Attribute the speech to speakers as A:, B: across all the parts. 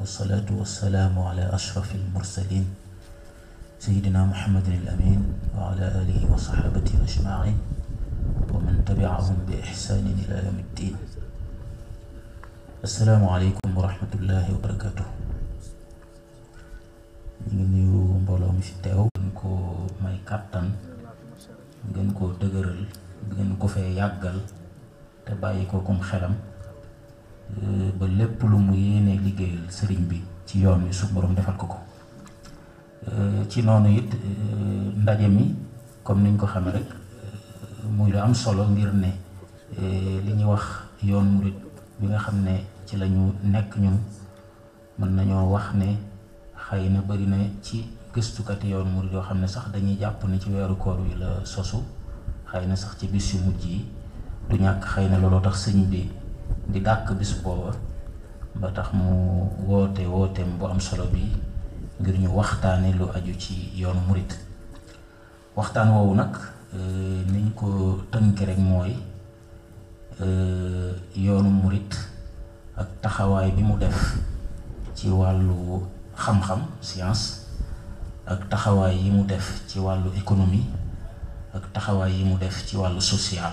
A: والصلاة والسلام على أشرف المرسلين سيدنا محمد الأمين وعلى آله وصحابته أجمعين ومن تبعهم بإحسان إلى يوم الدين السلام عليكم ورحمة الله وبركاته ñu ngi nuyu mbooloo mi fi teew gën may kàttan gën koo dëgëral gën ko fee yàggal te bàyyi ko kum xelam Euh, ba lépp lu mu yéene liggéeyal sëriñ bi ci yoon wi su boroom defal ko ko euh, ci noonu it euh, ndaje mi comme ni niñ ko xamee rek muy lu am solo ngir ne li ñuy wax yoon murit bi nga xam ne ci lañu nekk ñun mën nañoo wax ne xëy na bari na ci gëstukati yoon murit yoo xam ne sax dañuy jàpp ne ci weeru koor wi la sosu xëy na sax ci bis yu mujj yi du ñàkk xëy looloo tax sëñ bi. di dàkk bis booba ba tax mu woote wooteem bu am solo bi ngir ñu waxtaane lu aju ci yoonu murit waxtaan woowu nag euh, niñ ko tënk rek mooy euh, yoonu murit ak taxawaay bi mu def ci wàllu xam-xam science ak taxawaay yi mu def ci wàllu économie ak taxawaay yi mu def ci wàllu social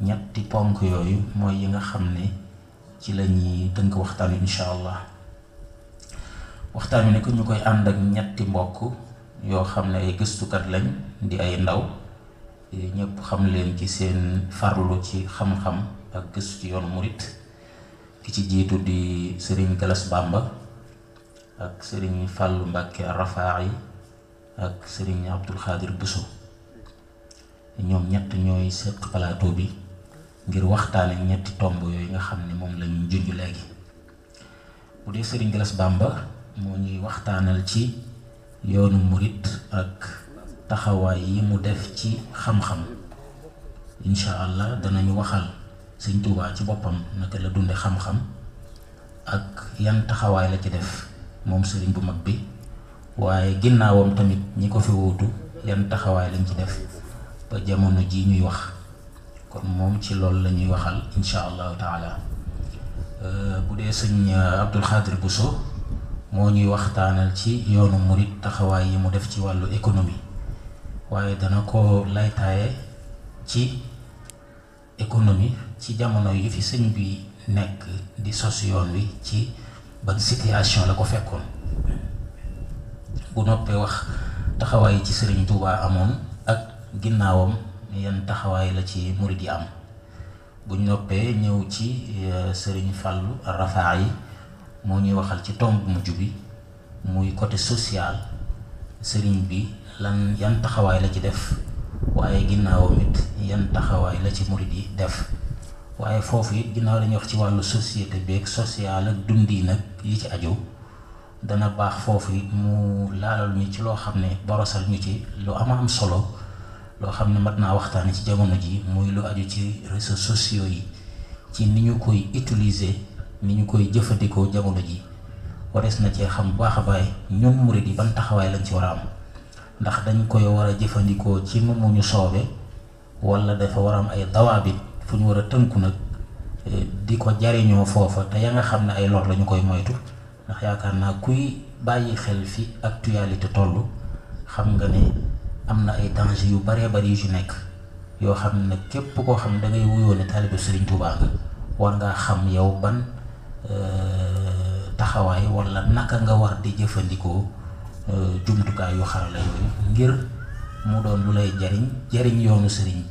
A: ñetti ponk yooyu mooy yi nga xam ne ci la ñuy tënk waxtaan wi allah waxtaan wi ne ko ñu koy ànd ak ñetti mbokk yoo xam ne ay gëstukat lañ di ay ndaw ñëpp xam leen ci seen farlu ci xam-xam ak gëstu ci yoonu murit ki ci jiitu di sering galas bamba ak sëriñ fàllu mbàkke rafaayi ak sëriñ abdul khadir buso ñoom ñett ñooy seq plateau bi ngir waxtaane ñetti tomb yooyu nga xam ne moom la ñuy junj léegi bu dee Serigne Gallas Bamba moo ngi waxtaanal ci yoonu murit ak taxawaay yi mu def ci xam-xam incha allah danañu waxal Sëñ Tuubaa ci boppam naka la dunde xam-xam ak yan taxawaay la ci def moom sëriñ bu mag bi waaye ginnaawam tamit ñi ko fi wuutu yan taxawaay lañ ci def ba jamono ji ñuy wax kon moom ci loolu la ñuy waxal incha allahu taala euh, bu dee sëñ euh, Abdul Xaadir Bousso moo ñuy waxtaanal ci yoonu murit taxawaay yi mu def ci wàllu économie waaye dana ko laytaaye ci économie ci jamono yi fi sëñ bi nekk di sos yoon wi ci ban situation la ko fekkoon bu noppee wax taxawaay ci sëriñ Touba amoon ak ginnaawam yan taxawaay la ci murid yi am buñ noppee ñëw ci eh, sëriñ Fàllu rafaa yi moo ñuy waxal ci tomb mujj bi muy côté social sëriñ bi lan yan taxawaay la ci def waaye ginnaawam it yan taxawaay la ci murid yi def waaye foofu it ginnaaw dañuy wax ci wàllu société bi ak social ak yi nag yi ci aju dana baax foofu it mu laalal ñu ci loo xam ne borosal ñu ci lu am am solo loo xam ne mat naa waxtaane ci jamono ji muy lu aju ci réseaux sociaux yi ci ni ñu koy utiliser ni ñu koy jëfandikoo jamono ji warees na cee xam baax a baax ñun yi ban taxawaay lañ ci war a am ndax dañ koy war a jëfandikoo ci nu mu ñu soobee wala dafa war a am ay dawaabit fu ñu war a tënku nag e, di ko jariñoo foofa te ya nga xam ne ay lor lañu koy moytu ndax yaakaar naa kuy bàyyi xel fi actualité toll xam nga ne. amna ay danger yu bari bari yu nek yo xamne kep ne xam da ngay wuyone ne Serigne Touba nga war nga xam yow ban euh, taxaway wala naka nga war di euh, jumtu ka yu la yoy ngir mu doon lu lay jariñ jariñ yoonu serigne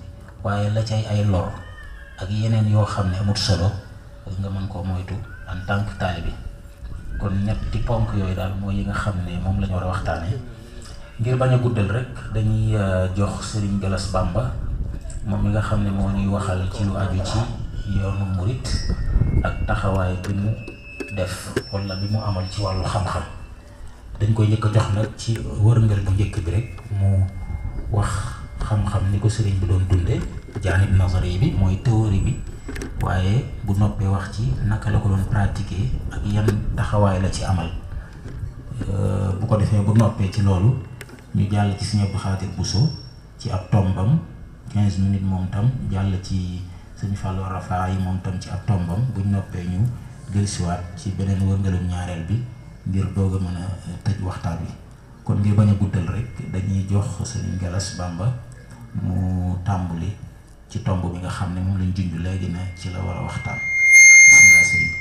A: waye la cay ay lor ak yenen yo xamne ne amut solo nga man ko moytu en tant que kon ñetti ponk yoy dal moy yi nga xamne ne lañu wara waxtane war ngir bañ a guddal rek dañuy euh, jox Serigne Gallas Bamba moom mi nga xam ne moo ñuy waxal ci lu aju ci yoonu murit ak taxawaay bi mu def wala bi mu amal ci wàllu xam-xam dañ koy njëkk a jox nag ci wërngël bu njëkk bi rek mu wax xam-xam ni ko sëriñ bi doon dunde jaanib nazari bi mooy théorie bi waaye bu noppee wax ci naka la ko doon pratiquer ak yan taxawaay la ci amal euh, bu ko defee bu noppee ci loolu ñu jàll ci sëñ Abdou Khadir Bousso ci ab tombam 15 minutes moom tam jàll ci sëñ Fallou Rafa yi moom tam ci ab tombam buñ noppee ñu dellusiwaat ci beneen wërngalum ñaareel bi ngir doog a mën euh, waxtaan bi kon ngir bañ a guddal rek dañuy jox Galas Bamba mu tàmbali ci tomb bi nga xam ne moom lañ junj léegi ne ci la war a waxtaan bismillah sëñ bi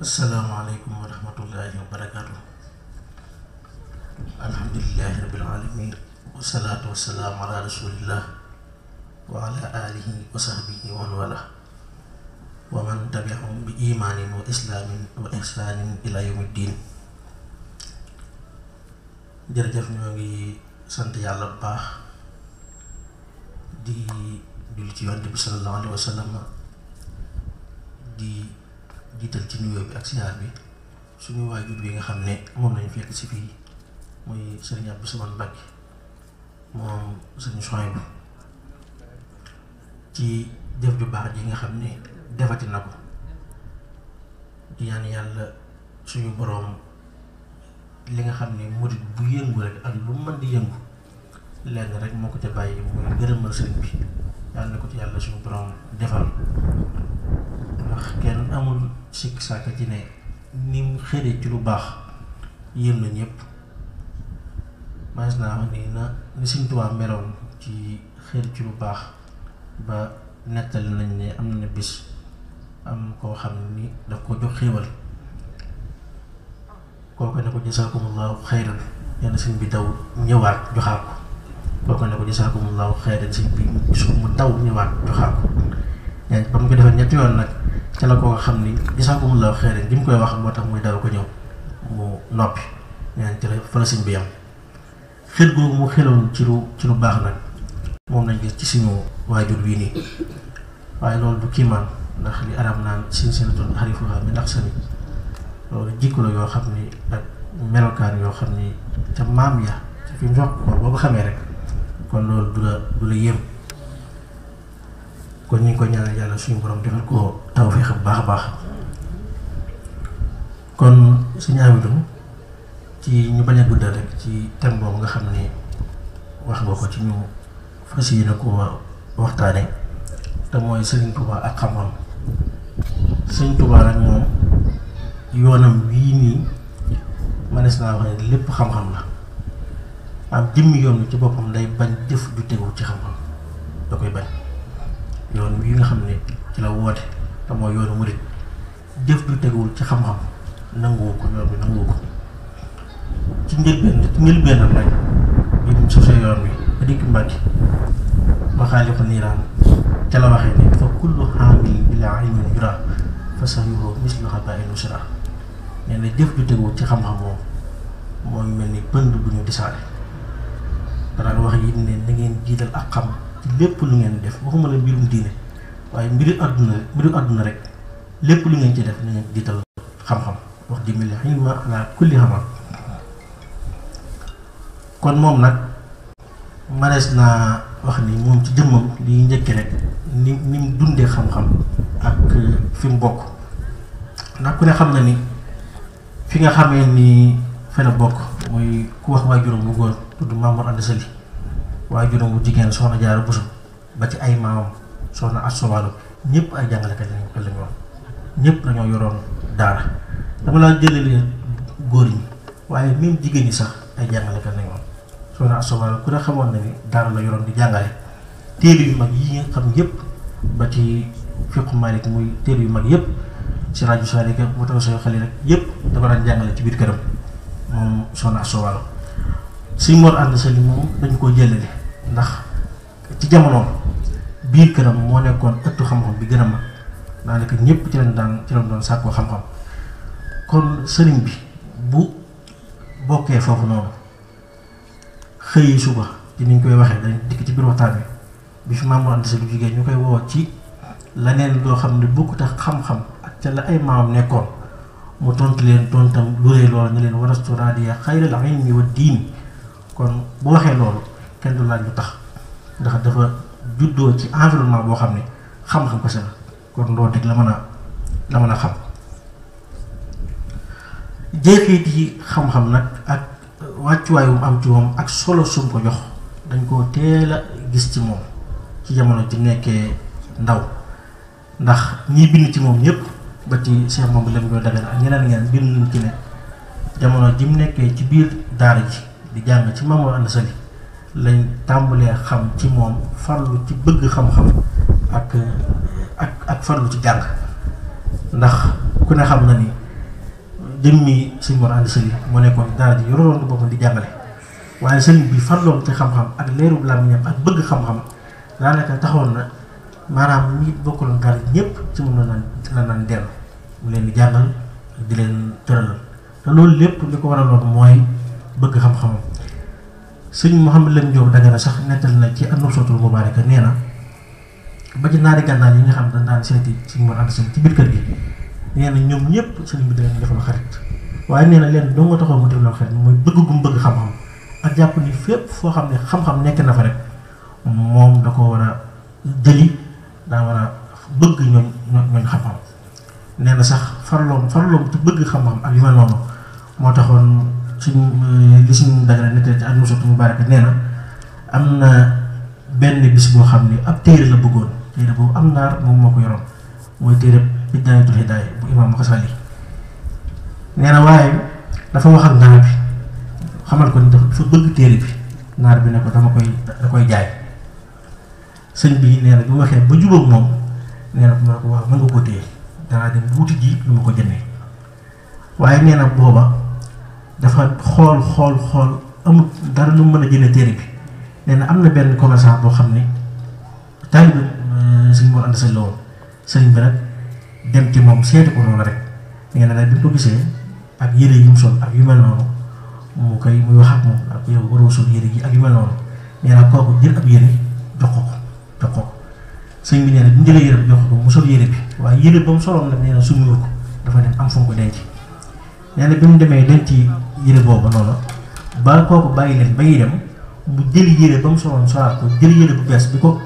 B: asalaamaaleykum alhamdulilahi rabbil alamin wasalaatu wasalaam ala rasulillah wa ala alihi wa sahbihi wa man wala wa man tabiahum bi imaanin wa islaamin wa ihsaanin ila yawmi diin jërëjëf ñoo ngi sant yàlla bu baax di julli ci yonent bi sallallahu alayhi wa sallam di jiital ci nuyoo bi ak siyaar bi suñu waajur bi nga xam ne moom lañu fekk si fii muy sëriñ Abdou Samane Mbacke moom sëriñ Souhaïbou ci jëf ju baax ji nga xam ne defati na ko di ñaan yàlla suñu boroom li nga xam ne murit bu yëngu rek ak lu mën di yëngu lenn rek moo ko ca bàyyi muy gërëmal sëriñ bi yàlla ko ci yàlla suñu boroom defal ndax kenn amul sikk sàkk ci ne ni mu xëree ci lu baax yëm na ñëpp. mas naa wax ni na ni Sëriñ Tuubaa meloon ci xër ci lu baax ba nettali nañ ne am na bis am koo xam ni daf ko jox xéewal kooku ne ko jasaakumullahu xayran yenn sëñ bi daw ñëwaat joxaat ko ne ko jasaakumullahu xayran sëñ bi suuf mu daw ñëwaat joxaat ko yaa ba mu ko defee ñetti yoon nag ca la koo xam ni jasaakumullahu xayran gi mu koy wax moo tax muy daw ko ñëw mu noppi yaa ngi la fa la bi yam xel googu mu xeloon ci lu ci lu baax nag moom lañ gis ci suñu waajur wii nii waaye loolu du kiimaan ndax li arab naan sin senatoon xarifuha min axsani loolu jikko la yoo xam ni ak melokaan yoo xam ni ca maam ya ca fi mu ko boo xamee rek kon loolu du la du la yéem kon ñu ko ñaanal yàlla suñu borom defal ko tawfeex bu baax a baax kon suñu amidu ci ñu bañ a guddal rek ci thème boobu nga xam ne wax nga ko ci ñu fas yéene ko waxtaanee te mooy Serigne Touba ak xam-xam Serigne Touba nag moom yoonam wii nii manees naa wax lépp xam-xam la am jëmmi yoon ci boppam day bañ jëf ju tegu ci xam-xam da koy bañ yoon wi nga xam ne ci la woote te mooy yoonu murit jëf ju teguwul ci xam-xam nanguwu ko yoon bi nanguwu ko ci njëlbeen ci njëlbeenam rek bi mu sosee yoon wi ba dikk Mbàkke waxaale ko niiraan ca la waxee ne fa kullu xaamil bilaa ilmin yura fa sahluhu mislu xabaa'il musra nee na tegu ci xam-xam moom mooy mel ni pënd bu ñu disaale danaan wax yi ne na ngeen jiital ak xam ci lépp lu ngeen def waxuma la mbirum diine waaye mbiru àdduna mbiru àdduna rek lépp lu ngeen ci def na ngeen jiital xam-xam wax di mel ni xilma ala kulli xamal kon moom nag marees naa wax ni moom ci jëmmam li njëkke rek ni ni mu dundee xam-xam ak euh, fi mu bokk ndax ku ne xam na ni fi nga xamee ni fene bokk mooy ku wax waajuram bu góor tudd Mamour Anta Sali waajuram bu jigéen soxna Jaara Buso ba ci ay maamam soxna Asta Walo ñëpp ay jàngalekat lañ lañ dañoo yoroon daara dama laa jëlee góor ñi waaye même jigéen ñi sax ay jàngalekat lañ woon soxna Asobal ku ne xamoon na ni daara yoroon di jàngale téere yu mag yi nga xam yépp ba ci fiqu Maalik muy téere yu mag yëpp si rajo Saalika mu taw sooy xale rek yëpp dafa daan jàngale ci biir këram moom soxna Asobal suñ Mor ànd sa li moom dañ koo jëlale ndax ci jamonoom biir këram moo nekkoon ëttu xam-xam bi gën a mag daanaka ñëpp ci lañ daan ci lañ doon sàkkoo xam-xam kon sëriñ bi bu bokkee foofu noonu. xëyee suba ci niñ koy waxee dañ dikk ci biir waxtaan bi bi fi maam ànd sa lu jigéen ñu koy woo ci leneen loo xam ne bokkut ak xam-xam ak ca la ay maam nekkoon mu tontu leen tontam lu rëy loolu ñu leen warastu raadiya xayral ilmi wa diin kon bu waxee loolu kenn du laaj lu tax ndax dafa juddoo ci environnement boo xam ne xam-xam ko si la kon loolu dëgg la mën a la mën a xam jeexit yi xam-xam nag ak. wàccuwaay wu am ci moom ak solo sum ko jox dañ koo teel a gis ci moom ci jamono ji nekkee ndaw ndax ñii bind ci moom ñëpp ba ci Cheikh moom bi lam ñoo ak ñeneen ngeen bind nañ ci ne jamono ji mu nekkee ci biir daara ji di jàng ci Mamour Anta Sali lañ tàmbalee xam ci moom farlu ci bëgg xam-xam ak ak farlu ci jàng ndax ku ne xam na ni jëmmi sëñ Mor Anta Sali moo nekkoon daara ji yoroloon na di jàngale waaye sëriñ bi farloon ci xam-xam ak leerub làmmiñam ak bëgg xam-xam daanaka taxoon na maanaam ñi bokkaloon daara ji ñëpp ci moom la naan la naan dellu mu leen di jàngal di leen tëralal te loolu lépp li ko waraloon mooy bëgg xam-xamam sëñ Mouhamed leen Diop Dagana sax nettal na ci an-Nubsatul Mubaaraka nee na ba ci naari gànnaar yi nga xam dañ daan seeti sëñ Mor Anta Sali ci biir kër gi. nee na ñoom ñëpp sëriñ bi dinañ defal xarit waaye nee na leen doo nga taxoon mu defal xarit mooy bëgg gum bëgg xam-xam ak jàpp ni fépp foo xam ne xam-xam nekk na fa rek moom da ko war a jëli daa war a na sax farloom farloom te bëgg xam-xam ak yu moo taxoon suñ eh, li suñ dagara nettali ci àdduna sotti mu bari nee na am na benn bis boo xam ne ab téere la bëggoon téere boobu am naar moom moo ko yoroon mooy téere bi Bidaayatul Hidaaya bu Imaam Xasali nee na waaye dafa waxam ak bi xamal ko ni dafa bëgg téere bi naar bi ne ko koy da koy jaay sëñ bi nee na bu waxee ba jubóog moom nee na ma ko wax mën nga koo téye danaa dem wuti ji lu ma ko jëndee waaye nee na booba dafa xool xool xool amut dara lu mu mën a jëndee téere bi nee na am na benn commerçant boo xam ne taalibe euh, sëñ moo ànd sa lool sëñ bi nag dem ci moom seeti ko noonu rek nee na nag bi mu ko gisee ak yëre yi mu sol ak yu mel noonu mu koy muy wax ak moom ak yow waroo sol ak mel noonu kooku jël ab yére jox ko ko jox ko sëñ bi nee na bi mu jëlee yére bi jox ko mu sol waaye yére ba mu soloon nag suñu ko dafa am fu mu ko bi mu demee denc yére boobu noonu ba kooku bàyyi leen bay dem mu jël yére ba mu soloon solaat ko jël bu bees bi ko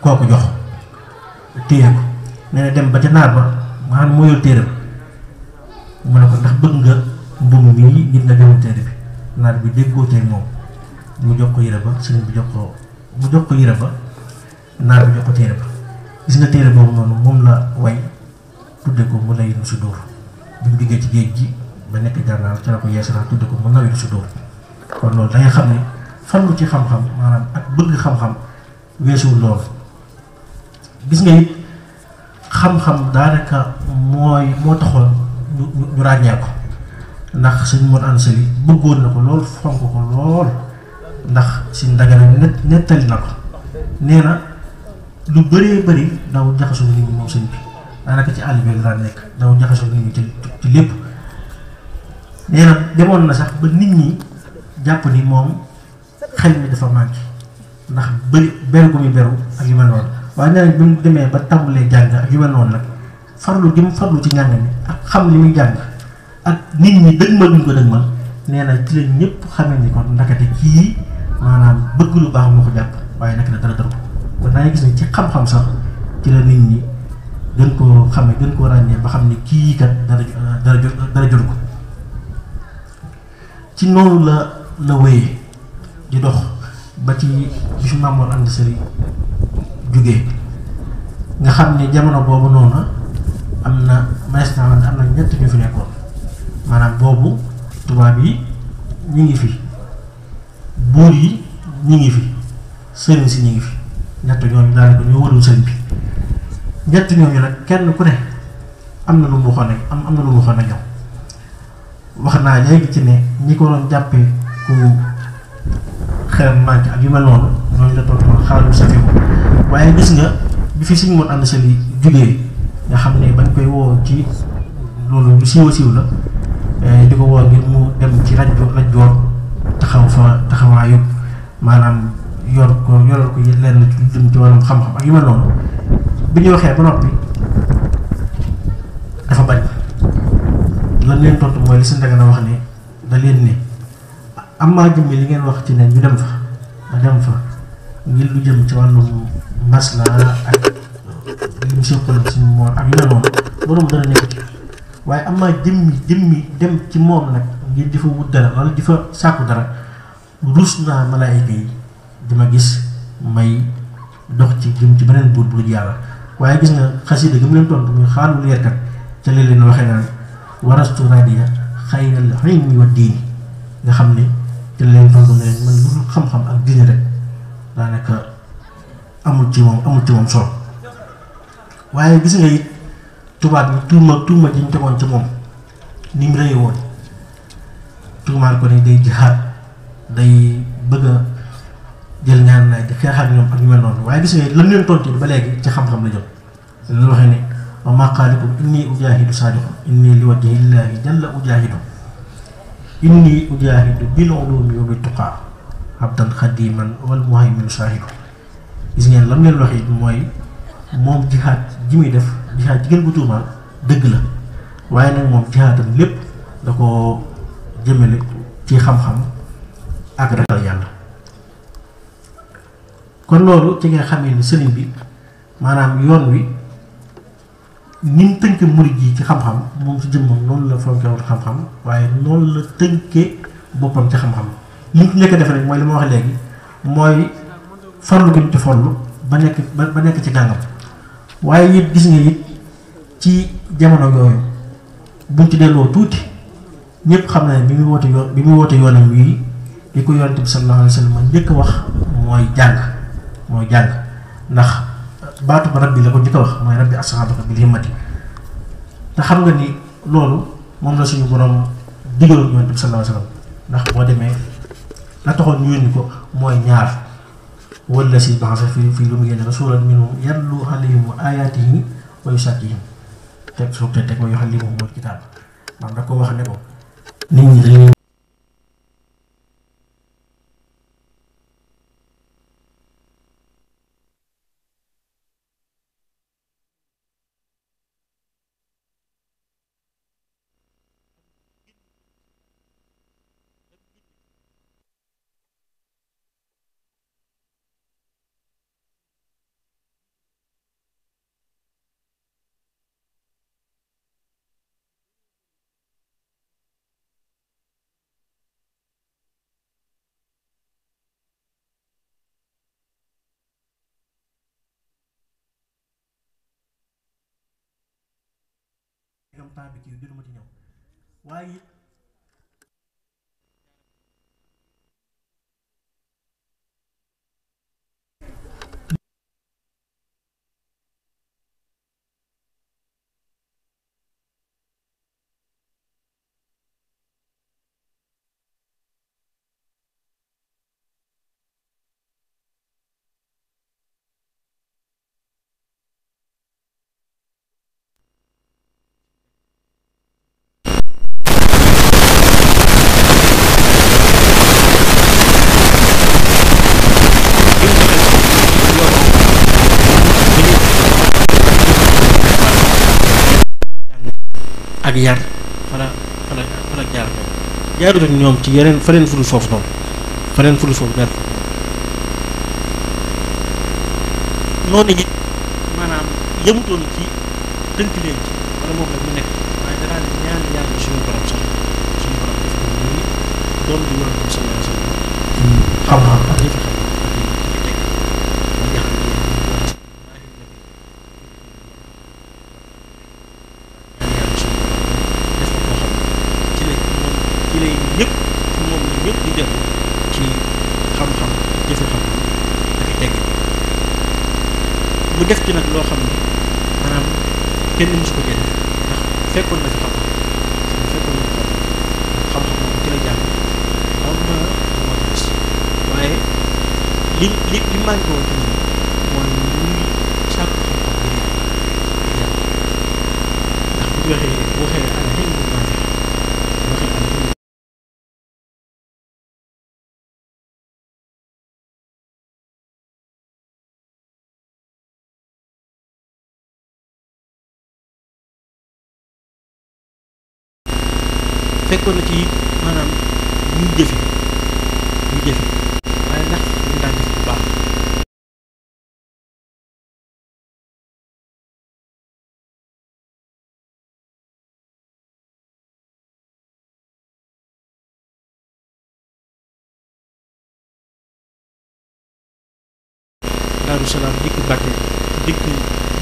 B: kooku jox téye ko. nee na dem ba ca naar ba mu xam moo yor téere ba mu ne ko ndax bëgg nga mbubb mii ngir nga joxul téere bi naar bi déggoo tey moom mu jox ko yére ba sëriñ bi jox ko mu jox ko yére ba naar bi jox ko téere ba gis nga téere boobu noonu moom la way tudde ko mu lay nu su dóor bi mu diggee ci géej gi ba nekk gànnaar ci la ko yeesalaat tudde ko mu nawe nu su dóor kon loolu dangay xam ne farlu ci xam-xam maanaam ak bëgg xam-xam weesuwul loolu gis nga it xam-xam daanaka mooy moo taxoon ñu ñu ko ndax suñ mën an seli bëggoon na ko lool fonk ko lool ndax suñ dagana net nettali na ko nee lu bëree bëri daw jaxasoo nit ñi moom ci àll nekk daw jaxasoo nit ñi ci lépp nee na demoon na sax ba nit ñi jàpp ni moom xel mi dafa manqué ndax bëri beru gu beru ak yu mel waaye nee bi mu demee ba tàmbalee jàng ak yu mel noonu nag farlu gi mu farlu ci njàng ni ak xam li muy jàng ak nit ñi dëgmal duñ ko dëgmal nee na ci lañ ñëpp xamee ni kon ndakate kii maanaam bëgg lu ko jàpp waaye nag ko kon ci xam-xam sax ci la nit ñi gën koo xamee gën koo ràññee ba xam ne kii kat dara dara dara jur ko ci noonu la la wéyee di dox ba ci bisu Maam Mor Anta Sali jugee nga xam ni jamono boobu noonu am na maes naa am na ñett ñu fi nekkoon maanaam boobu tubaab yi ñu ngi fi buur yi ñu ngi fi sëriñ si ñu ngi fi ñett ñooñu daanaka ñoo warul sëriñ bi ñett ñooñu nag kenn ku ne am na lu mu waxoon am am na lu mu waxoon ak ñoom wax naa léegi ci ne ñi ko doon jàppee xelam manqué ak yu mel noonu ñooñu la toppoon xaaral sa teewul waaye gis nga bi fi suñu mën ànd sa li jugee nga xam ne bañ koy woo ci loolu lu siiw siiw la eh, di ko woo ngir mu dem ci rajo rajo taxaw fa taxawaa yëpp maanaam yor ko yoral ko lenn lu jëm ci wàllum xam-xam ak yu mel noonu bi ñu waxee ba noppi dafa bañ lan leen tontu mooy li si ndaga na wax ne da leen ne. amma jëmmi li ngeen wax ci ne ñu dem fa ma dem fa ngir lu jëm ci wàllu masla ak lim sëkkal ak suñu moor ak yu noonu borom dana nekk ci waaye amma jëmmi jëmmi dem ci moom nag ngir di fa wut dara wala di fa dara rus naa malaayika yi di gis may dox ci jëm ci beneen buur bu yàlla waaye gis nga xasida gëm kan, leen tontu muy xaalul yerkat ca leen leen waxee naan warastu radiya xayral xilmi wa diini nga xam ne te leen àndu ne man lu xam-xam ak diine rek daanaka amul ci moom amul ci moom solo waaye gis nga tubaab bi tuuma tuuma ji ñu tegoon ci moom ni mu woon tuumaal ko ni day jihaad day bëgg a jël ñaan naay di xeex ak ñoom ak ñu mel noonu waaye gis nga lan leen tontu ba léegi ci xam-xam la jëm lu waxee ne wa maa qaalikum inni ujaahidu saadiqun inni li wajhi llaahi ujaahidu inni ujahidu bil ulumi wa tuqa abdan khadiman wal muhaymin sahib gis ngeen lam leen waxe moy mom jihad ji muy def jihad ji ngeen bu tuuma deug la waaye nag moom jihaadam lepp da ko jëmale ci xam-xam ak ragal yalla kon lolu ci nga xamee ni bi manam yoon wi ñi tënk murid yi ci xam-xam moom ci jëmmam noonu la fonkee woon xam waaye loolu la tënkee boppam ci xam-xam li ñu nekk def mooy li ma wax léegi mooy farlu gi ñu ci farlu ba nekk ba nekk ci kàngam waaye it gis nga it ci jamono yooyu buñ ci delloo tuuti ñépp xam na ne bi mu woote yoon bi mu woote yoonam wii li ko yonent bi sallallahu alayhi wa sallam njëkk wax mooy jàng mooy jàng ndax. ci baatu ba rabbi la ko njëkk a wax mooy rabbi asxaabaka bil himmati te xam nga ni loolu moom la suñu borom digaloon yonent bi sallallahu ndax boo demee la taxoon ko mooy ñaar wala si fi fii lu mu yéene rasulan minhum yatlu alayhim ayaatihi wa yusakkihim te teg wa yuallimuhumul kitaab ko wax ne ko nit ñi dañuy temps bi ci dina ma ci ak yar fana fana jaar ñoom jaarut ak ñoom ci yeneen faneen fudul foofu noonu faneen fudul foofu jaar noonu it maanaam yëmutoon ci tënk leen ci wala moom la mu nekk waaye danaa ne ñaan yàlla suñu borom suñu borom def ko doon li war
C: a xam
B: loo xam ne maanaam kenn mosu ko jël ndax fekkoon na xam-xam fekkoon na xam xam-xam moom ci la jàng moom ma moo waaye li li li manqué woon ci
D: fekkoon na ci it maanaam muy jëfe muy jëfe waaye ndax ñu daan def bu baax Daaru Salaam dikk Mbàkke
B: dikk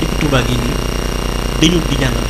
B: dikk Tuubaa gi nii dañu di jàngal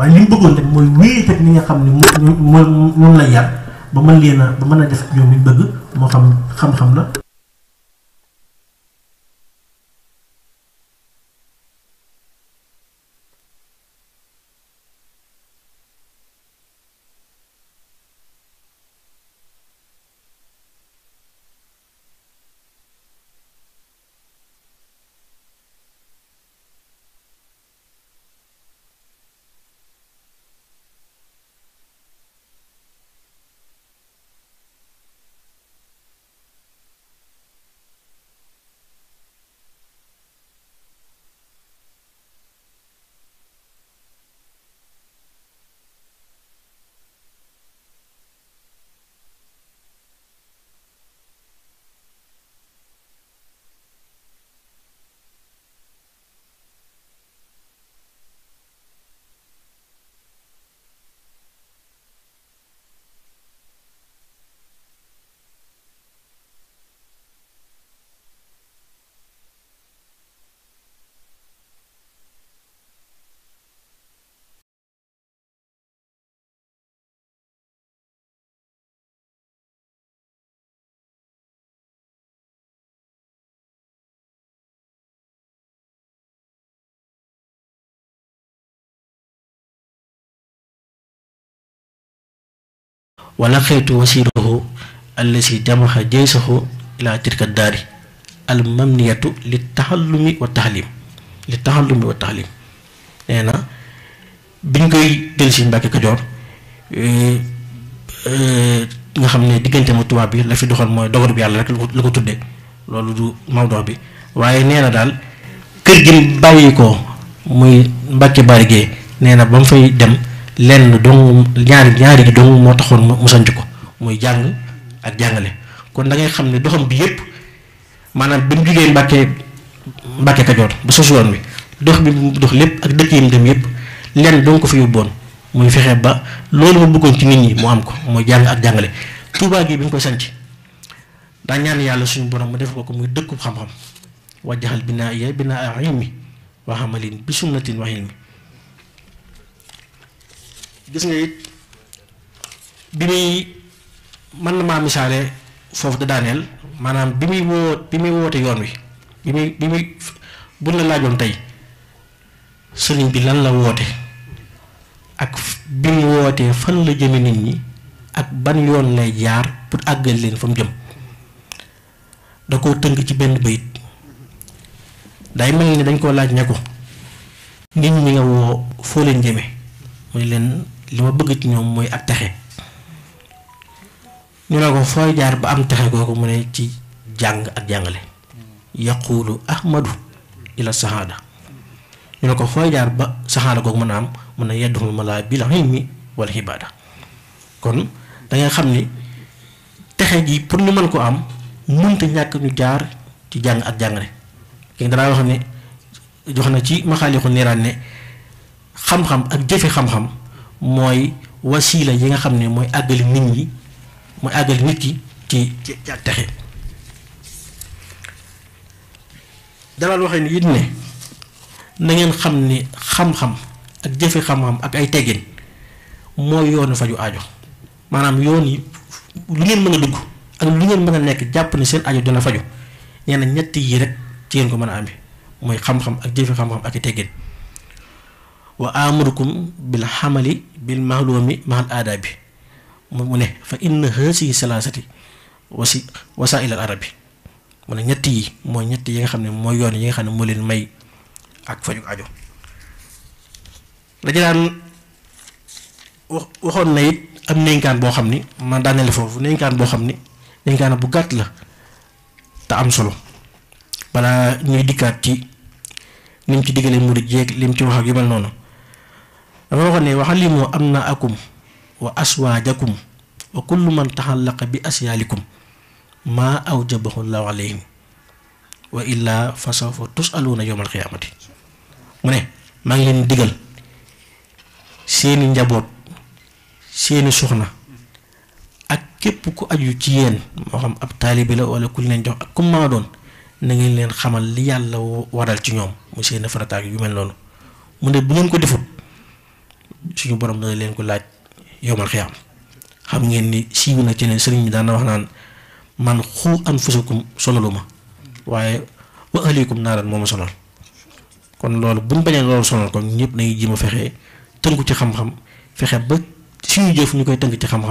B: waaye li mu bëggoon tamit mooy wéyate ak li nga xam ne moom moom la yar ba mën leen a ba mën a def ñoom li ñu bëgg moo xam xam-xam la
D: xeetu laqaytu wasiirahu
B: allasi jamaxa jaysahu ilaa tilka daari al mamniyatu li taxallumi wa taxlim li taxallumi wa taxlim nee na biñ koy jël si Mbàkke Kajoor eh, eh, nga xam ne diggante ma tubaab bi la fi doxal mooy dogal bi yàlla rek la ko tuddee loolu du mawdoo bi waaye nee na daal kër gi bàyyi ko muy Mbàkke Bari Géey nee na ba mu fay dem lenn dong ñaari ñaari gi dong moo taxoon mu sanc ko muy jàng ak jàngale kon da ngay xam ne doxam bi yépp maanaam bi mu jugee Mbàkke Mbàkke Kajoor ba sosu woon bi dox bi mu dox lépp ak dëkk yi mu dem yépp lenn dong ko fi yóbboon muy fexe ba loolu mu bëggoon ci nit ñi mu am ko mooy jàng ak jàngale Tuubaa gi bi mu koy sanc daa ñaan yàlla suñu borom mu def ko ko muy dëkkub xam-xam wajjaxal binaa iya binaa ilmi wa amalin bi sunnatin wa ilmi gis nga it bi muy man na maa misaale foofu da daaneel maanaam bi muy woo bi muy woote yoon wi bi muy bi muy buñ la laajoon tey sëriñ bi lan la woote ak bi mu wootee fan la jëme nit ñi ak ban yoon lay jaar pour àggal leen fa mu jëm da koo tënk ci benn bayit day mel ni dañ koo laaj ne ko nit ñi nga woo foo leen jëme muy leen li ma bëgg ci ñoom mooy ak texe ñu ne ko fooy jaar ba am texe googu mu ne ci jàng ak jàngale yaqulu ahmadu ila saxaada ñu ne ko fooy jaar ba sahaada googu mën a am mun a yedduxul ma laa bil ilmi wala xibaada kon dangay xam ni texe ji pour ñu mën ko am mënta ñàkk ñu jaar ci jàng ak jàngale ki danaa wax ne jox na ci maxaaliku niiraan ne xam-xam ak jëfe xam-xam mooy wasiila yi nga xam ne mooy àggali nit ñi mooy àggali nit ki ci ci ak texe dalal waxee ni it ne na ngeen xam ni xam-xam ak jëfe xam-xam ak ay teggin mooy yoonu faju ajo maanaam yoon yi lu ngeen mën a dugg ak lu ngeen mën a nekk jàpp ne seen aajo dina faju nee na ñett yi rek ci ngeen ko mën a amee mooy xam-xam ak jëfe xam-xam ak ay teggin wa amurukum bil xamali bil maaloomi mahal aada bi mu ne fa inna haasihi salaasati wasi wasaa'il al arabi mu ne ñett yi mooy ñett yi nga xam ne mooy yoon yi nga xam ne moo leen may ak fajug ajo dañu daan waxoon na it am nénkaan boo xam ne ma daaneel foofu nénkaan boo xam ne nénkaan bu gàtt la te am solo balaa ñuy dikkaat ci lim ci diggalee murid yeeg lim ci wax ak yu mel noonu dafa waxoon ne waxalimu am na akum wa aswaajakum wa kullu man taxallaqa bi asyaalikum maa awjabahu llahu alayhim wa illaa fa sawfa tusaluuna yowmal xiyaamati mu ne maa ngi leen digal seeni njaboot seeni soxna ak képp ku aju ci yéen moo xam ab taalibi la wala ku leen jox ak ku maa doon na ngeen leen xamal li yàlla waral ci ñoom mu seeni farataag yu mel noonu mu ne bu ngeen ko defut suñu borom dana leen ko laaj yowmal xiyaam xam ngeen ni siiw na ci leen sëriñ bi daan na wax naan man xu anfusakum sonaluma waaye wa ahlikum naaran moo ma sonal kon loolu buñ bañee loolu sonal kon ñëpp nañu ji ma fexe tënku ci xam-xam fexe ba suñu jëf ñu koy tënk ci xam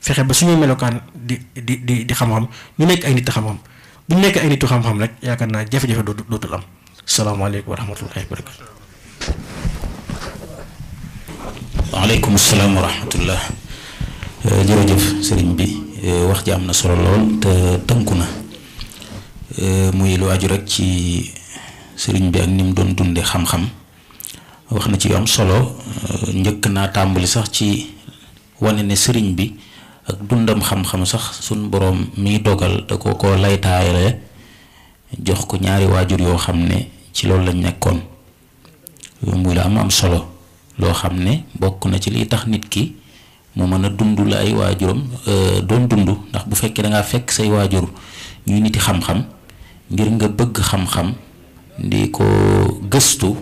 B: fexe ba suñu melokaan di di di di xam-xam ñu nekk ay nit xam-xam bu ñu nekk ay nitu xam-xam rek yaakaar naa jafe-jafe dootul am salaamaaleykum wa rahmatullahi wa
A: waaleykum salaam wa rahmatullah euh, jërëjëf sëriñ bi euh, wax ji am na solo lool te tënku na euh, muy lu aju rek ci sëriñ bi ak ni mu doon dunde xam-xam wax na ci am solo njëkk naa tàmbali sax ci wane ne sëriñ bi ak dundam xam-xam sax sunu boroom mi dogal da ko ko laytaayale jox ko ñaari waajur yoo xam ne ci loolu lañ nekkoon muy la am am solo loo xam ne bokk na ci liy tax nit ki mu mën a dund la ay waajuram euh, doon dund ndax bu fekkee dangaa fekk say waajur ñuy niti xam-xam ngir nga bëgg xam-xam di ko gëstu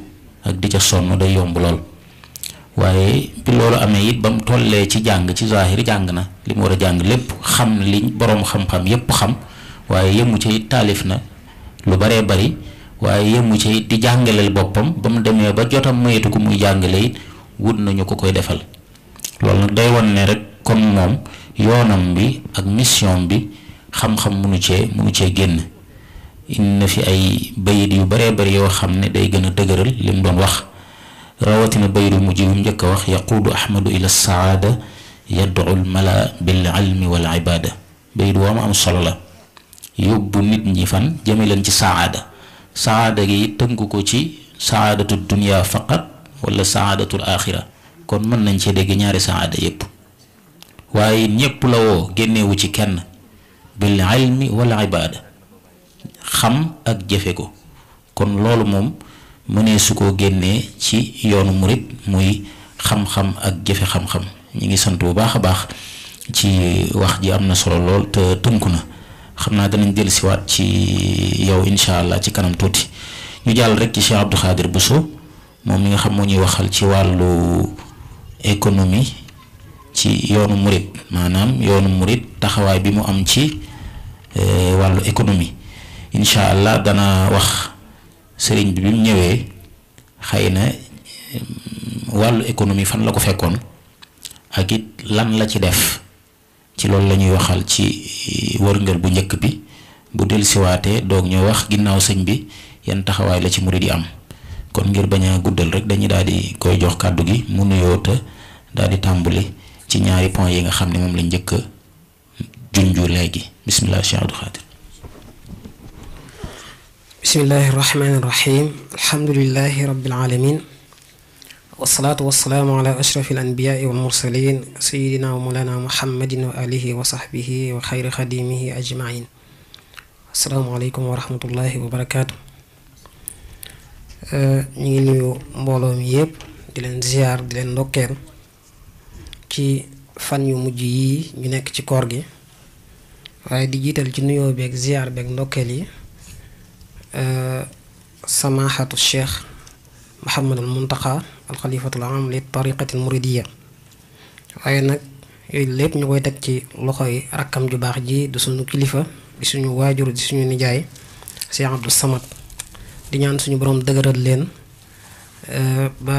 A: ak di ca sonn day yomb lool waaye bi loolu amee it ba mu tollee ci jàng ci zaahir jàng na li mu war a jàng lépp xam liñ boroom xam-xam yépp xam waaye yemu ci taalif na lu baree bari waaye yemu ci it di jàngaleel boppam ba mu demee ba jotam mayetu ko muy jàngale it wut nañu ko koy defal loolu nag day wan ne rek kon moom yoonam bi ak mission bi xam-xam munu cee munu cee génn indi na fi ay bayit yu bare bari yoo xam ne day gën a dëgëral li doon wax rawatina bayit mujj njëkk a wax yaquudu ahmadu ila saada yadul mala bil ilmi wal ibada bayit woo ma am solo la yóbbu nit ñi fan jëme leen ci saada saada gi it tënku ko ci saadatu dunia faqat wala saadatul axira kon mën nañ cee dégg ñaari saada yépp waaye ñépp la woo génnewu ci kenn bil ilmi wala ibaada xam ak jëfe ko kon loolu moom mënee su ko génnee ci yoonu murit muy xam-xam ak jëfe xam-xam ñu ngi sant bu baax a baax ci wax ji am na solo lool te na xam naa danañ dellu siwaat ci yow incha allah ci kanam tuuti ñu jàll rek ci Cheikh Abdou Khadir Bousso moom mi nga xam moo ñuy waxal ci wàllu économie ci yoonu murit maanaam yoonu murit taxawaay bi mu am ci euh, wàllu économie incha allah dana wax sëriñ bi bi mu ñëwee xëy na wàllu économie fan la ko fekkoon ak it lan la ci def ci loolu la ñuy waxal ci eh, wërngël bu njëkk bi bu dellusiwaatee doog ñoo wax ginnaaw sëñ bi yan taxawaay la ci murid am kon ngir bañ a guddal rek dañuy daal di koy jox kàddu gi mu nuyoo ta daal di tàmbali ci ñaari point yi nga xam ne moom la njëkk junju léegi bisimilah Cheikh Abdou Khadir.
E: rahim alhamdulilah rabbil alamin والصلاة والسلام على أشرف الأنبياء والمرسلين سيدنا ومولانا محمد وآله وصحبه وخير خديمه أجمعين السلام عليكم ورحمة الله وبركاته نيو مولوم ييب دلن زيار دلن نوكر كي فان يو مجيي تي كورغي واي دي جيتال تي بيك زيار بيك نوكلي سماحة الشيخ Mouhamed al Muntaqa al xalifatul am li tariqati muridiya waaye nag yooyu lépp ñu koy teg ci loxoy rakkam ju baax ji du suñu kilifa di suñu waajur di suñu nijaay Cheikh Abdou Samad di ñaan suñu borom dëgëral leen ba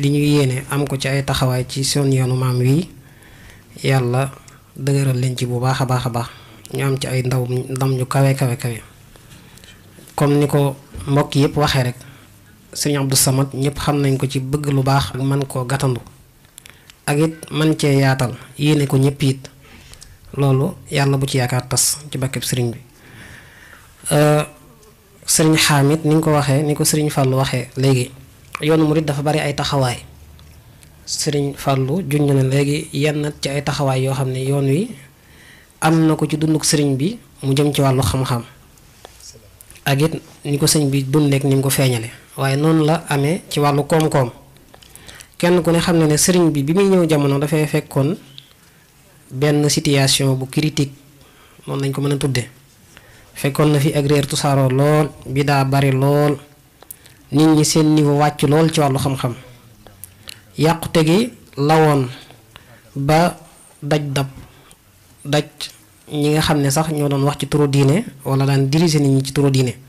E: li ñu yéene am ko ci ay taxawaay ci seen yoonu maam wi yàlla dëgëral leen ci bu baax a baax a baax ñu am ci ay ndaw ndam ñu kawe kawe kawe comme ni ko mbokk yëpp waxee rek. Sering Abdou Samad ñëpp xam nañ ko ci bëgg lu baax ak man ko gàttandu ak it man ci yaatal yene ko ñëpp it loolu yalla bu ci yaakaar tas ci bakkeb serigne bi euh, serigne hamid ni nga ko waxe ni ko serigne fallu waxe legi yoonu murit dafa bari ay taxaway serigne fallu junj na legi yenn ci ay taxaway yo xamne yoon wi am na ko ci dunduk serigne bi mu jëm ci walu xam-xam ak it ni ko sëriñ bi nek ni mu ko feeñale waaye noonu la amee ci wàllu koom-koom kenn ku ne xam ne ne sëriñ bi bi muy ñëw jamono dafay fekkoon benn situation bu critique noonu lañ ko mën a tudde fekkoon na fi ak réer tusaaroo lool bi daa bari lool nit ñi seen niveau wàcc lool ci wàllu xam-xam yàqute gi lawoon ba daj dab daj ñi nga xam ne sax ñoo doon wax ci turu diine wala daan diriger nit ñi ci turu diine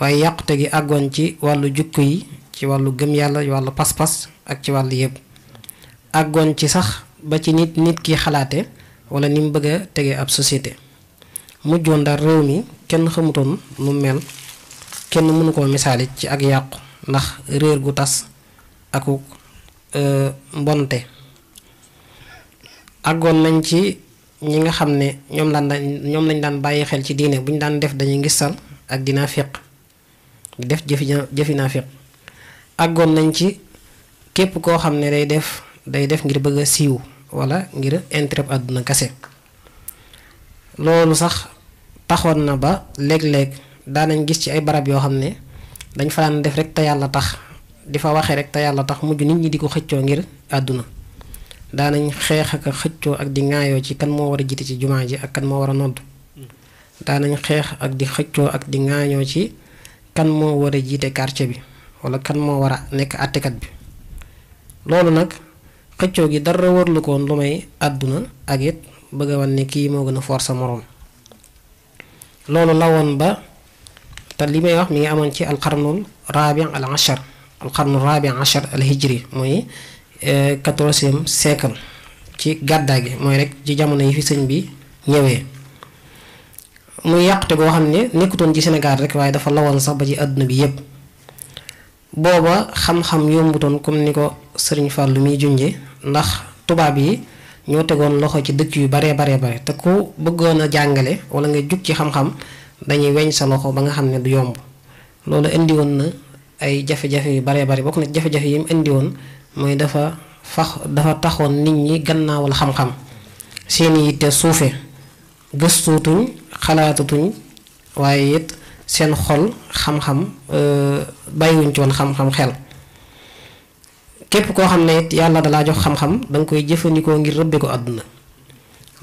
E: waye yaqta gi agon ci walu jukki ci walu gem yalla walu pass pass ak ci walu yeb agon ci sax ba ci nit nit ki xalaté wala nim mu bëgg ab société mu jondar réew mi kenn xamuton nu mel kenn mënu ko misali ci ak yàqu ndax réer gu ak aku euh, mbonté agon nañ ci ñi nga xamné ne lañ lan ñoom lañ daan bayyi xel ci diiné buñ daan def dañuy ngissal ak dina fiq def jëfi jëfi naafiq agon nañ ci képp koo xam ne day def day def ngir bëgg a siiw wala ngir intérêt aduna kase loolu sax taxoon na ba léeg-léeg daanañ gis ci ay barab yoo xam ne dañ fa def rek ta yàlla tax di fa waxee rek ta yàlla tax mujj nit ñi di ko xëccoo ngir àdduna daanañ xeex ak xëccoo ak di ŋaayoo ci kan moo war a ci jumaa ji ak kan moo war a nodd daanañ xeex ak di xëccoo ak di ŋaañoo ci kan mo wara jité quartier bi wala kan mo wara nek atté kat bi lolu nak xëccio gi dara warlu ko lu may aduna ak it bëgg a wan ne kii moo force morom lolu lawon ba ta li may wax mi ngi amon ci al-qarnul rabi al al alxarnu rabi achar al hijri 14e eh, siècle ci gadda gi moy rek ci jamono yi fi señ bi ñëwé muy yàqute goo xam ne nekkutoon ci senegal rek waaye dafa lawoon sax ba ci àdduna bi yépp booba xam-xam yombutoon comme ni ko sëriñ Serigne lu muy junje ndax tubaab yi ñoo tegoon loxo ci dëkk yu baree baree bare te ku bëggoon a jàngale wala nga jug ci xam-xam dañuy weñ sa loxo ba nga xam ne du yomb loolu indi woon na ay jafe-jafe yu baree bari bokk na ci jafe-jafe yi mu indi woon mooy dafa fax dafa taxoon nit ñi gannaawal xam-xam seen yitte suufe gëstuutuñ xalaatatuñ waaye it seen xol xam-xam euh, bàyyiwuñ ci woon xam-xam xel képp koo xam ne it yàlla dalaa jox xam-xam danga koy jëfandikoo ngir rëbbe ko àdduna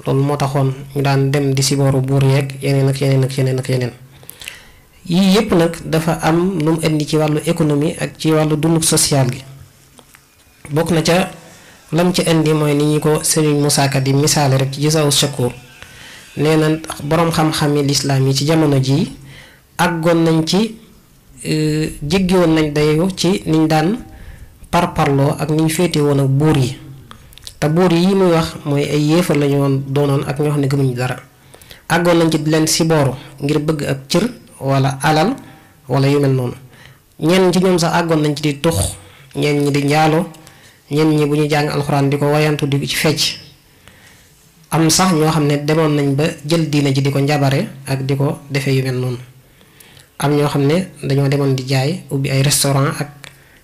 E: loolu moo taxoon ñu daan dem di sibooru buur yeeg yeneen ak yeneen ak yeneen ak yeneen yii yëpp nag dafa am lu indi ci wàllu économie ak ci wàllu dund social gi bokk na ca lam ci indi mooy ni ñu ko Serigne Moussa Ka di misaale rek ci Jazaawu Shakoor nee boroom xam-xam yi lislaam yi ci jamono jii àggoon nañ ci euh, jéggiwoon nañ dayo ci niñ daan parparloo ak niñ féete woon ak buur yi te buur yi muy wax mooy ay yéefar lañu woon doonoon ak ñoo xam ne gëmuñu dara àggoon nañ ci di leen sibooru ngir bëgg ak cër wala alal wala yu mel noonu ñenn ci ñoom sax àggoon nañ ci di tux ñenn ñi di njaalo ñenn ñi bu ñu jàng alxuraan di ko wayantu di ci fecc am sax ñoo xam ne demoon nañ ba jël diine ji di ko njabare ak di ko defee yu mel noonu am ñoo xam ne dañoo demoon di jaay ubbi ay restaurant ak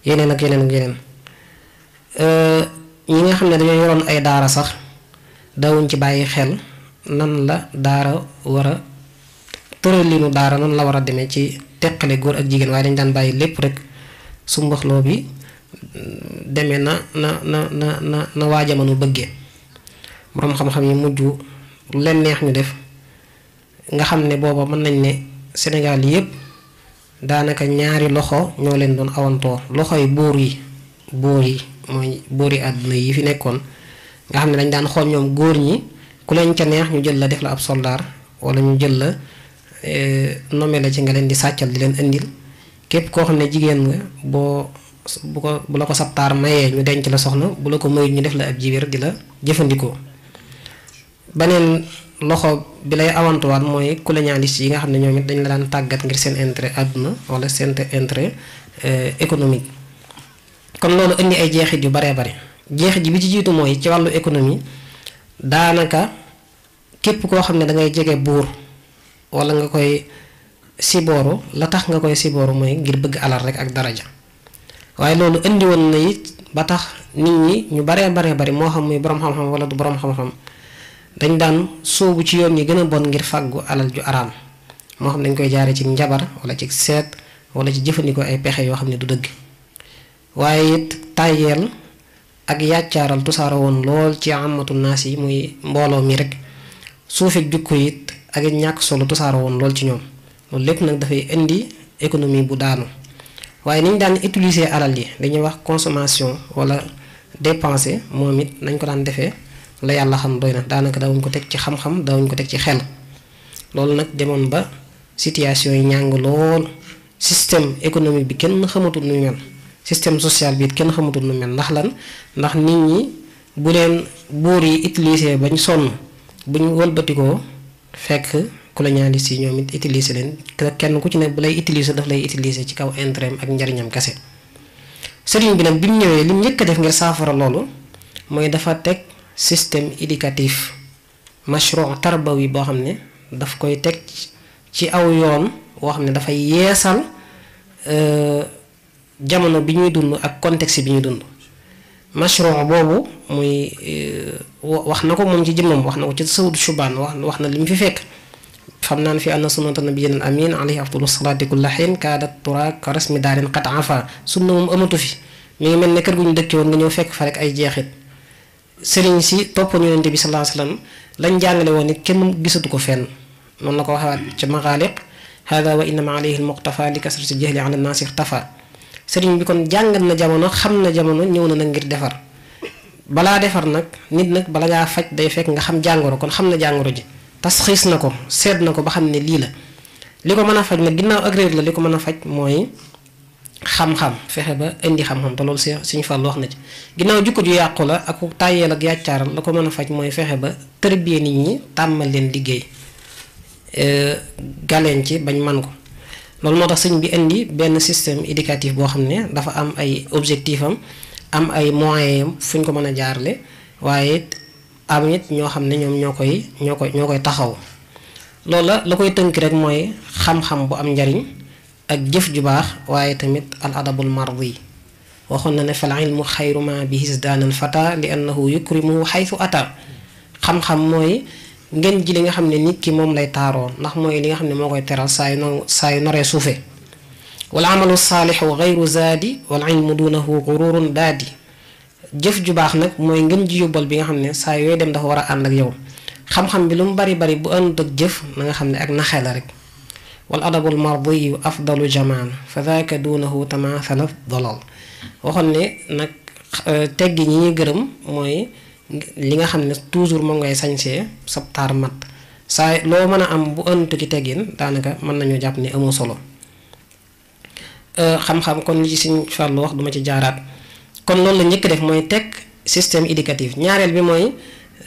E: yeneen ak yeneen ak yeneen euh, ñi nga xam ne dañoo yoroon ay daara sax dawuñ ci bàyyi xel nan la daara war a tëralinu daara nan la war a demee ci teqale góor ak jigéen waaye dañ daan bàyyi lépp rek su mbaxloo bi euh, deme na na na na na na waajamanu bëggee boroom xam-xam yi mujj leen neex ñu def nga xam ne booba mën nañ ne Sénégal yépp daanaka ñaari loxo ñoo leen doon awantoor loxo yi bóor yi bóor yi mooy bóor yi àdduna yi fi nekkoon nga xam ne dañ daan xool ñoom góor ñi ku leen ca neex ñu jël la def la ab soldaar wala ñu jël la eh, nommé la ci nga leen di sàccal di leen indil képp koo xam ne jigéen nga boo bu ko bu la ko sabtaar mayee ñu denc la soxna bu la ko mayut ñu def la ab jibér di la jëfandikoo banen loxo bi lay awantuwaat mooy colonialiste yi nga xam ne ñoom dañ la daan tàggat ngir seen intérêt aduna wala seen intérêt euh, économique kon loolu indi ay jeexit yu bare bare jeexit ji bi ci jiitu mooy ci wàllu économie daanaka képp koo xam ne da ngay jege buur wala nga koy siboro la tax nga koy siboro mooy ngir bëgg alal rek ak daraja waaye loolu indi woon na it ba tax nit ñi ñu bare bare bare moo xam muy borom xam-xam wala du borom xam-xam dañ daan sóobu ci yoon yi gën a bon ngir fàggu alal ju araam moo xam dañ koy jaare ci njabar wala ci seet wala ci jëfandikoo ay pexe yoo xam ne du dëgg waaye it tàyyeel ak yàccaaral tusaara woon lool ci amatu naas yi muy mbooloo mi rek suufik jukko it ak ñàkk solo tusaara woon lool ci ñoom loolu lépp nag dafay indi économie bu daanu waaye niñ daan utiliser alal yi dañuy wax consommation wala dépenser moom it nañ ko daan defee la yàlla xam doy na daanaka daawuñ ko teg ci xam-xam daawuñ ko teg ci xel loolu nag demoon ba situation yi ñàng lool système économique bi kenn xamatul nu mel système social bi kenn xamatul nu mel ndax lan ndax nit ñi bu leen buur yi utiliser bañ sonn bu ñu wëlbatikoo fekk colonialiste yi ñoom it utiliser leen kenn ku ci ne bu lay utiliser daf lay utiliser ci kaw intérêt ak njariñam kese sëriñ bi nag bi ñëwee lim njëkk def ngir saafara loolu mooy dafa teg. système éducatif mashru' tarbawi bo xamné daf koy tek ci aw yoon wo xamné da fay yéssal euh jamono bi ñuy dund ak contexte bi ñuy dund mashru' bobu muy wax nako mom ci jëmmam wax nako ci sawdu shubaan wax wax na lim fi fekk xam naan fi anna sunnata nabiyyin amin alayhi afdalus salati kulla xiin kaadat turak rasmi darin qat'afa sunnum amatu fi mi ngi mel ne kër gu ñu dëkkee nga ñëw fekk fa rek ay jeexit sëriñ si toppoon yonente bi sallallahu alayhi wasallam lañ jàngale woon it kenn gisatu ko fenn noonu la ko waxaat ca maxaaliq hada wa innama alayhi almuqtafa li kasrati jahli ala nnaasi ixtafa sëriñ bi kon jàngal na jamono xam na jamono ñëw na nag ngir defar balaa defar nag nit nag bala ngaa faj day fekk nga xam jàngoro kon xam na jàngoro ji tasxiis na ko seet na ko ba xam ne lii la li ko mën a faj nag ginnaaw ak réer la li ko mën a faj mooy xam-xam fexe ba indi xam-xam te loolu si suñu fàllu wax na ci ginnaaw jukko ju yàqu la ak tàyyeel ak yàccaaral la ko mën a faj mooy fexe ba tërbiyee nit ñi tàmmal leen liggéey e, galeen ci bañ man ko loolu moo tax sëñ bi indi benn système éducatif boo xam ne dafa am ay objectif am am ay moyen fu ñu ko mën a jaarale waaye am it ñoo xam ne ñoom ñoo koy ñoo koy ñoo koy taxaw loolu la la koy tënk rek mooy xam-xam bu am njariñ ak jëf ju baax waaye tamit al al mardi waxoon na ne fal ilmu xayru ma bi al fata li annahu yukrimu xaytu ata xam-xam mooy ngeen ji li nga xam ne nit ki moom lay taaroo ndax mooy li nga xam ne moo koy teral saa no saa yu noree suufe wal amalu saalixu xayru zaadi wal ilmu duunahu gururun daadi jëf ju baax nag mooy ngeen ji yóbbal bi nga xam ne saa yooyu dem dafa war a ànd ak yow xam-xam bi lu mu bari bari bu ànd ak jëf na nga xam ne ak naxee la rek wal adabul mardiyu afdalu jamaan fa daaka duunahu tamaathalat dalal waxoon ne nag euh, teggi ñi gërëm mooy li nga xam ne toujours moom ngay sañsee sabtaar mat saa loo mën a am bu ëntu ci teggin daanaka mën nañu jàpp ni amoo solo euh, xam-xam kon li ci Sëñ Fallu wax duma ci jaaraat kon loolu la njëkk def mooy teg système éducatif ñaareel bi mooy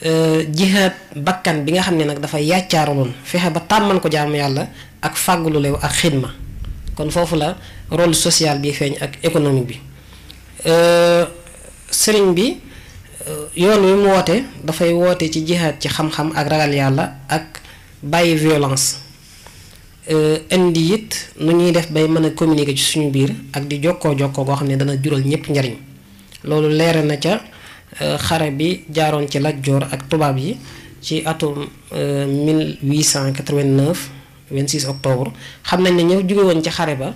E: Euh, jihaat bakkan bi nga xam ne nag dafay yàccaaraloon fexe ba tàmmal ko jaamu yàlla ak fàggulu lew ak xidma kon foofu la rôle social bi feeñ ak économique bi euh, sëriñ bi euh, yoon wi mu woote dafay woote ci jihaat ci xam-xam ak ragal yàlla ak bàyyi violence indi it nu ñuy def bay mën a communiquer ci suñu biir ak di jokkoo jokkoo goo xam ne dana jural ñëpp njariñ loolu leere na ca Euh, xare bi jaaroon ci Lat Joor ak tubaab yi ci atum 1889 euh, 26 octobre xam nañ ne ñu jóge woon ci xare ba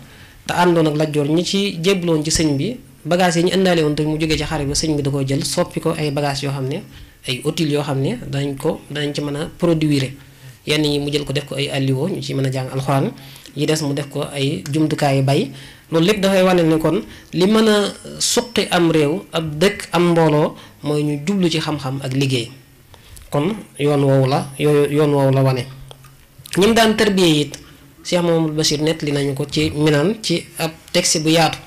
E: te àndoon ak Lat Joor ñi ci jébloon ci sëñ bi bagages yi ñu indaale woon te mu jógee ci xare bi sëñ bi da koo jël soppi ko ay bagages yoo xam ne ay outils yoo xam ne dañ ko dañ ci mën a produire yenn yi mu jël ko def ko ay alliwo ñu ci mën a jàng alxuraan yi des mu def ko ay jumtukaayu bay loolu lépp dafay wane ni kon li mën a suqi am réew ab dëkk am mbooloo mooy ñu jublu ci xam-xam ak liggéey kon yoon woowu la yooyu yoon woowu la wane ñim daan tërbiyee it moom Mamadou Bachir nettali nañu ko ci minan ci ab texte bu yaatu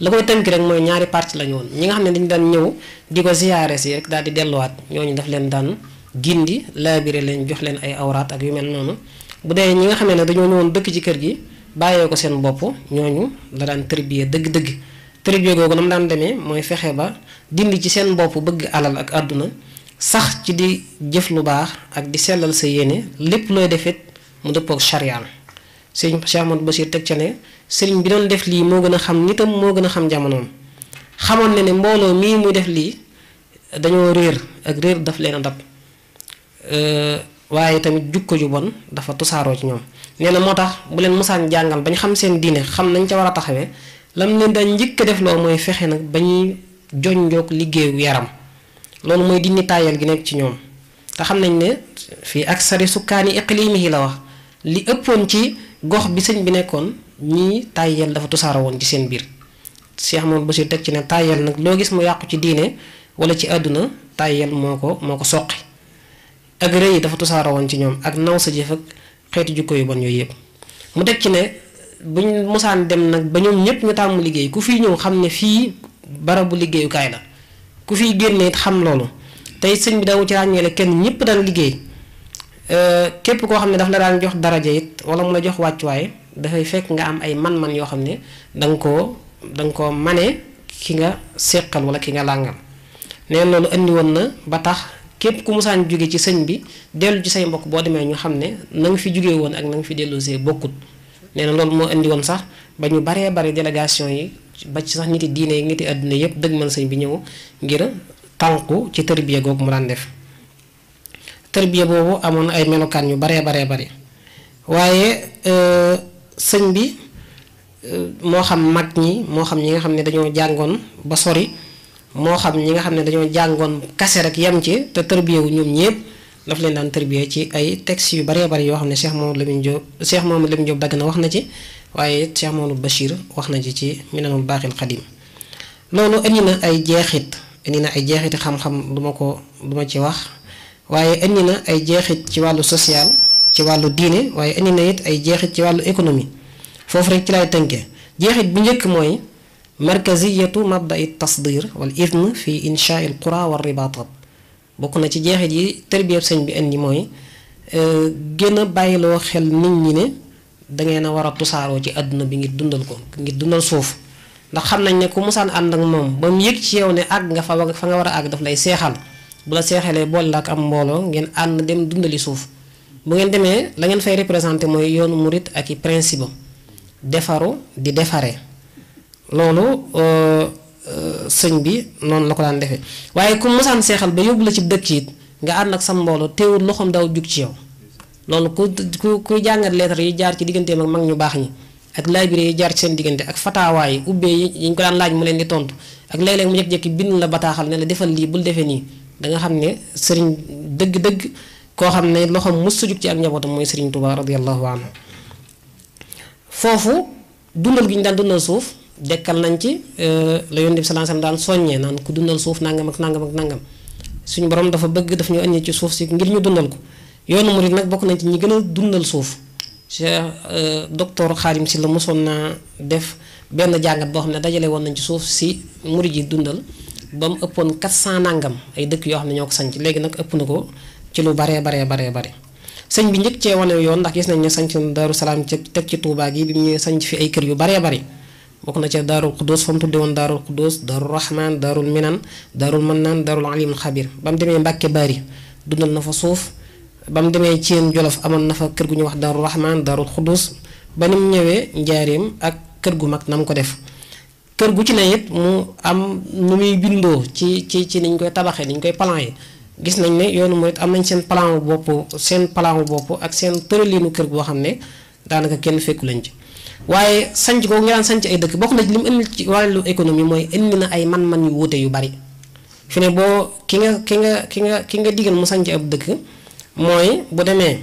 E: la koy tënk rek mooy ñaari parti la ñu woon ñi nga xam ne dañu daan ñëw di ko ziyaare si rek daal di delluwaat ñooñu daf leen daan gindi laabire leen jox leen ay awraat ak yu mel noonu bu dee ñi nga xam ne dañoo ñëwoon dëkk ci kër gi bàyyee ko seen bopp ñooñu la daan tërbiyee dëgg-dëgg tërbiyee googu na mu daan demee mooy fexe ba dindi ci seen bopp bëgg alal ak àdduna sax ci di jëf lu baax ak di sellal sa yéene lépp looy defit mu dëppook sariyaan sëriñ Cheikh Ahmadou Bachir teg ca bi doon def lii moo gën a xam nitam moo gën a xam jamonoom xamoon ne ne mbooloo mii muy def lii dañoo réer ak réer daf leen a dab waaye tamit jukko ju bon dafa tusaaroo ci ñoom neena motax bu len musan jàngal bañ xam sen diine xam nañ ci wara taxawé lam leen da njëkk a def loo mooy fexe nag bañuy jonjoog liggéeyu yaram lolu moy dindi tayal gi nek ci ñoom ta xam nañ ne fi aksari sukani iqlimihi la wax li ëppoon ci gox bi señ bi nekkoon ñi tayal dafa tusara woon ci seen biir Cheikh Amadou Bassir tek ci ne tayal nak lo gis mu yàqu ci diine wala ci aduna tayal moko moko soqi ak reey dafa tusara woon ci ñoom ak nawsa jëf ak xeetu jikko yu bon yoy yëpp mu tek ci ne buñ mosaan dem nak ba ñoom ñëpp ñu tam liggéey ku fi ñëw xam ne barabu barabu kay la ku fi génnee xam lolu tay sëñ bi daw ci ràññeele kenn ñëpp daan liggéey képp koo xam ne daf la daan jox daraaje yit wala mu la jox da fay fekk nga am ay man-man yo xam dang ko dang ko mané ki nga séqal wala ki nga langal né lolu andi won na ba tax képp ku musaan jóge ci sëñ bi dellu ci say mbokk boo demee ñu xam ne na nga fi jóge woon ak na nga fi delloosee bokkut nee na loolu moo indi woon sax ba ñu bare bare délégation yi ba ci sax niti diine yi niti àdduna yépp dëgg man sëñ bi ñëw ngir tànku ci tërbiya googu mu daan def tërbiya boobu amoon ay melokaan yu bare bare bari waaye euh, sëñ bi euh, moo xam mag ñi moo xam ñi nga xam ne dañoo jàngoon ba sori moo xam ñi nga xam ne dañoo jàngoon kase rek yam ci te tërbiye wu ñoom ñëpp daf leen daan tërbiye ci ay textes yu bëree bëri yoo xam ne Cheikh Mamadou Lamine Diop Cheikh Mamadou Lamine Diop dagg na wax na ci waaye Cheikh Mamadou Bachir wax na ci ci Minanul Baaxil Xadim loolu indi na ay jeexit indi na ay jeexiti xam-xam du ko du ma ci wax waaye indi na ay jeexit ci wàllu social ci wàllu diine waaye indi na it ay jeexit ci wàllu économie foofu rek ci lay tënkee jeexit bu njëkk mooy. markaziyatu mabda i tasdir wal idn fi insha il qura wal ribatat bokk na ci jeexit yi tërbiyab sëñ bi indi mooy gën a bàyyiloo xel nit ñi ne dangeen a war a tusaaroo ci àdduna bi ngir dundal ko ngir dundal suuf ndax xam nañ ne ku musaan ànd ak moom ba mu yëg ci yow ne àgg nga fa fa nga war a àgg daf lay seexal bu la seexalee boole la ak am mbooloo ngeen ànd dem dundali suuf bu ngeen demee la ngeen fay représenté mooy yoonu murit ak i principe am di defaree loolu euh, euh, sëñ bi noonu la ko daan defee waaye ku mosaan seexal ba yóbbu la ci dëkk yit nga ànd ak sam mbooloo teewul loxoom daw jug ci yow loolu ku ku kuy jàngat leetar yi jaar ci digganteem ak mag ñu baax ñi ak laabire yi jaar ci seen diggante ak fataawaay ubbee yi ñu ko daan laaj mu leen di tontu ak léeg-léeg mu jékki-jékki bind la bataaxal ne la defal lii bul defee nii da nga xam ne sëriñ dëgg-dëgg koo xam ne loxoom mosut jug ci ak njabootam mooy sëriñ Tuubaa radiyallahu anhu foofu dundal gi ñu daan dundal suuf. dekkal nañ ci euh, la yonent bi sallallahu alayhi daan soññee naan ku dundal suuf nangam ak nangam ak nangam suñu borom dafa bëgg daf ñu andi ci suuf si ngir ñu dundal ko yoonu murid nag bokk nañ ci ñi gën a dundal suuf cheikh euh, docteur Xaarim si la mosoon naa def benn jàngat boo xam ne dajale woon nañ ci suuf si murid yi dundal ba mu ëppoon 400 nangam ay dëkk yoo xam ne ñoo ko sanc léegi nag ëpp na ko ci lu baree baree baree bare sëñ bi njëkk cee wane yoon ndax gis nañ ne sanc Daaru Salaam ci teg ci Tuubaa gi bi ñu sañc fi ay kër yu baree bari bokk na ca daarul xudóos fa mu tudde woon daarul xudóos daarul rahman daarul minan daarul mannaan daarul alimul xabir ba mu demee mbàkke baari dundal na fa suuf ba mu demee ceen jolof amoon na fa kër gu ñuy wax daarul rahman daarul xudóos ba ni ñëwee njaareem ak kër gu mag na mu ko def kër gu ci na it mu am nu muy bindoo ci ci ci niñ koy tabaxee niñ koy plan yi gis nañ ne yoonu murit am nañ seen plan wu seen plan wu ak seen tëraliinu kër goo xam ne daanaka kenn fekku lañ ci waaye sanc googu nga sanc ay dëkk bokk na ci li indi ci wàllu économie mooy indi na ay man-man yu wuute yu bari fi ne boo ki nga ki nga ki nga ki nga digal mu sanc ab dëkk mooy bu demee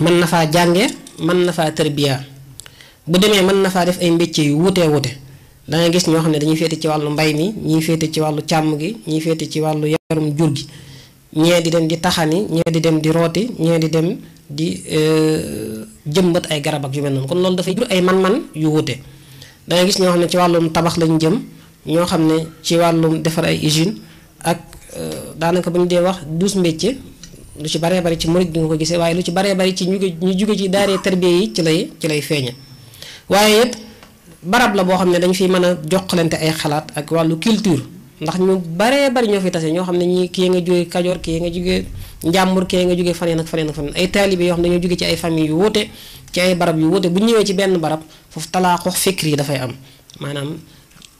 E: mën na faa jànge mën na faa tërbiya bu demee mën na faa def ay mbécce yu wute wuute da gis ñoo xam ne dañuy féete ci wàllu mbay mi ñii féete ci wàllu càmm gi ñuy féete ci wàllu yarum jur gi ñee di dem di taxani ñee di dem di rooti ñee di dem di euh, jëmbat ay garab ak yu mel noonu kon loolu dafay jur ay man-man yu wuute dangay gis ñoo xam ne ci wàllum tabax lañ jëm ñoo xam ne ci wàllum defar ay usine ak euh, daanaka ba ñu dee wax duus métiers lu ci baree bari ci murid bi nga ko gisee waaye lu ci baree bari ci ñu ñu jóge ci daaree tarbiya yi ci lay ci lay feeñe waaye it barab la boo xam ne dañu fi mën a joxalante ay xalaat ak wàllu culture ndax ñu baree bari ñoo fi tase ñoo xam ne ñii kii nga jógee Kajoor kii nga jógee njàmbur kee nga jógee faneen ak faneen ak faneen ay taalibe yoo xam dañoo jóge ci ay famille yu wuute ci ay barab yu wuute bu ñëwee ci benn barab foofu talaaxu fikri yi dafay am maanaam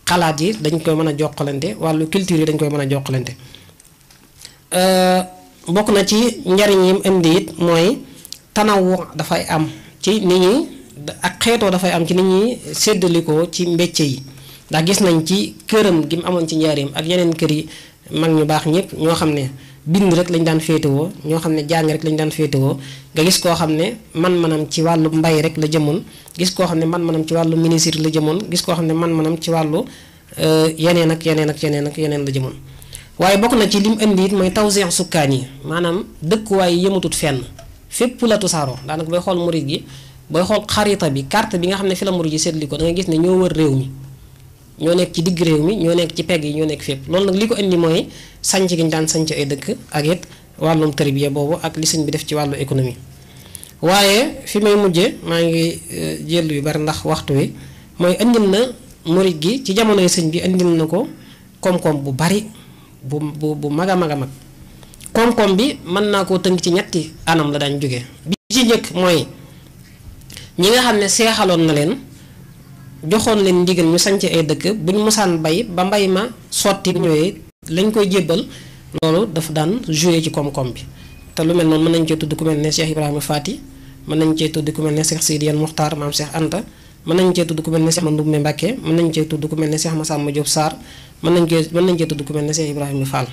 E: xalaat yi dañ koy mën a jokkalante wàllu culture yi dañ koy mën a jokkalante euh, bokk na ci njariñ yim indi it mooy tanawu dafay am ci nit ñi ak xeetoo dafay am ci nit ñi séddalikoo ci mbécce yi ndax gis nañ ci këram gi mu amoon ci njaareem ak yeneen kër yi mag ñu baax ñëpp ñoo xam ne bind rek lañ daan féetewoo ñoo xam ne jàng rek lañ daan féetewoo nga gis koo xam ne man-manam ci wàllu mbay rek la jëmoon gis koo xam ne man-manam ci wàllu ministre la jëmoon gis koo xam ne man-manam ci wàllu euh, yeneen ak yeneen ak yeneen ak yeneen la jëmoon waaye bokk na ci lim indi it mooy tawseex sukkaan yi maanaam dëkkuwaay yëmatut fenn fépp la tusaaroo daanaka booy xool murid gi booy xool xarita bi carte bi nga xam ne fi la murid yi seetli ko da nga gis ne ñoo war réew mi ñoo nekk ci digg réew mi ñoo nekk ci pegg yi ñoo nekk fépp loolu nag li ko indi mooy sanc gi ñu daan sanc ay dëkk ak it wàllum tarbiya boobu ak li sëñ bi def ci wàllu économie waaye fi may mujjee maa ngi eh, jël yu bari ndax waxtu wi mooy andil na murit gi ci sëñ bi andil na ko koom bu bari bu bu bu mag a mag a bi mën naa koo tënk ci ñetti anam la daan jóge bi ci njëkk mooy ñi nga xam ne na leen joxon len digal ñu sanc ay dëkk buñu mosaan bay ba mbay ma soti ñoy lañ koy jébal lolu dafa daan jouer ci kom kom bi te lu mel non mën nañ ci tuddu ku melni Cheikh Ibrahima Fati mën nañ ci tuddu ku melni Cheikh Sidi Yane mam Cheikh Anta mën nañ ci tuddu ku melni Cheikh Mandoumbe Mbacke mën nañ ci tuddu ku melni Cheikh Massamba Diop sar mën nañ ci mën nañ ci tuddu ku melni Cheikh Ibrahima Fall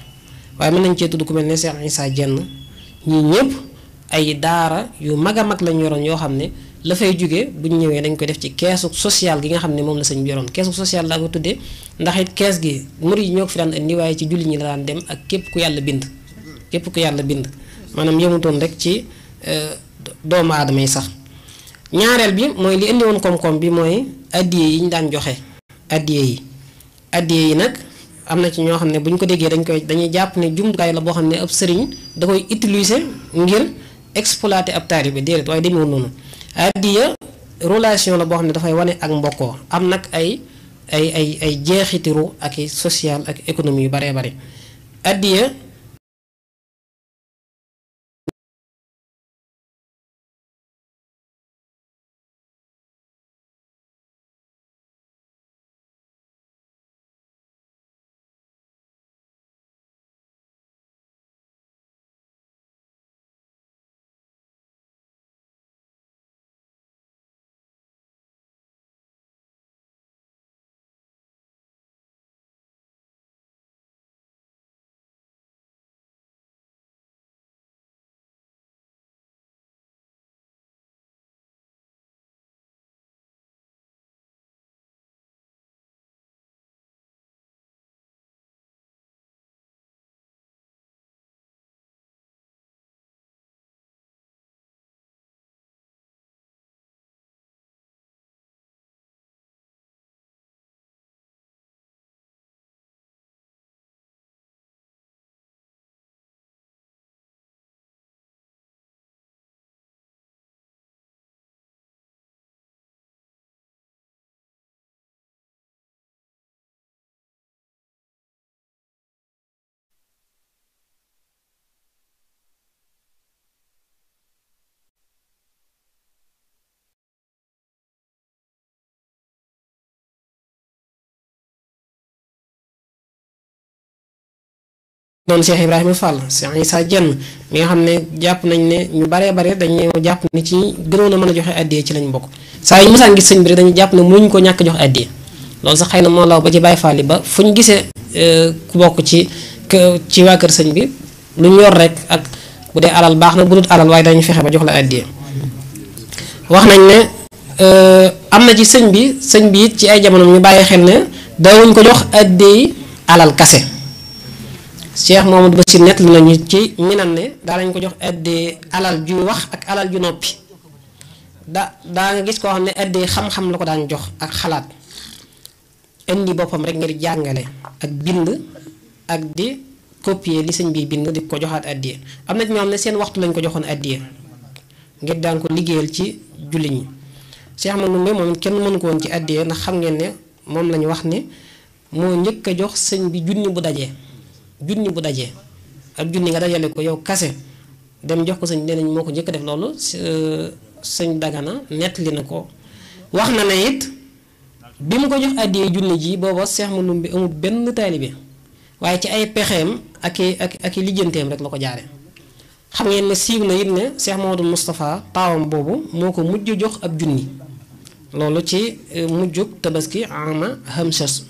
E: waye mën nañ ci tuddu ku melni Cheikh isa jenn ñi ay daara yu Magamak mag lañu yoron yo la fay jugee bu ñu ñëwee dañ koy def ci keesu social gi nga xam ne moom la sëñ bi keesu social laa ko tuddee ndaxit kees gi murid ñoo ko fi daan indi waaye ci julli ñi la daan dem ak képp ku yàlla bind képp ku yàlla bind maanaam yemutoon rek ci euh, doomu aadama yi sax ñaareel bi mooy li indi woon koom-koom bi mooy addiye yi ñu daan joxe addiye yi addiye yi nag am na ci ñoo xam ne bu ñu ko déggee dañ koy dañuy jàpp ne jumtukaay la boo xam ne ab sëriñ da koy utiliser ngir exploiter ab taalibe déedéet waaye demeewul noonu addiya relation la boo xam ne dafay wane ak mbokkoo am nag ay ay ay ay jeexitiru ak i social ak économie yu baree bare addiya doon Cheikh Ibrahima Fall Cheikh Issa Dieng mi nga xam ne jàpp nañ ne ñu baree bare dañu jàpp ne ci gënoon a mën a joxe addiya ci lañ bokk saa yu mosaan gis sëñ bi rek dañu jàpp ne mënuñ ko ñàkk jox addiya loolu sax xëy na moo law ba ci Baye Fall yi ba fu ñu gisee eh, bokk ci ci kër sëñ bi lu ñu yor rek ak bu dee alal baax na bu dul alal waaye dañu fexe ba jox la addiya wax nañ ne eh, am na ci sëñ bi sëñ bi it ci ay jamono ñu bàyyi xel ne dawuñ ko jox addiya alal kase cheikh mamadou bassir net la ñu ci minan ne da lañ ko jox addi alal ju wax ak alal ju nopi da da nga gis ko xamne addi xam xam lako daan jox ak xalaat indi bopam rek ngir jangale ak bind ak di copier li señ bi bind di ko joxat addi amna ñoom ne seen waxtu lañ ko joxon addi ngir daan ko liggeel ci julli cheikh mamadou mbé mom kenn mënu ko won ci addi na xam ngeen ne mom lañ wax ne mo ñëk jox señ bi junni bu dajé junni bu dajee ak junni nga dajale ko yow kase dem jox ko sëñ nee nañ moo ko njëkk def loolu euh, sëñ Dagana nettali na ko wax na ne it bi mu ko jox àddiyee junni ji booba Seex mu bi amul benn taalibe waaye ci ay pexeem ak i ak ak i lijjanteem rek la ko jaare xam ngeen ne siiw na it ne Seex Mamadou Moustapha taawam boobu moo ko mujj jox ab junni loolu ci euh, mujjug tabaski ama hamsas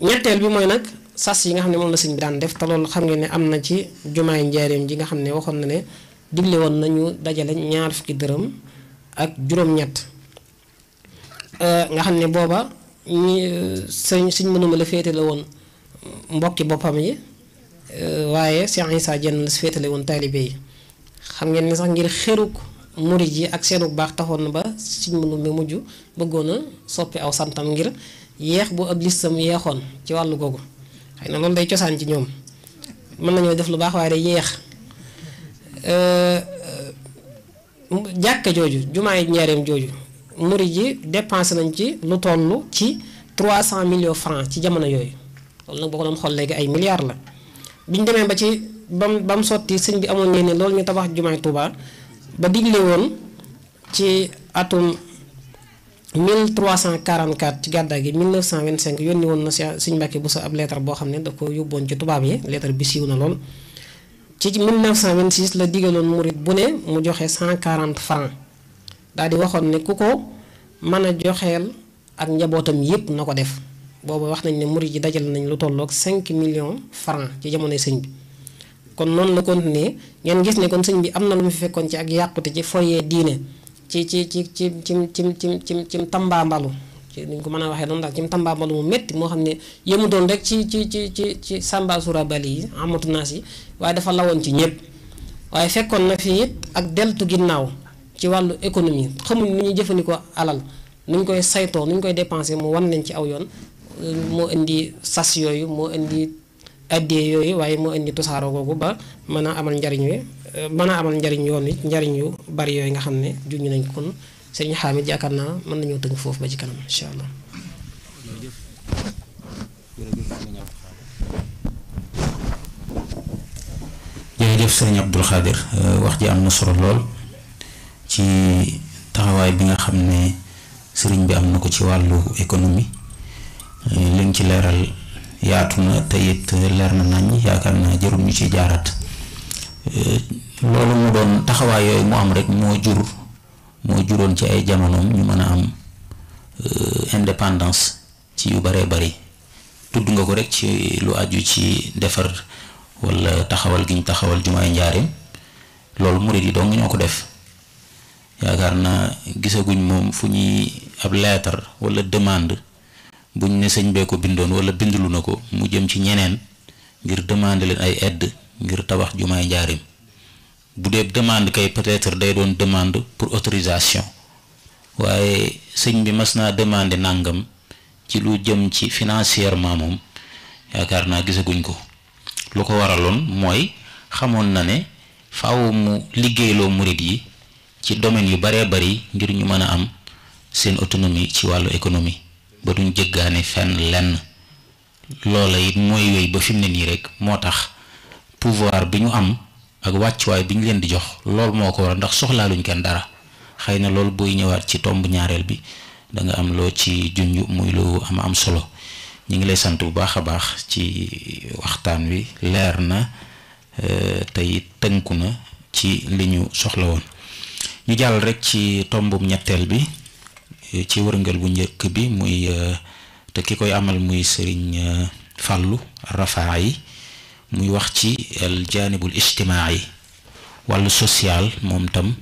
E: ñetteel bi mooy nag sas yi nga xam ne moom la sëñ bi daan def te loolu xam ne am na ci jumaay njaareem ji nga xam ne waxoon na ne digle woon nañu dajale ñaar fukki dërëm ak juróom-ñett euh, nga xam ne booba ñi sëñ suñ mënuma la féetale woon mbokki boppam yi euh, waaye Cheikh Issa Diène la féetale woon taalibe yi xam ngeen ne sax ngir xeruk murid yi ak seenu baax taxoon na ba suñ mujj bëggoon a soppi aw santam ngir yeex bu ab listam yeexoon ci wàllu googu xay na loolu day cosaan ci ñoom mën nañoo def lu baax waaye day yeex euh, euh, jàkka jooju jumaay njaareem jooju murid ji dépensé nañ ci lu toll ci 300 millions francs ci jamono yooyu loolu nag boo ko doon xool léegi ay milliards la biñ demee ba ci bam ba mu sotti sëñ bi amoon ngeen ne loolu ñu tabax jumaay Touba ba digle woon ci atum 1344 ci gàddaa gi 1925 yónni woon na Sëñ Mbàkke Busso ab lettre boo xam ne da ko yóbboon ci tubaab yi lettre bi siiw na lool ci 1926 la digaloon murit bu ne mu joxee cent 140 francs daal di waxoon ne ku ko mën a joxeel ak njabootam yépp na ko def booba wax nañ ne murit yi dajale nañ lu tollook cinq millions francs ci jamonoy sëñ bi kon noonu la continuer ngeen gis ne kon sëñ bi am na lu mu fekkoon ci ak yàqute ci foyer diine ci ci ci ci ci ci ci cim cim tambaambalu ci niñ ko mën a waxee noonu daal cim tambaambalu mu métti moo xam ne yëmu doon rek ci ci ci ci ci Samba Soura Bali yi amatu naas yi waaye dafa lawoon ci ñëpp waaye fekkoon na fii it ak deltu ginnaaw ci wàllu économie xamuñ nu ñuy jëfandikoo alal nuñ koy saytoo nuñ koy dépensé mu wan leen ci aw yoon moo indi sas yooyu moo indi addee yooyu waaye moo indi tosaaroo googu ba mën a amal njariñ wi mën a amal njariñ yoon it njariñ yu bari yooyu nga xam ne juñu nañ kon sëriñ Xaamid yaakaar naa mën nañoo tënk foofu ba ci kanam incha allah.
A: jërëjëf sëriñ Abdul Xaadir euh, wax ji am na solo lool ci taxawaay bi nga xam ne sëriñ bi am na ko ci wàllu économie euh, li ci leeral yaatu na te it leer na nañ yaakaar naa jërum ñu ci jaaraat. Euh, loolu mu doon taxawaay yooyu mu am rek moo jur moo juroon ci ay jamonoom ñu mën a am euh, indépendance ci yu bare bari tudd nga ko rek ci lu aju ci defar wala taxawal gi ñu taxawal jumaay njaareem loolu murid yi dong ñoo ko def yaakaar naa gisaguñ moom fu ñuy ab lettre wala demande buñ ne sëñ bee ko bindoon wala bindlu na ko mu jëm ci ñeneen ngir demander leen ay aide ngir tabax jumaay njaareem bu dee demande kay peut-être day doon demande pour autorisation waaye sëñ bi mas naa demandé nangam ci lu jëm ci financièrement moom yaakaar naa gisaguñ ko lu ko waraloon mooy xamoon na ne faaw mu liggéeyloo murit yi ci domaine yu baree bari ngir ñu mën a am seen autonomie ci wàllu économie ba duñ jëggaane fenn lenn loola it mooy wéy ba fi mu ne nii rek moo tax pouvoir bi ñu am. ak wacc way biñ leen di jox lool moko ko ndax soxla luñu kenn dara xeyna lool boy ñewat ci tomb ñaarel bi da nga am lo ci junj muy lu am am solo ñi ngi lay sant bu baaxa baax ci waxtaan wi leer na euh, tey tënku na ci li ñu soxla woon ñu jàll rek ci tombum ñetteel bi euh, ci wërngal bu njëkk bi muy euh, te ki koy amal muy sëriñ fàllu rafaa yi muy wax ci al jaanibul ijtimaai wàllu social moom tam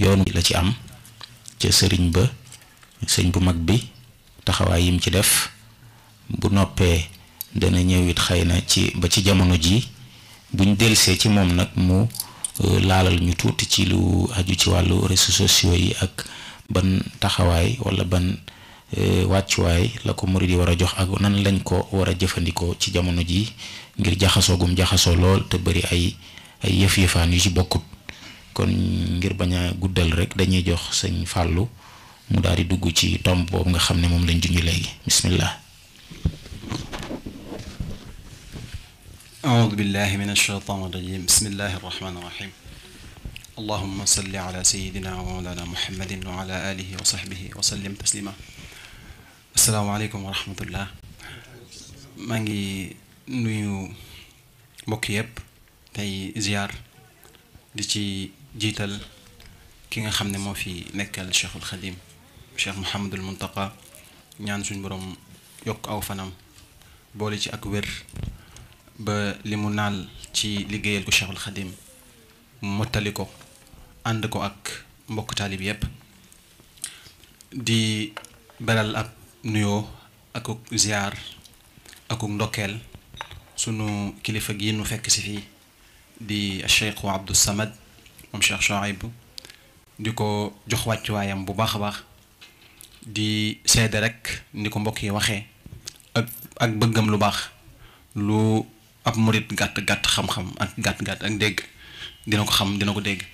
A: yoon la ci am ca sëriñ ba sëñ bu mag bi taxawaay yim ci def bu noppee dana ñëw it xëy na ci ba ci jamono ji buñ delsee ci moom nag mu euh, laalal ñu tuuti ci lu aju ci wàllu réseaux sociaux yi ak ban taxawaay walla ban Eh, wàccuwaay la ko murid yi war a jox ak nan lañ ko war a jëfandikoo ci jamono ji ngir jaxasoo gum jaxasoo lool te bari ay ay yëf-yëfaan yu ci bokkut kon ngir bañ a guddal rek dañuy jox sëñ Fàllu mu daal di dugg ci tomb boobu nga xam ne moom lañ junj léegi bismillah
F: aoudu billahi min ashaytaan rajim bismillahi allahuma salli ala wa mawlana muhammadin wa ala wa sahbihi wa sallim taslima السلام عليكم ورحمة الله مانجي نيو موكيب تاي زيار ديتي جيتال كيغا خامني مو في نكال الشيخ الخديم الشيخ محمد المنتقى نيان سون بروم يوك او فنام بولي تي اك وير با تي ليغيال الشيخ الخديم موتاليكو اندكو اك موك طالب دي بلال اب nuyoo akuk ziar akuk ndokkeel sunu kilifa gi nu fekk si fii di Cheikh Abdou Samad moom Cheikh Chouaib di ko jox wàccuwaayam bu baax a baax di seede rek ni ko mbokk yi waxee ak ak bëggam lu baax lu ab murit gàtt gàtt xam-xam ak gàtt gàtt ak dégg dina ko xam dina ko dégg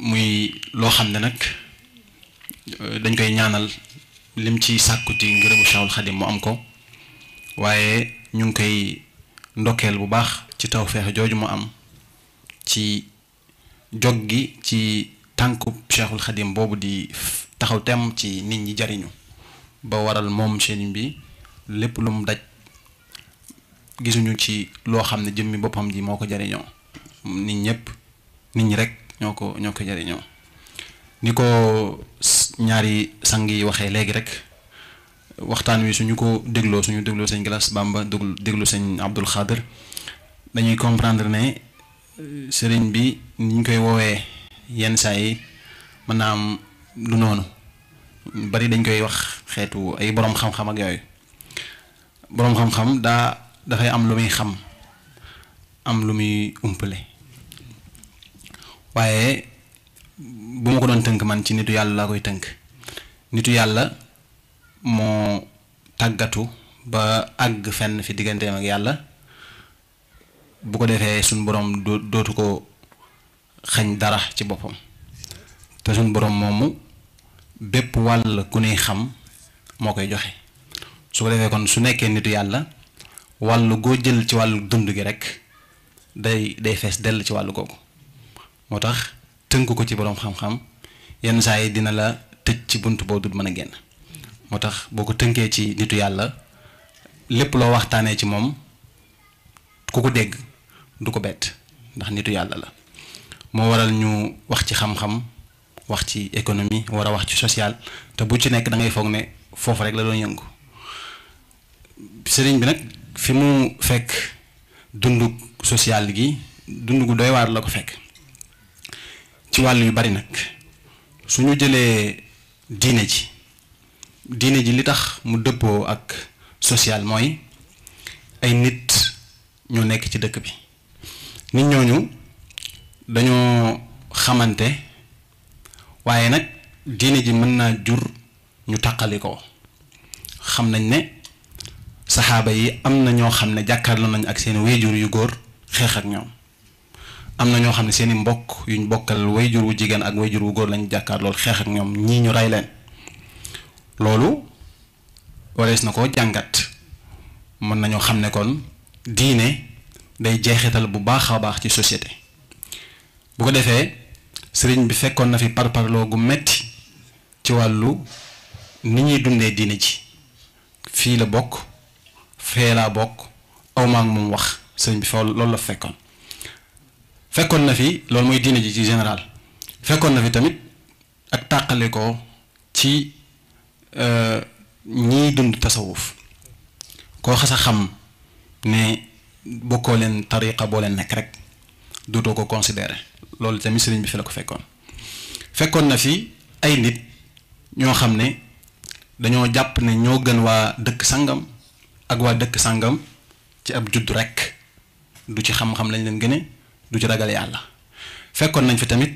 F: muy loo xam ne nag. Euh, dañ koy ñaanal lim ci sàkkuti ngërëmu Cheikhul Khadim mu am ko waaye ñu ngi koy ndokkeel bu baax ci tawféex jooju mu am ci jog gi ci tànku Cheikhul Khadim boobu di taxaw tem ci nit ñi jariñu ba waral moom sëriñ bi lépp lu mu daj gisuñu ci loo xam ne jëmmi boppam ji moo ko jariñoo nit ñëpp nit ñi rek ñoo ko ñoo ko jariñoo ñaari sang yi waxee léegi rek waxtaan wi suñu ko dégloo suñu dégloo sëñ Galas Bamba déglu déglu sëñ Abdul Xaadir dañuy comprendre ne euh, sëriñ bi niñ koy woowee yenn saa yi mën du noonu bari dañ koy wax xeetu ay boroom xam-xam ak yooyu boroom xam-xam daa dafay am lu muy xam am lu muy umpale waaye bu ma ko don teunk man ci nitu yalla la koy teunk nitu yalla mo tagatu ba ag fenn fi digante mak yalla bu ko defé sun borom dootu ko xañ dara ci bopam te sun borom momu bepp wal ku ne xam mo koy joxe su ko defé kon su nekké nitu yalla wàllu go jël ci wàllu dundu gi rek day day fess del ci wàllu gogo motax tënku ko ci borom xam-xam yeen saa dina la tecc ci buntu bo dul mën genn motax boko tax ci nitu yalla lepp lo waxtaanee ci mom kuku dégg du ko ndax nitu yalla la mo waral ñu wax ci xam-xam wax ci économie wara wax ci social te bu ci nekk da ngay fogné fofu rek la do yëngu sëriñ bi nak fi mu fekk dunduk social gi dundugu doy war la ko fekk. ci wàll yu bari nag su ñu jëlee diine ji diine ji li tax mu dëppoo ak social mooy ay nit ñoo nekk ci dëkk bi nit ñooñu dañoo xamante waaye nag diine ji mën naa jur ñu taqali ko xam nañ ne saxaaba yi am na ñoo xam ne jàkkaarloo nañ ak seen wéjur yu góor xeex ak ñoom amna na ñoo xam seen i mbokk yuñ bokkal wayjur wu jigéen ak wayjur wu góor lañ lol lool xeex ak ñom ñi ñu ray leen loolu warees nako jangat jàngat mën nañoo xam kon diine day jeexital bu baaxa baax ci société bu ko defee sëriñ bi fekkon na fi lo gu metti ci walu ni ñi dundé diine ci fi la bok fe la bok aw maa ngi wax sëriñ bi fa loolu la fekkoon na fi loolu mooy diine ji ci général fekkoon na fi tamit ak tàqale ko ci euh, ñiy dund tasawuf koo xas a xam ne bokkoo leen tariqa boo leen nekk rek dootoo ko considéré loolu tamit sëriñ bi fi la ko fekkoon fekkoon na fi ay nit ñoo xam ne dañoo jàpp ne ñoo gën waa dëkk sangam ak waa dëkk sangam ci ab judd rek du ci xam-xam lañ leen gëne du ci ragale yàlla fekkoon nañ fi tamit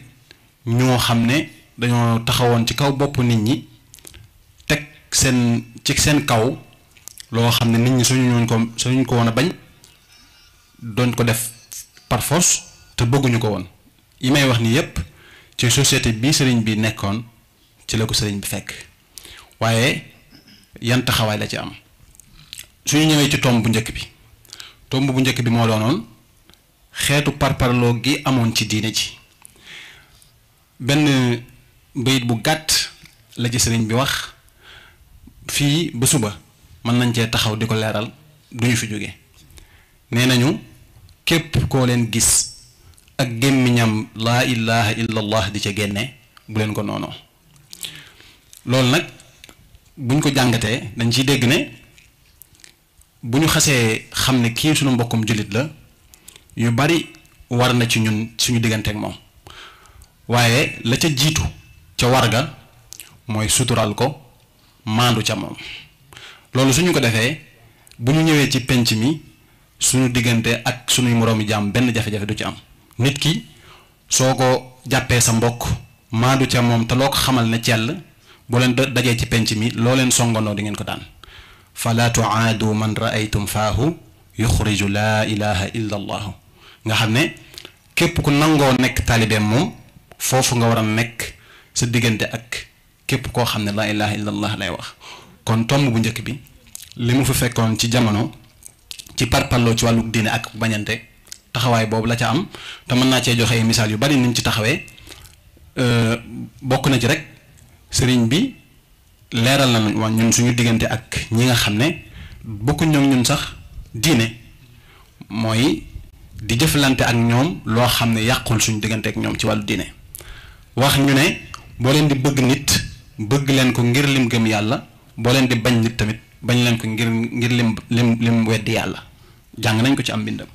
F: ñoo xam ne dañoo taxawoon ci kaw bopp nit ñi teg seen ci seen kaw loo xam ne nit ñi suñu ñooñ ko suñu ko woon a bañ doon ko def parfos te bëgguñu ko woon yi may wax nii yépp ci société bi sëriñ bi nekkoon ci la ko sëriñ bi fekk waaye yan taxawaay la ci am suñu ñëwee ci tomb bu njëkk bi tomb bu njëkk bi moo doonoon xeetu parparlo gi amoon ci diine ji benn bayit bu gàtt la ci sëriñ bi wax fii ba suba mën nañ cee taxaw di ko leeral duñu fi jóge nee nañu képp koo leen gis ak gémmiñam la ilaha illallah di ca génne bu leen ko noonoo loolu nag buñ ko jàngatee dañ ciy dégg ne bu ñu xasee xam ne kii sunu mbokkum la yu bari war na ci ñun suñu digganteek moom waaye la ca jiitu ca war ga mooy sutural ko maandu ca moom loolu suñu ko defee bu ñu ñëwee ci penc mi suñu diggante ak suñuy moroomi jaam benn jafe-jafe du ci am nit ki soo ko jàppee sa mbokk maandu ca moom te loo ko xamal ne cell boo leen dajee ci penc mi loo leen songandoo di ngeen ko daan fala tuaadu man raaytum faahu yuxriju laa ilaha illa nga xamne kep ku nango nek talibé mom fofu nga wara nek sa digënté ak kep ko xamne la ilaha illallah lay wax kon tomb bu ñëk bi limu fa fekkon ci jamono ci parpallo ci walu diiné ak bañanté taxaway bobu la ca am ta mëna ci joxé misal yu bari niñ ci euh bokku na ci rek sëriñ bi léral na ñun suñu digënté ak ñi nga xamne ne bokkuñ ñun sax diiné moy di jëflante ak ñoom loo xam ne yàqul suñu diggante ak ñoom ci wàllu diine wax ñu ne boo leen di bëgg nit bëgg leen ko ngir lim gëm yàlla boo leen di bañ nit tamit bañ leen ko ngir ngir lim lim lim yàlla jàng nañ ko ci am bindam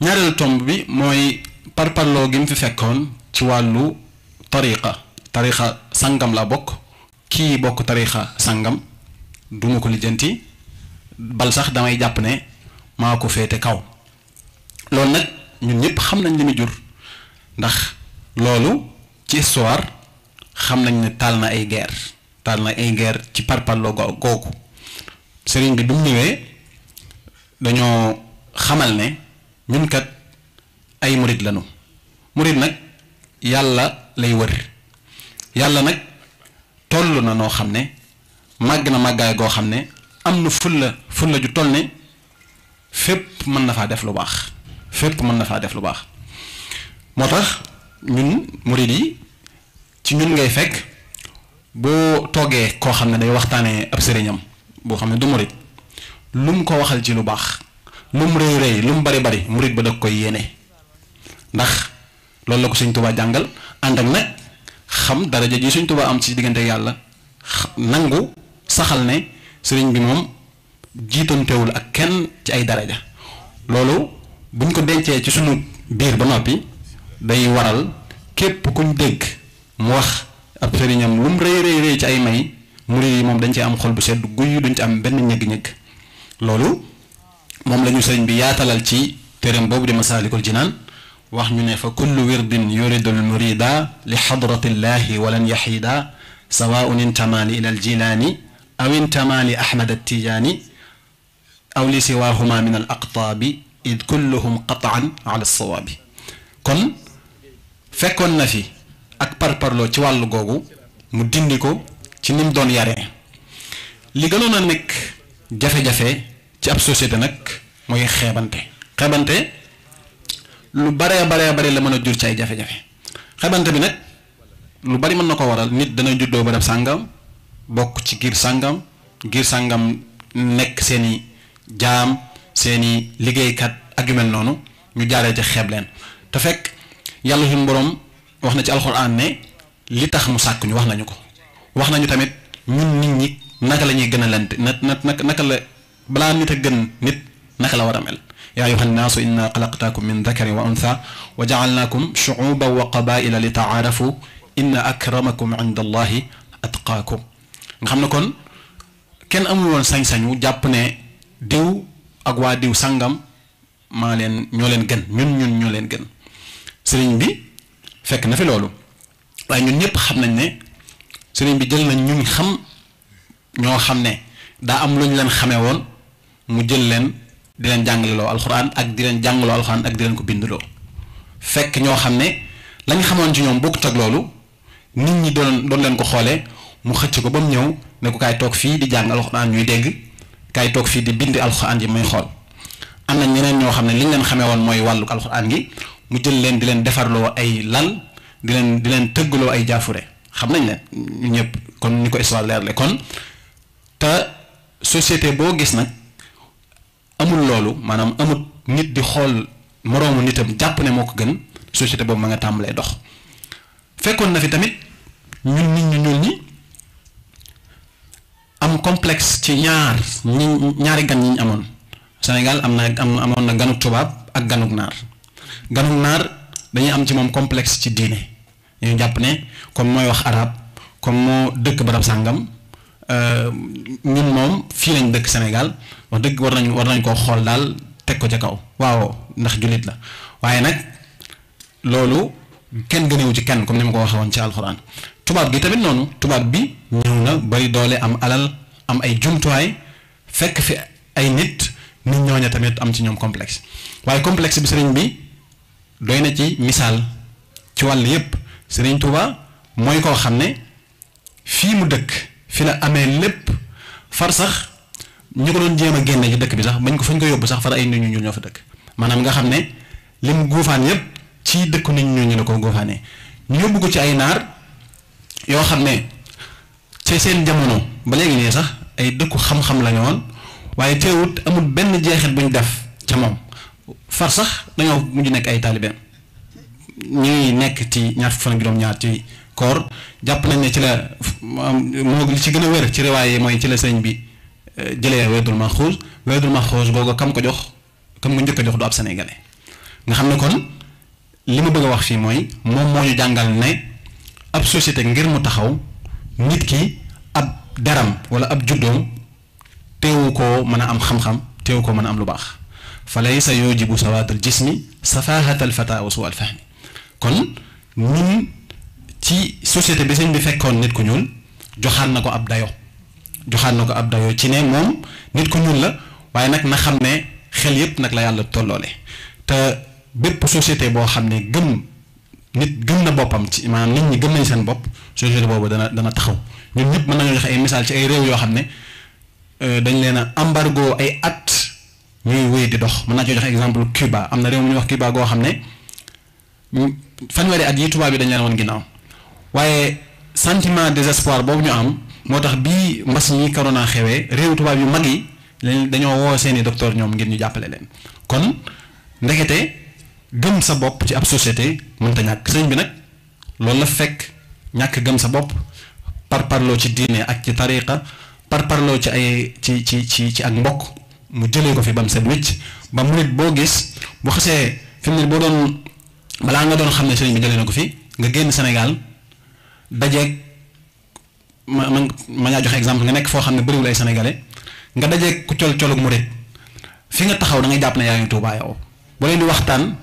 F: ñaareelu tomb bi mooy parparloo gi mu fi fekkoon ci wàllu tariqa tariqa sangam laa bokk kii bokk tariqa sangam duma ko lijjanti bal sax damay jàpp ne maa ko féete kaw loolu nag ñun ñëpp xam nañ li mu jur ndax loolu ci histoire xam nañ ne taal na ay guerre taal na ay guerre ci parparloo googu sëriñ bi du mu ñëwee dañoo xamal ne ñun ay murit lañu murit nag yàlla lay wër yàlla nag toll na noo xam ne màgg na màggaay goo xam ne am na fulla fulla ju toll ne fépp mën na faa def lu baax fépp mën na faa def lu baax moo tax ñun murid yi ci ñun ngay fekk boo toogee koo xam ne day waxtaanee ab sëriñam boo xam ne du murid lum ko waxal ci lu baax lu mu rëy rëy lu mu bari bari murid ba da koy yéene ndax loolu la ko Sëñ Tuubaa jàngal ànd ak nag xam daraja ji Sëñ Tuubaa am ci diggante yàlla nangu saxal ne sëriñ bi moom jiitantewul ak kenn ci ay daraja loolu buñ ko dencee ci sunu biir ba noppi day waral képp ñu dégg mu wax ab sëriñam lu mu rëy rëy ci ay may murid yi moom dañ ci am xol sedd guy duñ ci am benn ñëgg-ñëgg loolu moom lañu ñu bi yaatalal ci téereem boobu di masaalikul jinaan wax ñu ne fa kullu wirdin yuridul murida li xadratillahi walan yaxida sawaun intama li ila al jilaani aw intama li ahmad attijaani aw li siwaahuma min al aqtaabi id kulluhum qataan ala sawaabi kon fekkoon na fi ak parparloo ci wàllu googu mu dindi ko ci ni mu doon yare li gënoon a nekk jafe-jafe ci ab société nag mooy xeebante xeebante lu baree baree bare la mën a jur ci ay jafe-jafe xeebante bi nag lu bari mën na ko waral nit dana juddoo ba sàngam bokk ci giir sàngam giir sàngam nekk seeni jaam seeni liggéeykat ak noonu ñu jaaree ci xeeb leen te fekk yàlla suñu boroom wax na ci alxuraan ne li tax mu sàkk ñu wax nañu ko wax nañu tamit ñun nit ñi naka la ñuy gën a lente na naka la balaa nit a gën nit naka la war a mel yaa ayuha nnaasu inna xalaqtaakum min dakarin wa untha wa jaalnaakum shuuban wa qabaila li taarafu inna akramakum inda allahi atqaakum nga xam ne kon kenn amul woon sañ jàpp ne diw ak waa diw sàngam maa leen ñoo leen gën ñun ñun ñoo leen gën sëriñ bi fekk na fi loolu waaye ñun ñëpp xam nañ ne sëriñ bi jël nañ ñu xam ñoo xam ne daa am lu leen xamee woon mu jël leen di leen jàngaleloo alxuraan ak di leen jàngaloo alxuraan ak di leen ko bindloo fekk ñoo xam ne lañu xamoon ci ñoom bokkut ak loolu nit ñi doon doon leen ko xoolee mu xëcc ko ba mu ñëw ne ko kaay toog fii di jàng alxuraan ñuy dégg. kay tok fi di bind alquran ji muy xol amna ñeneen ño xamne liñ leen xamé won moy walu alquran gi mu jël leen di leen defarloo ay lal di leen di leen teggulo ay jaafure xam nañ leen ñepp kon niko islam leer le kon ta société bo gis nak amul lolu manam amul nit di xol moroomu nitam japp ne moko gën société bo ma nga tambalé dox fekkon na fi tamit ñun nit ñi ñuul ñi am kompleks ci ñaar ñaari gan ñi amon senegal amna am amon na ganuk tubaab ak ganuk nar ganuk nar, dañuy am ci mom complexe ci diine ñu japp ne comme moy wax arab comme mo dëkk barab euh ñun mom fi lañ dëkk senegal wax dëgg war nañ war nañ ko xol dal tek ko ci kaw waaw ndax julit la waye nak lolu kenn gënewu ci kenn comme ni ko waxawon ci alcorane tubaab gi tamit noonu tubaab bi ñëw na bari doole am alal am ay jumtuwaay fekk fi ay nit nit ñooña tamit am ci ñoom complexe waaye complexe bi sëriñ bi doy na ci misaal ci wàll yépp sëriñ Tuuba mooy koo xam ne fii mu dëkk fi la amee lépp far sax ñu ko doon jéem a génne dëkk bi sax bañ ko fañ ko yóbbu sax far ay nit ñu ñu ñoo fa dëkk maanaam nga xam ne lim guufaan yépp ci dëkk nit ñu ñu la ko guufaanee ñu yóbbu ko ci ay naar yoo xam ne ci seen jamono ba léegi nii sax ay dëkku xam-xam la waaye teewut amul benn jeexit bu ñu def ca moom far sax dañoo mujj nekk ay taalibeem ñuy nekk ci ñaar fan juróom-ñaar ci koor jàpp nañ ne ci la moo li ci gën a wér ci riwaay yi mooy ci la sëñ bi euh, jëlee weydul ma xuus weydul ma xuus googu kam ko jox kam ko njëkk a jox du ab sénégalais nga xam ne kon li ma bëgg a wax fii mooy moom moo ñu jàngal ne. ab société ngir mu taxaw nit ki ab daram wala ab juddoom teewu ko mën a am xam-xam teewu koo mën a am lu baax fa laysa yujibu sawaatal jismi safahatal fata wa su al fahmi kon ñun ci société bi sëñ bi fekkoon nit ko ñuul joxaan na ko ab dayo joxaan na ko ab dayo ci ne moom nit ko ñuul la waaye nag na xam ne xel yépp nag la yàlla tolloole te bépp société boo xam ne gëm nit gëm na boppam ci maanaam nit ñi gëm nañ seen bopp société boobu dana dana taxaw ñun ñëpp mën nañu joxe ay misaal ci ay réew yoo xam ne euh, dañ leen a embargo ay at ñuy wéy di dox mën naa ci joxe exemple Cuba am na réew mu ñuy wax Cuba goo xam ne fanweeri at yi tubaab bi dañ leen woon ginnaaw waaye sentiment désespoir boobu ñu am moo tax bii mbas mi corona xewee réew tubaab yu mag yi dañoo woo seeni docteur ñoom ngir ñu jàppale leen kon ndekete gëm sa bopp ci ab société mënta ñàkk sëñ bi nag loolu la fekk ñàkk gëm sa bopp par parloo ci diine ak ci tariqa par parloo ci ay ci ci ci ci ak mbokk mu jëlee ko fi ba mu set wicc ba murit boo gis bu xasee fi boo doon balaa nga doon xam ne sëñ bi jëlee na ko fi nga génn Sénégal dajeeg ma ma ma ñaa exemple nga nekk foo xam ne bëriwul ay sénégalais nga dajeeg ku col mu murit fi nga taxaw da jàpp ne yaa ngi Tuubaa leen di waxtaan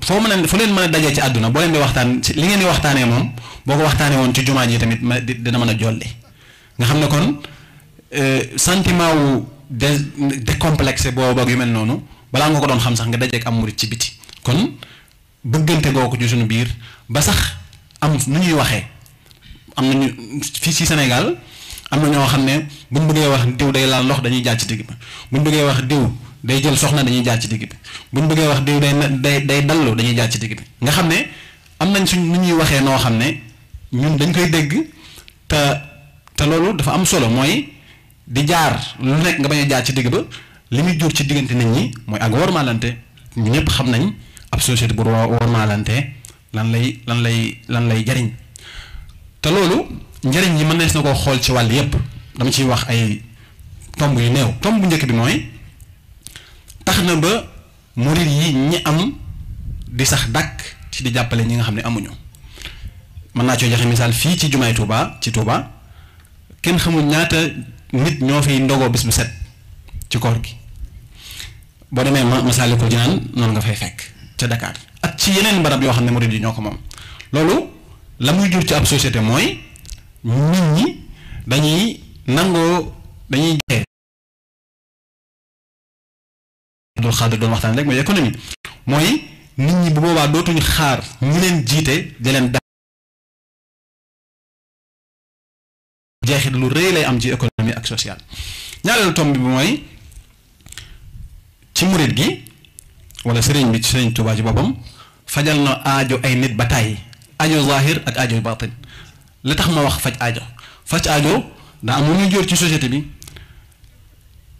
F: foo mën a fu leen mën daje ci àdduna boo leen di waxtaan li ngeen di waxtaanee moom boo ko waxtaanee woon ci jumaa ji tamit ma dina mën a jolli nga xam ne kon euh, sentiment wu dé décomplexé boobu ak yu mel noonu balaa nga ko doon xam sax nga dajeek am murit ci biti kon bëggante googu ci suñu biir ba sax am nu ñuy waxee am nañu fii ci Sénégal am na ñoo xam ne buñ bëggee wax diw day laal ndox dañuy jaar ci digg ba buñ bëggee wax diw. day jël soxna dañuy jaar ci digg bi buñ bëggee wax diw day day day dallu dañuy jaar ci digg bi nga xam ne am nañ suñ nu ñuy waxee noo xam ne ñun dañ koy dégg te te loolu dafa am solo mooy di jaar lu nekk nga bañ a jaar ci digg ba li muy jur ci diggante nit ñi mooy ak wormaalante ñu ñëpp xam nañ ab société bu wormaalante lan lay lan lay lan lay jariñ te loolu njariñ yi mën nees na ko xool ci wàll yépp dama ciy wax ay tomb yu néew tomb bu njëkk bi mooy tax na ba murit yi ñi am di sax dàkk ci di jàppale ñi nga xam ne amuñu mën naa coo joxe misaal fii ci jumaay Touba ci Touba kenn xamul ñaata nit ñoo fiy ndogoo bis bu set ci koor gi boo demee ma Masaalikul Jinaan noonu nga fay fekk ca Dakar ak ci yeneen barab yoo xam ne murit yi ñoo ko moom loolu
D: la muy jur ci ab société mooy nit ñi dañuy nangoo dañuy Abdul Khadir doon waxtaan rek mooy économie moy nit ñi bu boobaa dootuñu xaar ñu leen jité de leen jeexit lu reey lay am ci économie ak social ñaareelu tom bi moy ci mourid gi
F: wala serigne bi ci sëriñ Tuubaa ci bopam fajal na aajo ay nit bataay aajo zahir ak aajo batin la tax ma wax faj aajo faj aajo da amu ñu jor ci société bi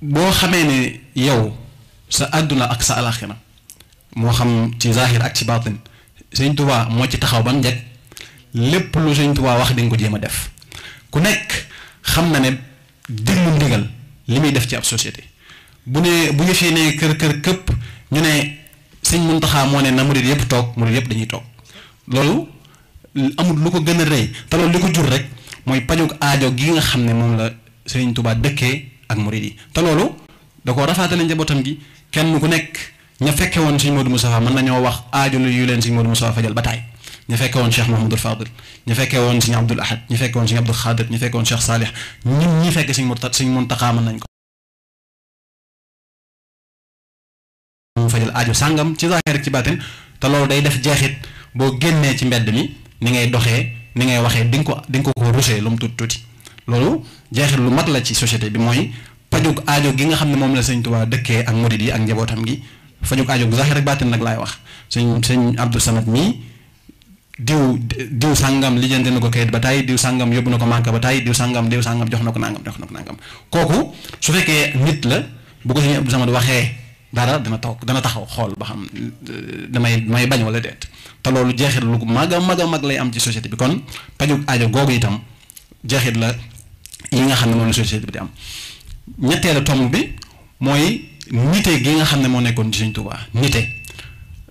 F: bo xamé ne yow sa aduna ak sa alakhirah mo xam ci zahir ak ci batin seigne touba mo ci taxaw ba mu lepp lu seigne touba wax di def ku nekk xam na ne dimu ndigal limi def ci ab société bu ne bu yëfee ne keur keur kep ñu ne seigne muntaha mo ne na murid yep tok murid yep dañuy tok loolu amul lu ko gën a rëy te jur rek aajo gi nga xam ne la seigne touba dekké ak murid yi te da ko rafaatale njabootam gi kenn ku nekk ña fekke woon sëñ Modou Moustapha mën nañoo wax aaju lu yu leen sëñ Modou Moustapha fajal ba taay ñu fekke woon Cheikh Mouhamadul Fadil
D: ñu fekke woon sëñ Abdoul Ahad ñu fekke woon sëñ Abdoul Khadir ñu fekke woon Cheikh Salih ñun ñi fekk sëñ Mourtada sëñ Mountakha mën nañ ko mu fajal aaju sàngam ci zaahir rek ci baatin te loolu day def jeexit boo génnee ci mbedd mi ni ngay doxee
F: ni ngay waxee di nga ko di nga ko ko rusee lu mu tuuti tuuti loolu jeexit lu mag la ci société bi mooy fajug aajo gi nga xam ne moom la sëñ Tuubaa dëkkee ak murid yi ak njabootam gi fajug aajo gu zahir ak baatin nag laay wax sëñ sëñ Abdou Samad mii diw diw sàngam lijjante na ko kayit ba tey diw sàngam yóbbu na ko mànka ba tey diw sàngam diw sàngam jox na ko nangam jox na ko kooku su fekkee nit la bu ko sëñ waxee dara dana taw dana taxaw xool ba xam damay damay bañ wala deet te loolu jeexit lu mag a mag a mag lay am ci société bi kon pajug aajo googu itam jeexit la yi nga xam ne moom la société bi di am ñetteelu tomb bi mooy nite gii nga xam ne moo nekkoon ci sëñ Touba nite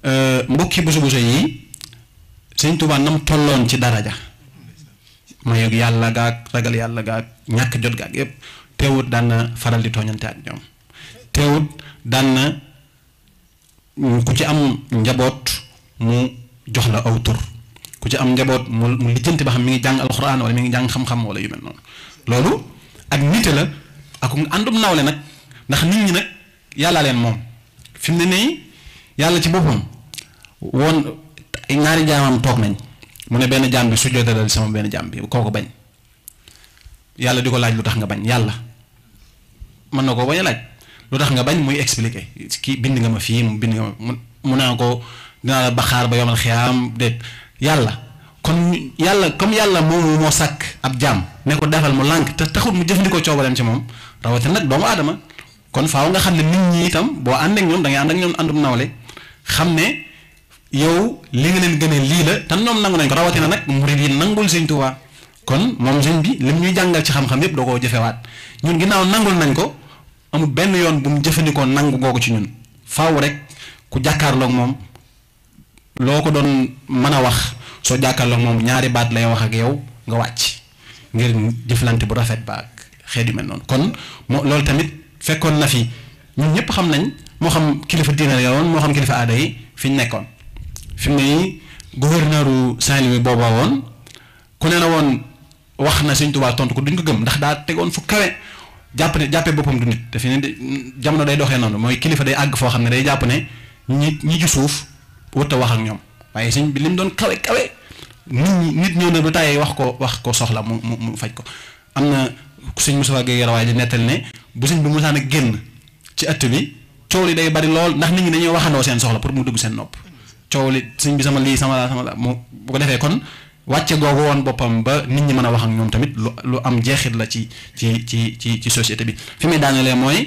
F: euh, mbokki busu busu yi sëñ Touba nam tolloon ci daraja mayug yàlla gaag ragal yàlla gaag ñàkk jot ak yépp teewut daan faral di tooñante ak ñoom teewut daan na ku ci am njaboot mu jox la aw tur ku ci am njaboot mu mu lijjanti ba xam mi ngi jàng alxuraan wala mi ngi jàng xam-xam wala yu mel noonu loolu ak nite la ak àndum nawle nag ndax nit ñi nag yàlla leen moom fi mu ne nii yàlla ci boppam woon ñaari jaamam toog nañ mu ne benn jaam bi su jotalal sama benn jaam bi kooku bañ yàlla di ko laaj lu tax nga bañ yàlla mën na koo bañ lu tax nga bañ muy expliquer kii bind nga ma fii mu bind nga ma mu naa ko dinaa la baxaar ba yomal xiyaam déet yàlla kon yàlla comme yàlla moom moo sàkk ab jaam ne ko defal mu lànk te taxul mu jëfandikoo coobareem ci moom rawatina nag doomu aadama kon faaw nga xam ne nit ñi itam boo ànd ak ñoom da ngay ànd ak ñoom àndum nawle xam ne yow li nga leen gën a lii la te ñoom nangu nañ ko rawatina nag murid yi nangul sëñ Tuubaa kon moom sëñ bi lim ñuy jàngal ci xam-xam yëpp doo koo jëfewaat ñun ginnaaw nangul nañ ko amul benn yoon bu mu jëfandikoo nangu ko ci ñun faaw rek ku jàkkaarlook moom loo ko doon mën a wax soo jàkkaarloog moom ñaari baat lay wax ak yow nga wàcc ngir jëflante bu rafet ba ak xeet yu mel noonu kon moo loolu tamit fekkoon na fi ñun ñëpp xam nañ moo xam kilifa diine la moo xam kilifa aada yi fi ñu nekkoon fi mu ne gouverneur u Saint-Louis booba woon ku ne na woon wax na Sëñ Tuubaa tontu ko duñ ko gëm ndax daa tegoon fu kawe jàpp ne jàppee boppam du nit dafa ne jamono day doxee noonu mooy kilifa day àgg foo xam ne day jàpp ne ñi ñi ci suuf wut a ñoom waaye sëñ bi li mu doon kawe kawe nit ñi nit ba tàyyee wax ko wax ko soxla mu mu mu ko am sëñ Moustapha Guèye Yarawaay di nettali ne bu sëñ bi mu mosaan a génn ci ëtt bi coow li day bari lool ndax nit ñi dañuy waxandoo seen soxla pour mu dugg seen nopp coow li sëñ bi sama lii sama laa sama laa mu bu ko defee kon wàcce googu woon boppam ba nit ñi mën a wax ak ñoom tamit lu lu am jeexit la ci ci ci ci ci société bi fi muy daanelee mooy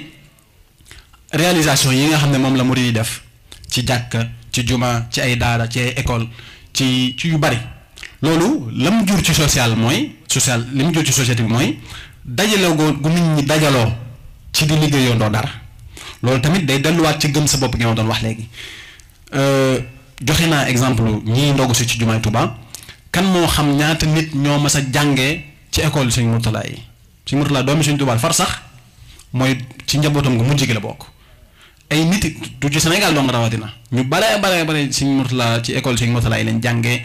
F: réalisation yi nga xam ne moom la murid yi def ci jàkka ci juma ci ay daara ci ay école ci ci yu bari loolu la mu jur ci social mooy social li mu jur ci société bi mooy dajalo go gu nit ñi dajalo ci di ndo dara loolu tamit day wat ci gëm sa bop gi doon wax léegi euh, joxe naa exemple ñi ndogu si ci jumaay tuba kan mo xam ñaata nit ñoo ma sa jangé ci école seigne murtala yi suñ murtala doomi seigne tuba far sax moy ci njabotam gu mujj la bok ay nit du ci sénégal dong rawatina ñu bare bare bare seigne murtala ci école seigne murtala yi lañ jangé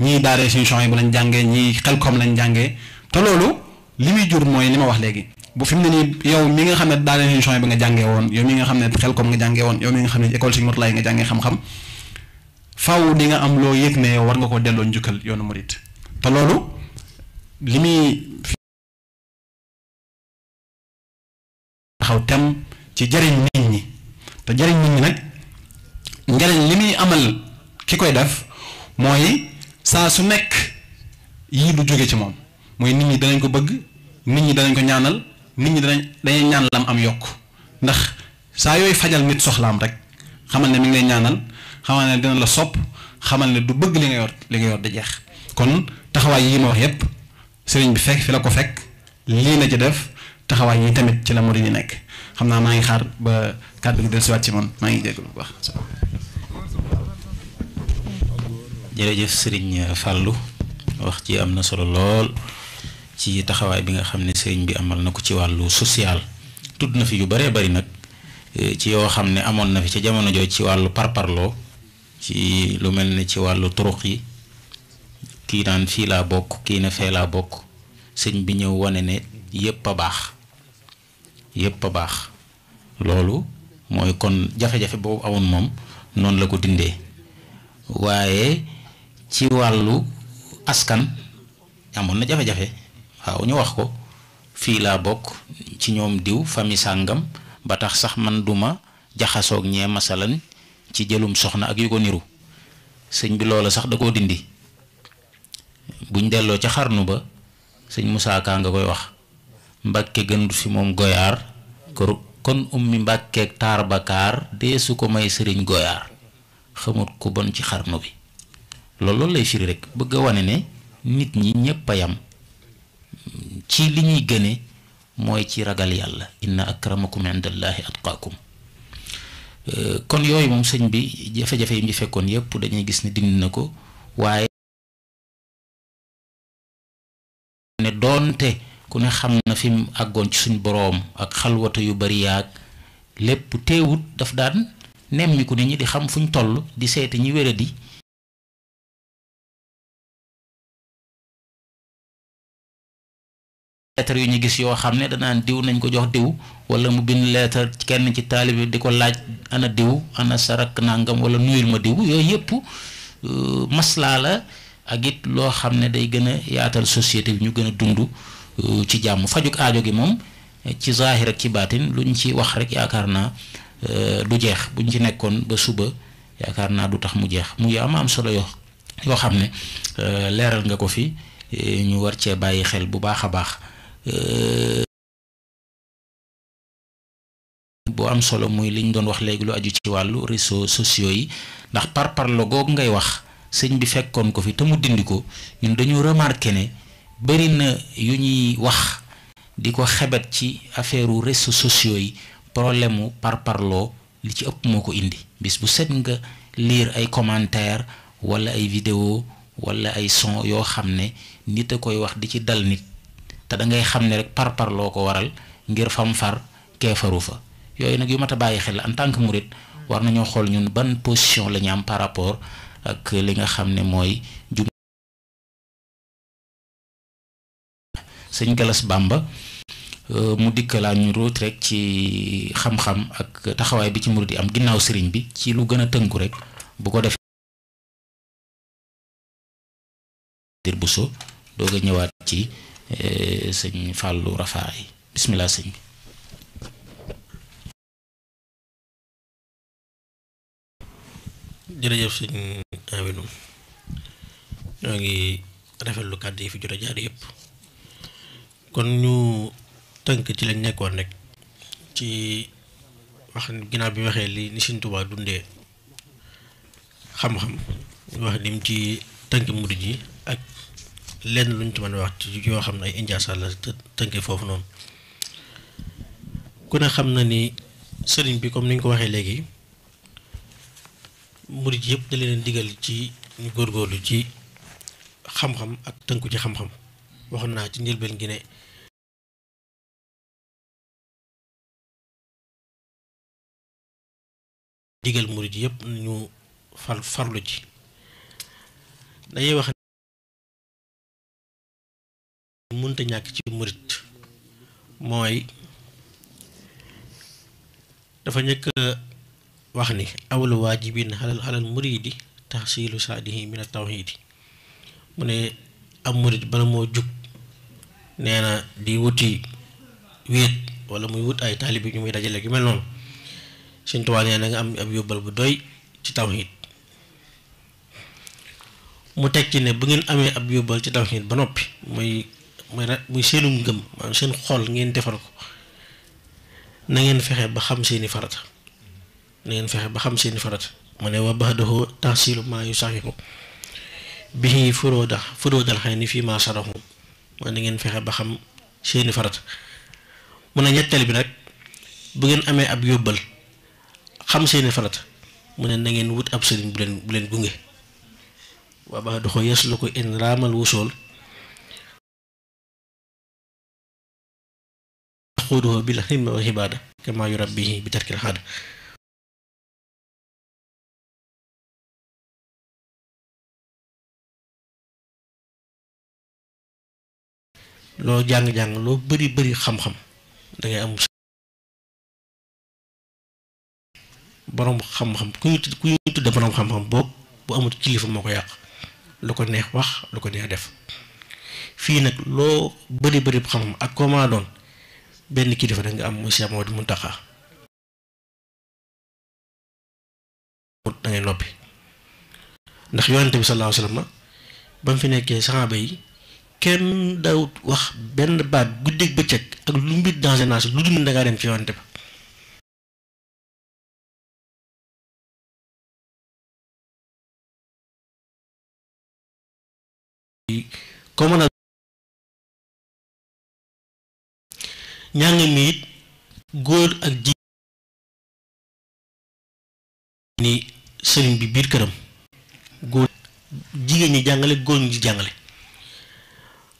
F: ñi daaree seigne champs bu lañ jàngee ñii xelkom lañ jangé te lolou li muy jur mooy li ma wax léegi bu fi mu ne nii yow mi nga xam ne daal émission bi nga jàngee woon yow mi nga xam ne xel kom nga jàngee woon yow mi nga xam ne école Serigne
D: Mourtalla am loo yëg ne war nga ko delloo njukkal yoonu murit te loolu li taxaw tem ci jariñ nit ñi te jariñ nit ñi nag
F: njariñ li muy amal ki koy def mooy saa su nekk yi du jóge ci moom mooy nit ñi danañ ko bëgg nit ñi danañ ko ñaanal nit ñi danañ dañuy ñaan lam am yokk ndax saa yooyu fajal nit soxlaam rek xamal ne mi ngi lay ñaanal xamal ne dina la sopp xamal ne du bëgg li nga yor li nga yor di jeex kon taxawaay yi ma wax yépp sëriñ bi fekk fi la ko fekk lii la ci def taxawaay yi tamit ci la murid yi nekk xam naa maa ngi xaar ba kàddu gi dellusiwaat ci man maa ngi jégalu bu baax.
A: jërëjëf sëriñ Fallou wax ci am na solo lool. ci taxaway bi nga xamne serigne bi amal nako ci walu social tud na fi yu bare bari nak eh, ci yo xamne amon na fi ci jamono joy ci walu parparlo ci lu melni ne ci walu turuq yi kii naan fii laa bokk na fe la bok serigne bi ñew wane ne yépp baax yépp baax lolu moy kon jafe-jafe bo amoon mom non la ko dindé wayé ci walu askan amon na jafé jafe waaw ñu wax ko fii laa bokk ci ñoom diw fami sàngam ba tax sax man duma jaxasoog ñee masalan ci jëlum soxna ak yu ko niru sëñ bi loola sax da koo dindi buñ delloo ca xarnu ba sëñ Moussa Ka nga koy wax mbàkke gëndu fi moom goyaar kon ummi mbàkkeeg taar bakaar dee su ko may sëriñ goyaar xamut ku bon ci xarnu bi loolu lay firi rek bëgg wane nit ñi yam ci li ñuy gëne mooy ci ragal yàlla inna akramakum indallahi atqaakum euh, kon yooyu moom sëñ bi jafe-jafe yi mu fekkoon yépp dañuy gis ni dindi na ko waaye ne doonte ku ne xam na fi àggoon ci suñ boroom ak xalwata yu bari yaag lépp teewut daf daan nemmiku nit ñi di xam fuñ
D: toll di seeti ñi wéradi
A: leetar yu ñu gis yoo xam ne danaan diw nañ ko jox diw wala mu bind leetar kenn ci taalib di ko laaj ana diw ana sarak nangam wala nuyul ma diw yooyu yëpp euh, maslaa la ak it loo xam ne day gën a yaatal societé bi ñu gën a dund euh, ci jàmm fajuk aajo gi moom ci zaahir ak ci baatin luñ ci wax rek yaakaar naa euh, du jeex buñ ci nekkoon ba suba yaakaar naa du tax mu jeex mu muy am am solo yoo yoo xam ne leeral nga ko fi ñu war cee bàyyi xel bu baax a baax Euh, bu am solo muy liñ doon wax léegi lu aju ci wàllu réseaux sociaux yi ndax par parlo googu ngay wax sëñ bi fekkoon ko fi te mu dindi ko ñun dañu remarqué ne bëri na yu ñuy wax di ko xebet ci affaire u réseaux sociaux yi problème mu par parloo li ci ëpp moo ko indi bis bu set nga liir ay commentaire walla ay video walla ay son yoo xam ne nit a koy wax di ci dal nit ta da ngay xamne rek par par loko waral ngir fam far ke faru fa yooyu nag yu mata baye xel en tant que mourid war nañu xol ñun ban position la ñam par rapport ak li nga xamne ne jum Galas Bamba euh, mu la ñu root rek ci xam-xam ak taxaway bi ci mouride am ginnaw serigne bi ci lu gëna teunku rek
D: bu ko def dir buso doga ci E sëñ Fallou Rafaay bismillah sëñ bi
B: jërëjëf sëñ Aminu ngi rafetlu kàddu yi fi jot jaar yëpp kon ñu tënk ci lañ nekkoon rek ci wax ginnaaw bi waxee li ni xam-xam wax ci ak lenn lu ñu ci mën a wax ci yoo xam ne ay indiasa la tënkee foofu noonu ku ne xam na ni sëriñ bi comme ni ñu ko waxee léegi murit yëpp da leen digal ci ñu góorgóorlu ci xam-xam ak tënku ci xam-xam waxoon naa ci njëlbeen gi ne
D: digal yépp yëpp ñu far farlu ci dañuy wax
B: mënta ñàkk ci murit mooy dafa njëkk wax ni awlu waajibin xalal xalal muridi taxsilu saadihi min tawhidi mu ne am murit bala moo jug nee na di wuti wéet wala muy wut ay taalib yi ñu muy dajale yu mel noonu Sëñ Tuubaa na nga am ab yóbbal bu doy ci tawhid mu teg ci ne bu ngeen amee ab yóbbal ci tawhid ba noppi muy mooy muy seenum ngëm maanaam seen xol ngeen defar ko na ngeen fexe ba xam seeni farata na ngeen fexe ba xam seeni farata mu ne wa bahdahu tahsilu ma yusahihu bihi furooda furoodal xëy ni fii maa saraxu mooy na ngeen fexe ba xam seeni farata mu ne ñetteel bi nag bu ngeen amee ab yóbbal xam seeni farata mu ne na ngeen wut ab sëriñ bu leen bu leen gunge wa bahdahu yasluku in ramal wusul
D: yaquuduhu loo jàng-jàng loo bari bari xam-xam dangay am boroom xam-xam ku ñu ku ñu tudde
B: boroom xam-xam boobu bu amul kilifa moo ko yàq lu ko neex wax lu ko neex def fii nag loo bari bari xam-xam ak koo benn kilifa rek nga am muy
D: Cheikh Mamadou Mountakha da ngay
B: noppi ndax yonante bi sallallahu alayhi wasallam bam fi nekké sahaba yi kenn daout wax benn baat guddé beccak ak lu mbir danger naa si lu dul da ngaa
D: dem ci yonante ba comment njàng mi góor ak ni sëriñ
B: bi biir këram jigéen ñi jàngale góor ñi jàngale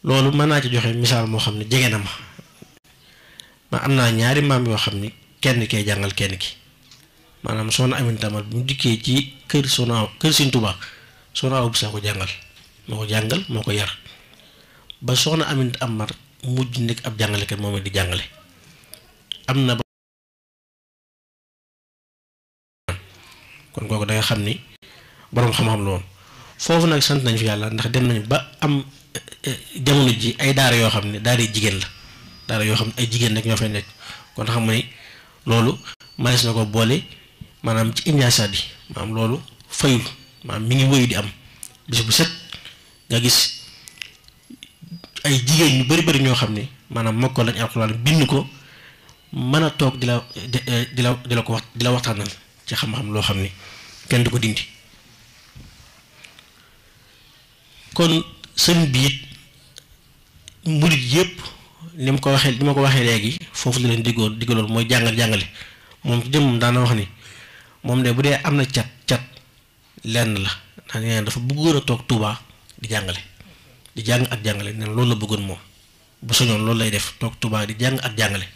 B: loolu mën naa ci joxe misaal moo xam ne jege na ma ma am naa ñaari maam yoo xam ni kenn kee jàngal kenn ki maanaam soxna Amin Tamal bu mu dikkee ci kër soxna kër Sëriñ Tuubaa soxna Awa Buso ko jàngal moo ko jàngal moo ko yar ba soxna Amin Amar mujj nekk ab jàngalekat moom di jàngale
D: am na ba kon kooku da xam ni
B: boroom xam-xam la nag sant nañ fi yàlla ndax dem nañ ba am eh, eh, jamono ji ay daara yoo xam ne daara jigéen la daara yoo xam ne ay jigéen rek ñoo fay nekk kon xam nga ni loolu manees na ko boole maanaam ci indiasa bi am loolu fayul maanaam mi ngi wéyu di am bis bu set nga gis ay jigéen ñu bari bari ñoo xam ne maanaam mokkal lañ alxuraan bind ko mën a toog di la eh, di la di la ko wax di la waxtaanal ci xam-xam loo xam ni kenn di ko dindi kon sëñ bi it murit yëpp ni mu ko waxee ni ma ko waxee léegi foofu la leen diggoon diggaloon mooy jàngal jàngale moom ci jëmm daana wax ni moom de bu dee am na cat cat lenn la ndax nee dafa bëggoon a toog Tuubaa di jàngale di jàng ak jàngale ne loolu la bëggoon moom bu soñoon loolu lay def toog Tuubaa di jàng ak jàngale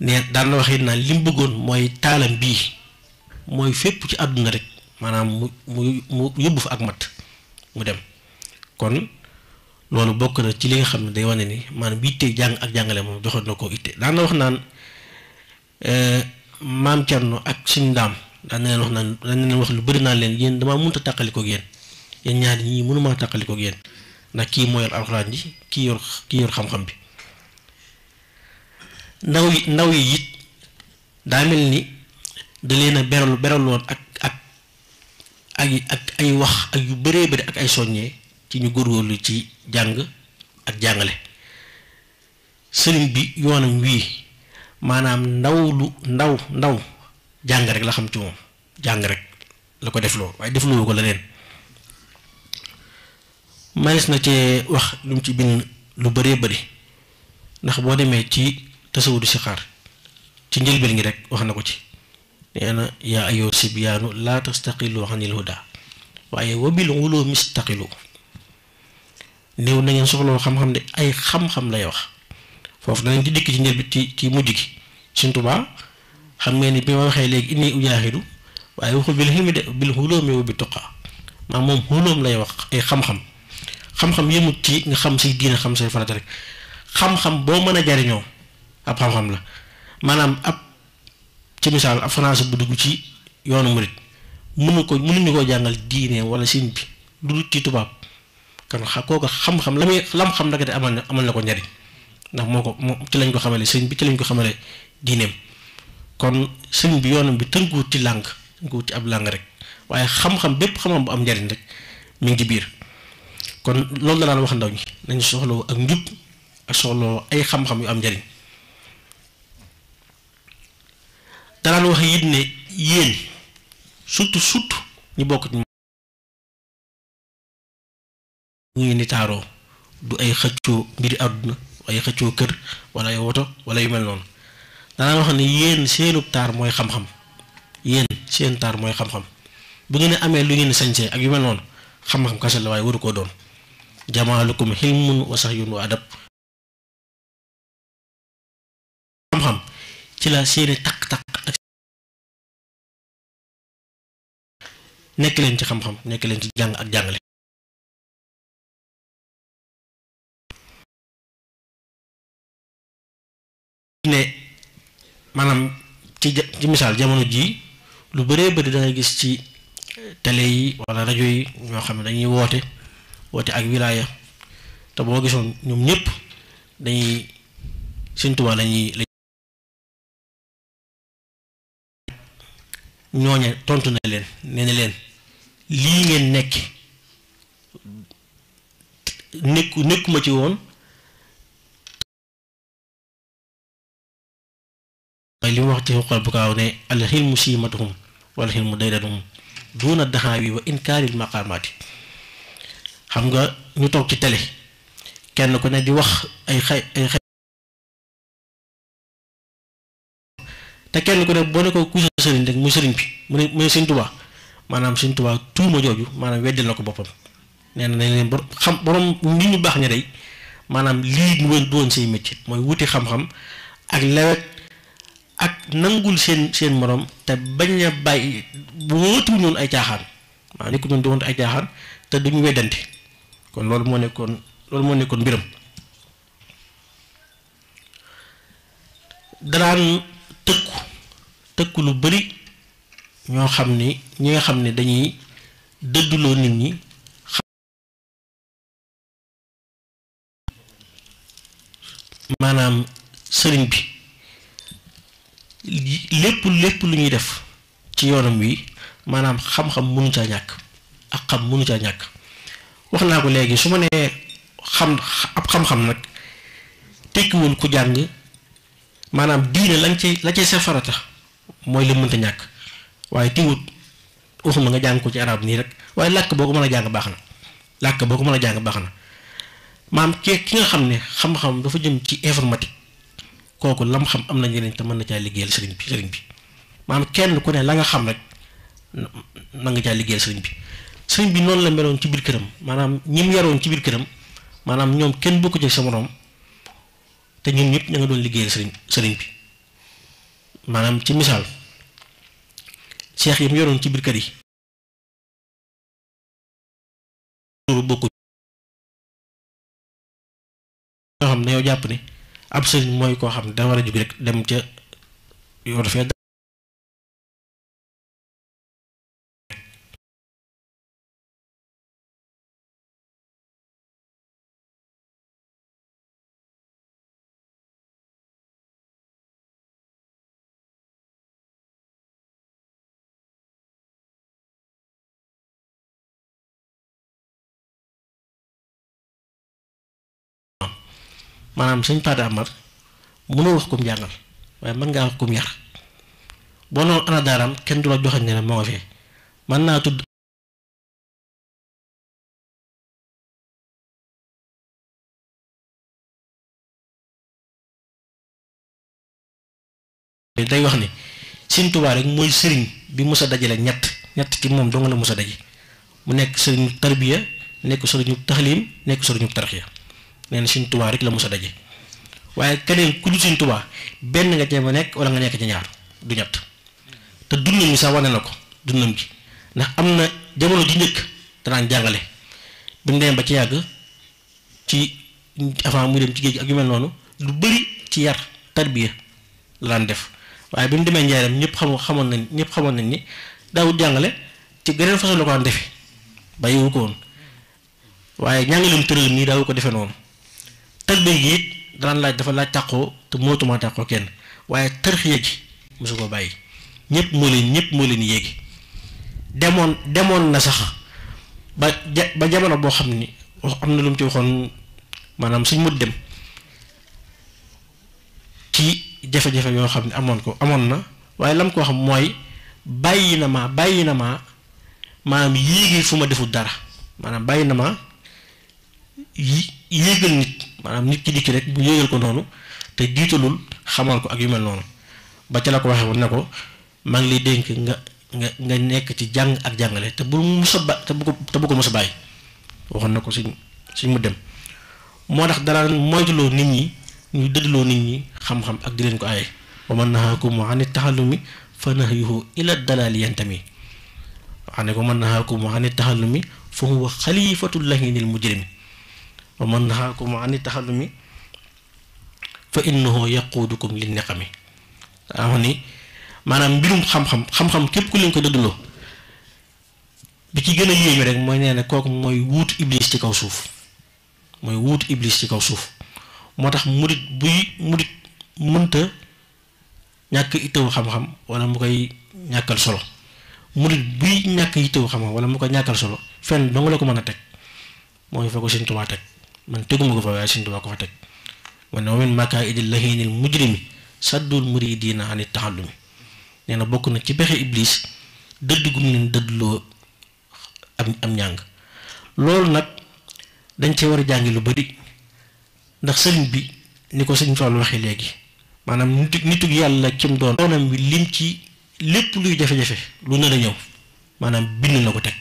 B: ne daan na waxee naan li mu bëggoon mooy taalam bii mooy fépp ci àdduna rek maanaam mu mu mu yóbbu fa ak matt mu dem kon loolu bokk na ci li nga xam ne day wane ni maanaam yitte jàng ak jàngale moom joxoon na koo itte daan wax naan e, maam no ak suñu ndaam daan na leen wax naan daan na wax lu bëri naan leen yéen damaa mënut a ko yéen. yéen ñaar ñii mënuma tàqali ko ndax kii moo yor alxuraan ji kii yor kii yor xam-xam bi ndaw yi ndaw yi it daa ni da leen a beral beraloon ak ak ak ak ay wax ak yu bëree bëri ak ay soññee ci ñu góorgóorlu ci jàng ak jàngale sëriñ bi yoonam wii maanaam ndaw lu ndaw ndaw jàng rek la xam ci moom jàng rek la ko def loo waaye def loo ko la leen mayis na ci wax lum ci bin lu bëree bëri ndax bo demé ci tasawudu ci xaar ci njëlbeen ngi rek wax nako ci neena ya ayu sibyanu la laa tastaqilu anil huda waye wabil ulu mistaqilu new na ngeen soxlo xam-xam de ay xam-xam lay wax na ngeen di dik ci bi ci ci mujj gi suñ tubaa xam ngeen ni bi ma waxee léegi inni ujaaxidu waye waxu bil himi bil hulumi wa bituqa ma mom hulum lay wax ay xam-xam xam-xam yemut ci nga xam si diine xam say farata rek xam boo mën a jariñoo ab xam la maanaam ab ci misaal ab bu dugg ci yoonu murit mënu ko mënuñu koo jàngal diine wala siin bi du dul ci tubaab kon xa kooku xam-xam la muy lam xam nag te amal na amal na ko njariñ ndax moo ko moo ci lañ ko xamale sëñ bi ci lañ ko xamale diineem kon sëñ bi yoonam bi tënkuwut ci làng tënkuwut ci ab làng rek waaye xam-xam bépp xam-xam bu am njariñ rek mi ngi ci biir kon loolu la daan wax ndaw ñi nañu soxlawoo ak njub ak soxlawoo ay xam-xam yu am njariñ daan wax yit ne yéen
D: surtout sutu ñu bokk ñu
B: ngi ni taaroo du ay xëccoo mbiri àdduna ay xëccoo kër walla ay woto wala yu mel noonu daan wax ne yéen seenub taar mooy xam-xam yéen seen taar mooy xam-xam bu ngeen amee lu ngeen sañsee ak yu mel noonu xam-xam kase la waaye waru koo doon jamalukum hilmun wa sahyun wa adab
D: xam-xam ci la seeni tak tak ak nekk leen ci xam-xam nek leen ci jang ak jangale
B: ne manam ci ci misal jamono ji lu beure beure da nga gis ci télé yi wala radio yi ño xam dañuy woote woote ak wilaaya te boo gisoon ñoom ñëpp dañuy
D: Sëñ Tuubaa lañuy
B: ñooñe tontu na leen nee na leen lii ngeen nekk nekku nekkuma ci woon mooy li mu wax ci bu kaaw ne alxilmu siimatuhum wal xilmu dayratuhum duuna daxaa wi wa inkaaril maqaamaati xam nga ñu tok ci télé kenn ku ne di wax ay xey ay xey ta kenn ku ne bo ne ko ku sa sëriñ rek mu sëriñ bi mu ne mu touba manam tuba touba sëñ tuba tuuma manam maanaam weddil na ko boppam nee dañ leen xam borom nit ñu bax ña day manam li ñu woon doon woon métier moy wuti xam-xam ak lewet ak nangul sen sen morom te bañ a bàyyi bu wóotu ñoon ay caaxaan ma ni ko ñun doon ay caaxaan te duñu weddante kon loolu moo nekkoon loolu moo nekkoon mbiram danaan tëkku tëkku lu bari ñoo xam ni ñi xam ne dañuy dëdduloo nit ñi maanaam sëriñ bi lépp lépp lu ñuy def ci yoonam wi maanaam xam-xam mënu caa ñàkk ak xam mënu caa ñàkk wax naa ko léegi su ma nee xam ab xam-xam nag tekkiwul ku jàng maanaam diine lañ ci la cay sa farata mooy li mënta ñàkk waaye tiwut waxuma nga jàng ko ci arab nii rek waaye làkk boo ko mën a jàng baax na làkk boo ko mën a jàng baax na maam ki ki nga xam ne xam-xam dafa jëm ci informatique kooku lam xam am na njëriñ te mën na caa liggéeyal sëriñ bi sëriñ bi maam kenn ku ne la nga xam rek na nga caa liggéeyal sëriñ bi sëñ bi noonu la meloon ci biir këram maanaam ñim yaroon ci biir këram maanaam ñoom kenn bokku ci sa morom te ñun ñëpp ña nga doon liggéeyal sëriñ sëriñ bi maanaam ci misaal
D: seex yi mu yoroon ci biir kër yi loolu bokku ñoo xam ne yow jàpp ne ab sëriñ mooy koo xam ne da war a jóg rek dem ca yoon fee
B: manam seigne Paate Amar mënu wax kum jangal way man nga wax kum yar bo noonu ana daram kenn dula joxe
D: joxañ ne ne moo nga
B: fee day wax ni seigne touba rek moy sëriñ bi musa dajale ñett ñett ci do nga la musa dajé mu nek sëriñu tarbiya nek sëriñu taxliim nek sëriñu tarxiya nee na Sëñ rek la mos a daje waaye keneen ku dul Sëñ Tuubaa benn nga cee ma nekk wala nga nekk ci ñaar du ñett te dundam bi sax wane na ko dundam bi ndax am na jamono ji njëkk danaan jàngale bi mu ba ci yàgg ci avant muy dem ci géej ak yu mel noonu lu bëri ci yar tarbiya la daan def waaye bi mu demee njaaram ñëpp xamoo xamoon nañ ñëpp xamoon nañ ni daawul jàngale ci geneen façon la ko daan defe bàyyiwu ko woon waaye ñàngalum tëral nii daawu ko defe noonu tarbiya gi it daan laaj dafa laaj tàqoo te mootuma tàqoo kenn waaye tarxiya gi mosu ko bàyyi ñëpp moo leen ñëpp moo leen yéegi demoon demoon na sax ba ba jamono boo xam ni wax am na lu mu ci waxoon maanaam suñ mu dem ci jafe-jafe yoo xam ne amoon ko amoon na waaye lam koo xam mooy bàyyi ma bàyyi ma maanaam yéegi fu ma dara maanaam bàyyi ma yéegal nit manam nit ki dikki rek bu yegal ko nonu te jitalul xamal ko ak yu mel nonu ba ci la ko waxe won nako ma ngi lay denk nga nga nek ci jang ak jangale te bu musa ba te bu ko te bu ko musa bay waxon nako señ señ mu dem tax dara moytulo nit ñi ñu dedlo nit ñi xam xam ak di len ko ay wa man nahakum an at-tahallumi fa nahyuhu ila ad-dalal yantami ane ko man nahakum an at-tahallumi fa huwa khalifatul lahinil mujrimin wa man nahaakum ani taxallumi fa innahu yaquudukum li niqami ama ni maanaam mbirum xam-xam xam-xam képp ku leen ko dëdduloo bi ci gën a yéeme rek mooy nee na kooku mooy wuut iblis ci kaw suuf mooy wuut iblis ci kaw suuf moo tax murit buy murit mënta ñàkk ittewu xam-xam wala mu koy ñàkkal solo murit buy ñàkk ittewu xam-xam wala mu koy ñàkkal solo fenn dong la ko mën a teg mooy fa ko Sëñ Tuubaa man teguma ko fa waaye Sëñ Tuubaa ko fa teg wa min makaa'idil lahiinil mujrimi saddul muriidiina ani taxallumi nee na bokk na ci pexe iblis dëdd gum leen dëddloo am am ñàng loolu nag dañ cee war a jàngi lu bari ndax sëriñ bi ni ko sëñ lu waxee léegi maanaam nitu nitug yàlla kim doon doonam bi lim ci lépp luy jafe-jafe lu nar a ñëw maanaam bind na ko teg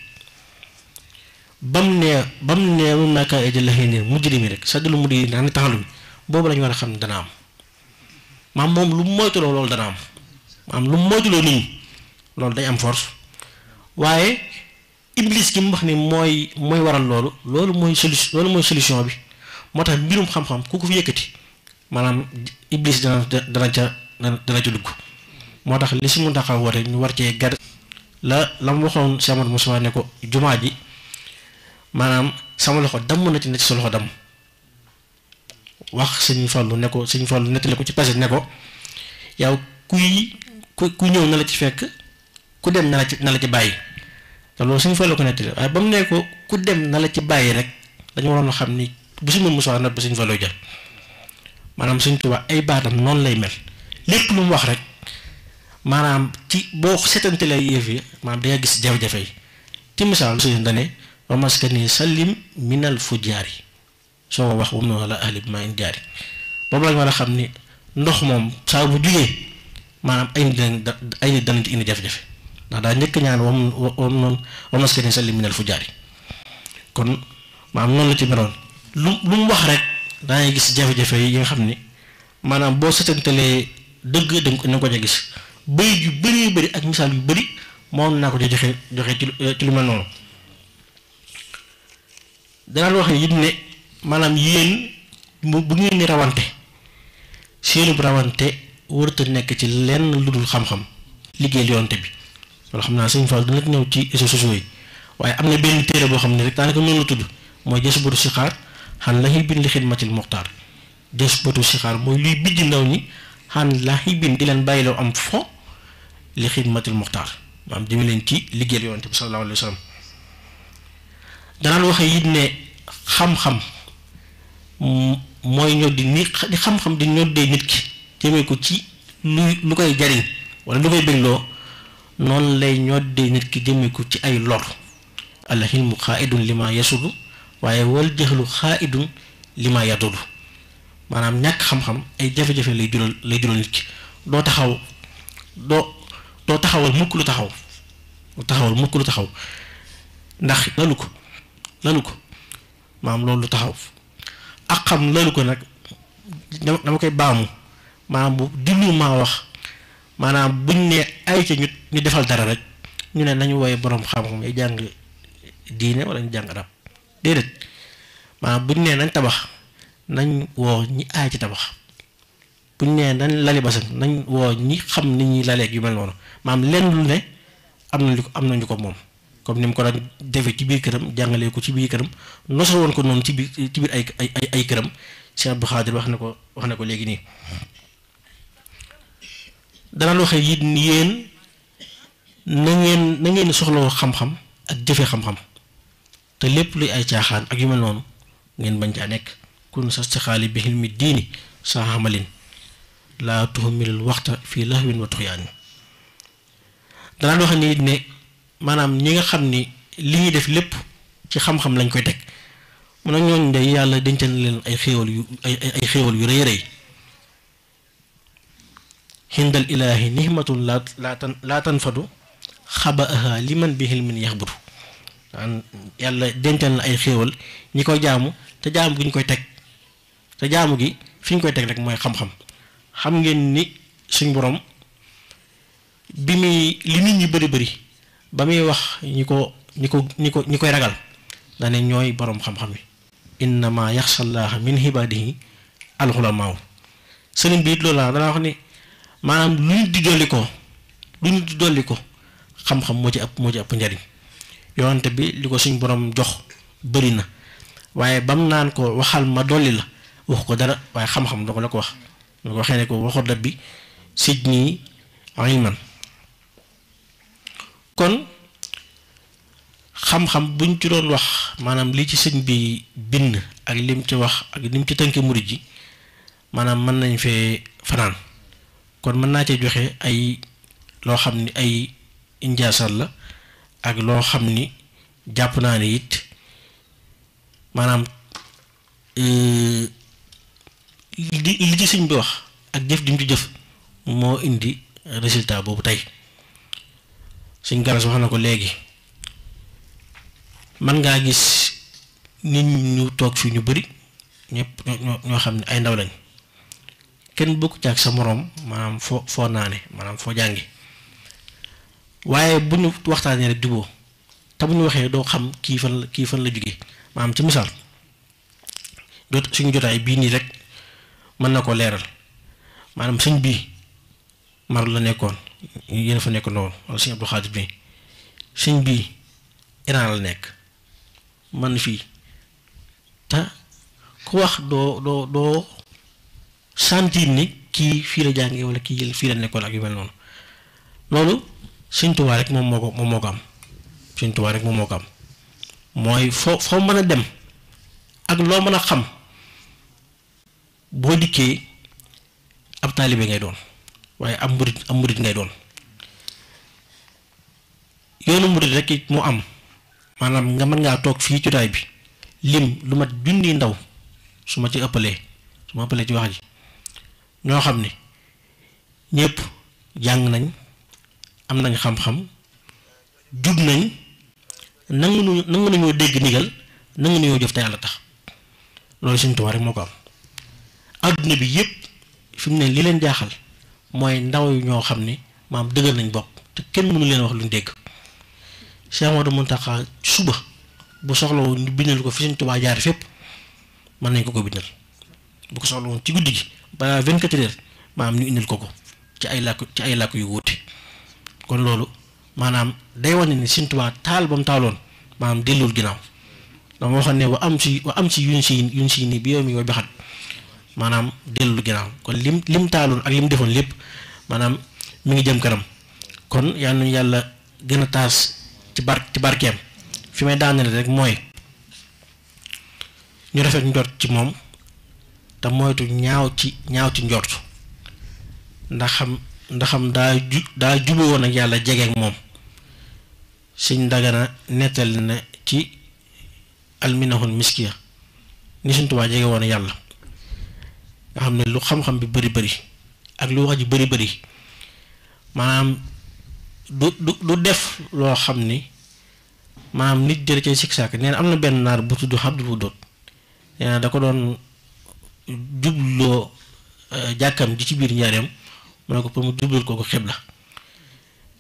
B: bam nee bam nee moom naa kaa ejal la xëy na mu rek sa dul mu di naan taxalu boobu lañu war a xam ne dana am maam moom lu moytuloo loolu dana am maam lu moytuloo nit ñi loolu day am force waaye iblis gi mu wax ni mooy mooy waral loolu loolu mooy solution loolu mooy solution bi moo tax mbirum xam-xam ku ko fi yëkkati maanaam iblis dana dana ca dana ca dugg moo tax li si mun taxaw woote ñu war cee gar la la mu waxoon Cheikh Moussa ne ko jumaa ji. maanaam sama loxo damm na ci na ci sa loxo damm wax sëñ Fallu ne ko sëñ Fallu nettali ko ci passé ne ko yow kuy ku ku ñëw na la ci fekk ku dem na la ci na la ci bàyyi te loolu sëñ Fallu ko nettali waaye ba mu ne ko ku dem na la ci bàyyi rek dañu waroon a xam ni bu si mën musuwaar na ba sëñ Fallu jël maanaam sëñ Tuubaa ay baatam noonu lay mel lépp lu mu wax rek maanaam ci boo seetante lay yëf yi maanaam da nga gis jafe-jafe yi ci misaal sëñ dane wa maskani sallim minal fujaari soo wax wam na wala ahli bi ma in jaari boobu lañ war a xam ni ndox moom saa bu jugee maanaam ay nit ay nit danañ indi jafe-jafe ndax daa njëkk ñaan wam wam noonu wa maskani sallim minal kon maanaam noonu la ci meloon lu lu wax rek dangay gis jafe yi nga xam ni maanaam boo setantalee dëgg dañ ko dañ ko ca gis bëy yu bëri bëri ak misaal yu bëri moom naa ko ca joxe joxe ci lu mel noonu danaan wax it ne maanaam yéen bu ngeen ni rawante seenub rawante wërta nekk ci lenn lu dul xam-xam liggéeyal yoonte bi loolu xam naa sëñ Fall dina ñëw ci waaye am na benn téere boo xam ne rek daanaka noonu la tudd mooy jës batu sixaar xan laxi bin li xidmatil muxtaar jës batu sixaar mooy luy bijj ndaw ñi xan laxi bin di leen bàyyiloo am fo li xidmatil muxtaar maanaam jëme leen ci liggéeyal yoonte bi sallallahu alayhi wa sallam danaan wax yit ne xam-xam mooy ñoddi ni di xam-xam di nit ki jëmee ko ci lu lu koy jariñ wala lu koy bégloo noonu lay ñoddee nit ki jëmee ko ci ay lor alxilmu xaaidun li ma yasudu waaye wal jëxlu xaaidun li ma yadudu maanaam ñàkk xam-xam ay jafe-jafe lay jural lay jural nit ki doo taxaw doo doo taxawal mukk lu taxaw doo taxawal mukk lu taxaw ndax dalu ko lalu ko maam loolu lu taxaw ak xam lalu ko nag dama koy baamu maanaam bu dinu maa wax maanaam buñ nee ay ca ñu defal dara rek ñu ne nañu woowee borom xam-xam jàng diine wala ñu jàng arab déedéet maanaam buñ nee nañ tabax nañ woo ñi aay ci tabax buñ nee nañ lali basan nañ woo ñi xam nit ñi laleeg yu mel noonu maanaam lenn lu ne am nañu ko am nañu ko moom comme ni mu ko daan defee ci biir këram jàngalee ko ci biir këram nosal woon ko noonu ci biir ci biir ay ay ay këram Cheikh Abdou Khadir wax na ko wax na ko léegi nii danaan waxee it yéen na ngeen na ngeen soxlawoo xam-xam ak jëfee xam-xam te lépp luy ay caaxaan ak yu mel noonu ngeen bañ caa nekk kun sa si xaali bi xilmi diini saa xamalin laa tuhmilul waxta fii lahwin wa tuxyaan danaan wax ni ne maanaam ñi nga xam ni li ñuy def lépp ci xam-xam lañ koy teg mu ne ñooñ day yàlla dencal leen ay xéewal yu ay ay xéewal yu rëy rëy hindal ilaahi nihmatun laa laa tanfadu xaba aha liman bi hilmin yax butu an yàlla dencal na ay xéewal ñi koy jaamu te jaamu gi ñu koy teg te jaamu gi fi ñu koy teg rek mooy xam-xam xam ngeen ni suñ borom bi muy li nit ñi bari bëri ba muy wax ñi ko ñi ko ñi ko ñi koy ragal dane ñooy boroom xam-xam yi innama yaxsha llaha min ibadihi alxulamaaw sëriñ bi it loolu laa danaa wax ni maanaam lu ñu di dolli ko lu ñu di dolli ko xam-xam moo ci ëpp moo ci ëpp njariñ yoonante bi li ko suñ borom jox bëri na waaye bam naan ko waxal ma dolli la wax ko dara waaye xam-xam da la ko wax da ko waxee ne ko waxu rabbi sidnii ilman kon xam-xam buñ ci doon wax maanaam li ci sëñ bi bind ak lim ci wax ak lim ci tënk murid ji maanaam mën nañ fee fanaan kon mën naa cee joxe ay loo xam ni ay injaasal la ak loo xam ni jàpp naa ne it maanaam euh, li li ci sëñ bi wax ak jëf jim ci jëf moo indi résultat boobu tey suñ garas wax na ko léegi man ngaa gis nit ñu toog fi ñu bari ñëpp ñoo xam ne ay ndaw lañ kenn bukk ci ak sa moroom maanaam foo foo naane maanaam foo jàngi waaye bu ñu waxtaanee rek juboo te bu ñu waxee doo xam kii fan la kii fan la jóge maanaam ci misaal jot ay bii nii rek mën na ko leeral maanaam sëñ bii mar la nekkoon yéen fa nekk noonu wala sëñ Abdou Xaadir bi sëñ bi Iran la nekk man fii te ku wax doo doo doo sentir ni kii fii la jàngee wala kii fii la nekkoon ak yu mel noonu loolu sëñ Tuubaa rek moom moo ko moom moo ko am sëñ Tuubaa rek moom moo ko am mooy foo foo mën a dem ak loo mën a xam boo dikkee ab taalibe ngay doon. waaye am murit am murit ngay doon yoonu murit rek it mu am maanaam nga mën ngaa toog fii jotaay bi lim lu mat junni ndaw su ma ci ëppalee su ma ëppalee ci wax ji ñoo xam ni ñëpp jàng nañ am nañ xam-xam jub nañ nangu nu nangu nañoo dégg ndigal nangu nañoo jëf te yàlla tax loolu Sëñ Tuubaa rek moo ko am àdduna bi yëpp fi mu ne li leen jaaxal mooy ndaw ñoo xam ni maam dëgër nañ bopp te kenn mënu leen wax luñ dégg Cheikh Modou Mountakha suba bu soxla woon ñu ko fi Sëñ Tuubaa jaar fépp mën nañ ko ko bindal bu ko soxla woon ci guddi gi balaa 24 heures maam ñu indil ko ko ci ay làkk ci ay làkk yu wuute kon loolu maanaam day wane ni Sëñ Tuubaa taal ba mu taaloon maanaam dellul ginnaaw dama waxoon ne wa am si wa am si yuñ si yuñ si nii bi yow mi wa bexat maanaam dellu ginnaaw kon lim lim taaloon ak lim defoon lépp maanaam mu ngi jëm kanam kon yal nañu yàlla gën a taas ci bar ci barkeem fi may daanale rek mooy ñu rafet njort ci moom te moytu ñaaw ci ñaaw ci njort ndax xam daa ju daa juboo woon ak yàlla jegeek moom suñ dagana nettal na ci alminahul miskiya ni suñ tubaa jege woon yàlla nga xam ne lu xam-xam bi bari bari ak lu wax ji bari bari maanaam du du du def loo xam ni maanaam nit jële cay sik sàkk nee na am na benn naar bu tudd Abdul Wadud nee na da ko doon jubloo euh, jàkkam ji ci biir njaareem mu ne ko pour mu jublul ko ko xibla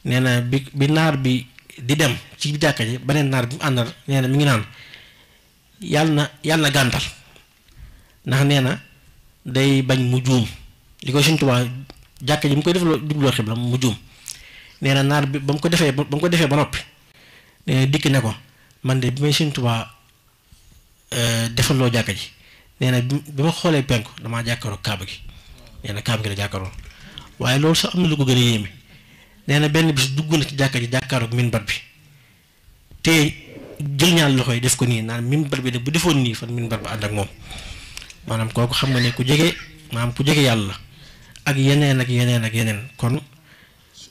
B: nee na bi bi naar bi di dem ci jàkka ji beneen naar bi mu àndal nee na mi ngi naan yàlla na yàlla na gàntal ndax nee na day bañ mu juum li ko Sëñ Tuubaa jàkka ji mu koy def loo jubloo xibla mu juum nee na naar bi ba mu ko defee ba mu ko defee ba noppi dikk ne ko man de bi may Sëñ Tuubaa eh, defal loo jàkka ji nee na bi ma xoolee penku damaa jàkkaaroo kaaba gi nee na kaaba gi la jàkkaaroo waaye loolu sax am na lu ko gën a yéeme nee na benn bis dugg na ci jàkka ji jàkkaaroog minbar bi te jël ñaan loxo yi def ko nii naan minbar bi de bu defoon nii fan minbar ba ànd ak moom manam koku xam nga ne ku jégué manam ku jégué yalla ak yenen ak yenen ak yenen kon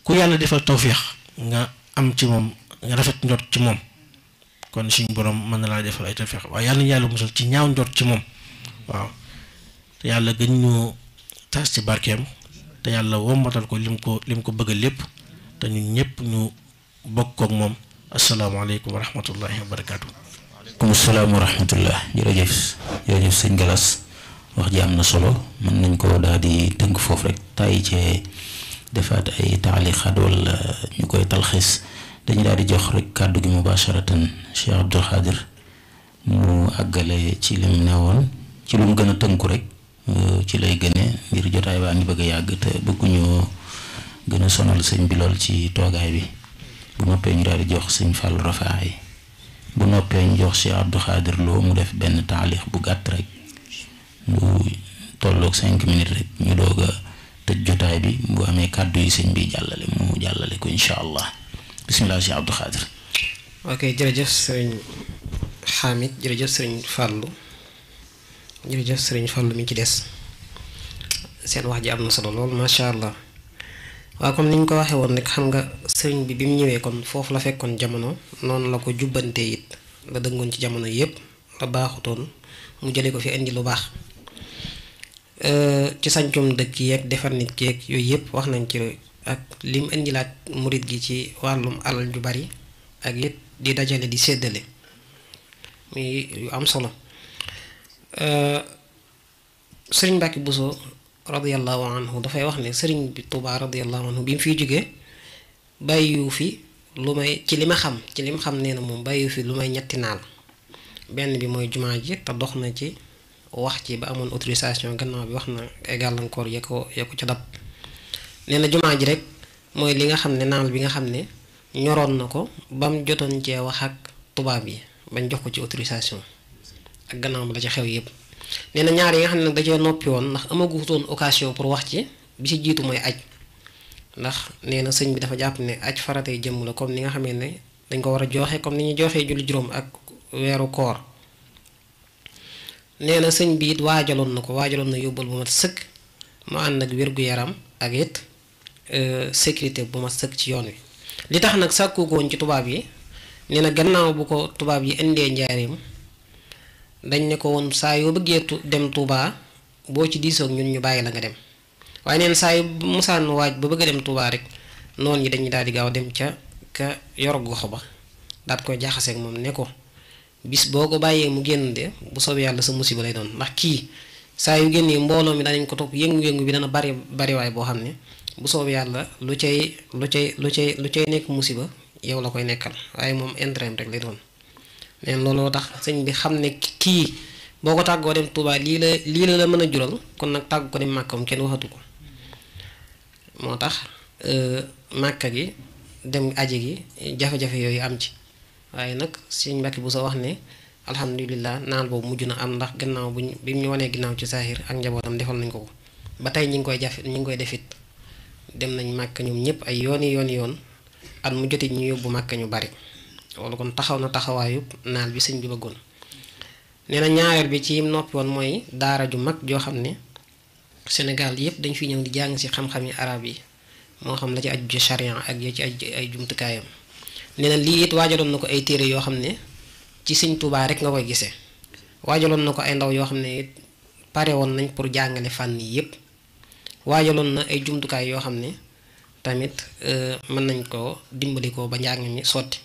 B: ku yalla defal tawfiq nga am ci mom nga rafet ndot ci mom kon suñu borom man la defal ay wa yalla ñu yalla musal ci ñaaw ndot ci mom waaw te yalla gën ñu tass ci barkem te yàlla wombatal ko lim ko lim ko bëgg lepp te ñun ñepp ñu ko mom assalamu alaykum wa rahmatullahi wa barakatuh
A: waaleykum salaam wa rahmatullah jerejef jërëjëf sëñ Galas. wax ji am na solo mën nañ ko daal di tënk foofu rek tàyyi cee defaat ay taalixaat wala ñu koy talxiis dañu daal di jox rek kàddu gi mubasharatan Cheikh Abdou Khadir mu àggale ci lim ne woon ci lum mu gën a tënku rek euh, ci lay gëne ngir jotaay baa ngi bëgg a yàgg te bëgguñoo gën a sonal sëñ bi lool ci toogaay bi bu noppee ñu daal di jox sëñ Fallou Rafaay bu noppee ñu jox Cheikh Abdou Khadir loo mu def benn taalix bu gàtt rek. bu tolok 5 minutes rek ñu doga a jotaay bi bu amé kàddu yi señ bi jallale mu jallale ko inshallah bismillah ci abdou
E: khadir ok jërëjëf sëriñ xaamit jërëjëf sëriñ fàllu jërëjëf señ fallu mi ci dess seen wax ji amna solo lol ma sha allah wa comme niñ ko waxee won nek xam nga señ bi bimu mu kon fofu la fekkon jamono non la ko jubbante yit la dëngoon ci jamono yépp la baaxutoon mu jëlé ko fi indi lu bax Euh, ci sancum dëkk yeeg defar nit keeg yooyu yëpp wax nañ ci ak lim indilaat murit gi ci wàllum alal ju bari ak it di dajale di séddale muy yu am solo euh, sëriñ Mbàkke Buso radiallahu anhu dafay wax ne sëriñ bi Tuubaa radiallahu anhu bi mu fiy jógee bàyyiwu fi lu may ci li ma xam ci li ma xam nee na moom bàyyiwu fi lu may ñetti naal benn bi mooy jumaa ji te dox na ci wax ci ba amoon autorisation gannaaw bi wax na ay gàllankoor ya ko ya ko ca dab nee na jumaa ji rek mooy li nga xam ne naal bi nga xam ne ñoroon na ko bam jotoon cee wax ak tubaab yi bañ jox ko ci autorisation ak gannaaw bi la ca xew yëpp nee na ñaar yi nga xam ne nag da cee noppi woon ndax amagutoon occasion pour wax ci bi ci jiitu mooy aj ndax nee na sëñ bi dafa jàpp ne aj faratay jëmm la comme ni nga xamee ne dañ ko war a jooxe comme ni ñu jooxee julli juróom ak weeru koor nee na sëñ bi it waajaloon na ko waajaloon na yóbbal bu mat sëkk mu ànd ak wér-gu-yaram ak it euh, sécurité bu mat sëkk ci yoon wi li tax nag sàkku ko woon ci tubaab yi nee na gannaaw bu ko tubaab yi indee njaareem dañ ne ko woon saa yoo bëggee dem Touba boo ci diisoog ñun ñu bàyyi la nga dem waaye neen saa yu musaan waaj ba bëgga dem Touba rek noonu ñi dañuy daal di gaaw dem ca ka yor gox ba daat koy jaxaseeg moom ne ko bis boo ko bàyyee mu génn de bu soobee yàlla sa musiba lay doon ndax kii saa yu génnee mbooloo mi danañ ko topp yëngu-yëngu bi dana bari bariwaay boo xam ne bu soobee yàlla lu cay lu cay lu cay lu cay nekk musiba yow la koy nekkal waaye moom intérêt rek lay doon. neen looloo tax sëñ bi xam ne kii boo ko tàggoo dem Touba lii la lii la la mën a jural kon nag tàggu ko dem màkkam kenn waxatu ko moo tax euh, màkka gi dem aji gi jafe-jafe yooyu am ci. waaye nag sëñ Mbàkke bu sa wax ne alhamdulilah naal boobu mujj na am ndax gannaaw buñ bi ñu wanee ginnaaw ci saaxir ak njabootam defal nañ ko ko ba tey ñi ngi koy jaf ñi ngi koy defit dem nañ màkk ñoom ñëpp ay yooni yooni yoon at mu joti ñu yóbbu màkk ñu bari loolu kon taxaw na taxawaayu naal bi sëñ bi bëggoon nee na ñaareel bi ci noppi woon mooy daara ju mag joo xam ne Sénégal yëpp dañ fi ñëw di jàng ci xam-xam yi arab yi moo xam la ci aju ci charia ak ya ci ay jumtukaayam nee lii it waajaloon na ko ay téere yoo xam ne ci sëñ Tuubaa rek nga koy gisee waajaloon na ko ay ndaw yoo xam ne it pare woon nañ pour jàngale fànn yi yëpp waajaloon na ay jumtukaay yoo xam ne tamit euh, mën nañ ko dimbali ko ba njàng mi sotti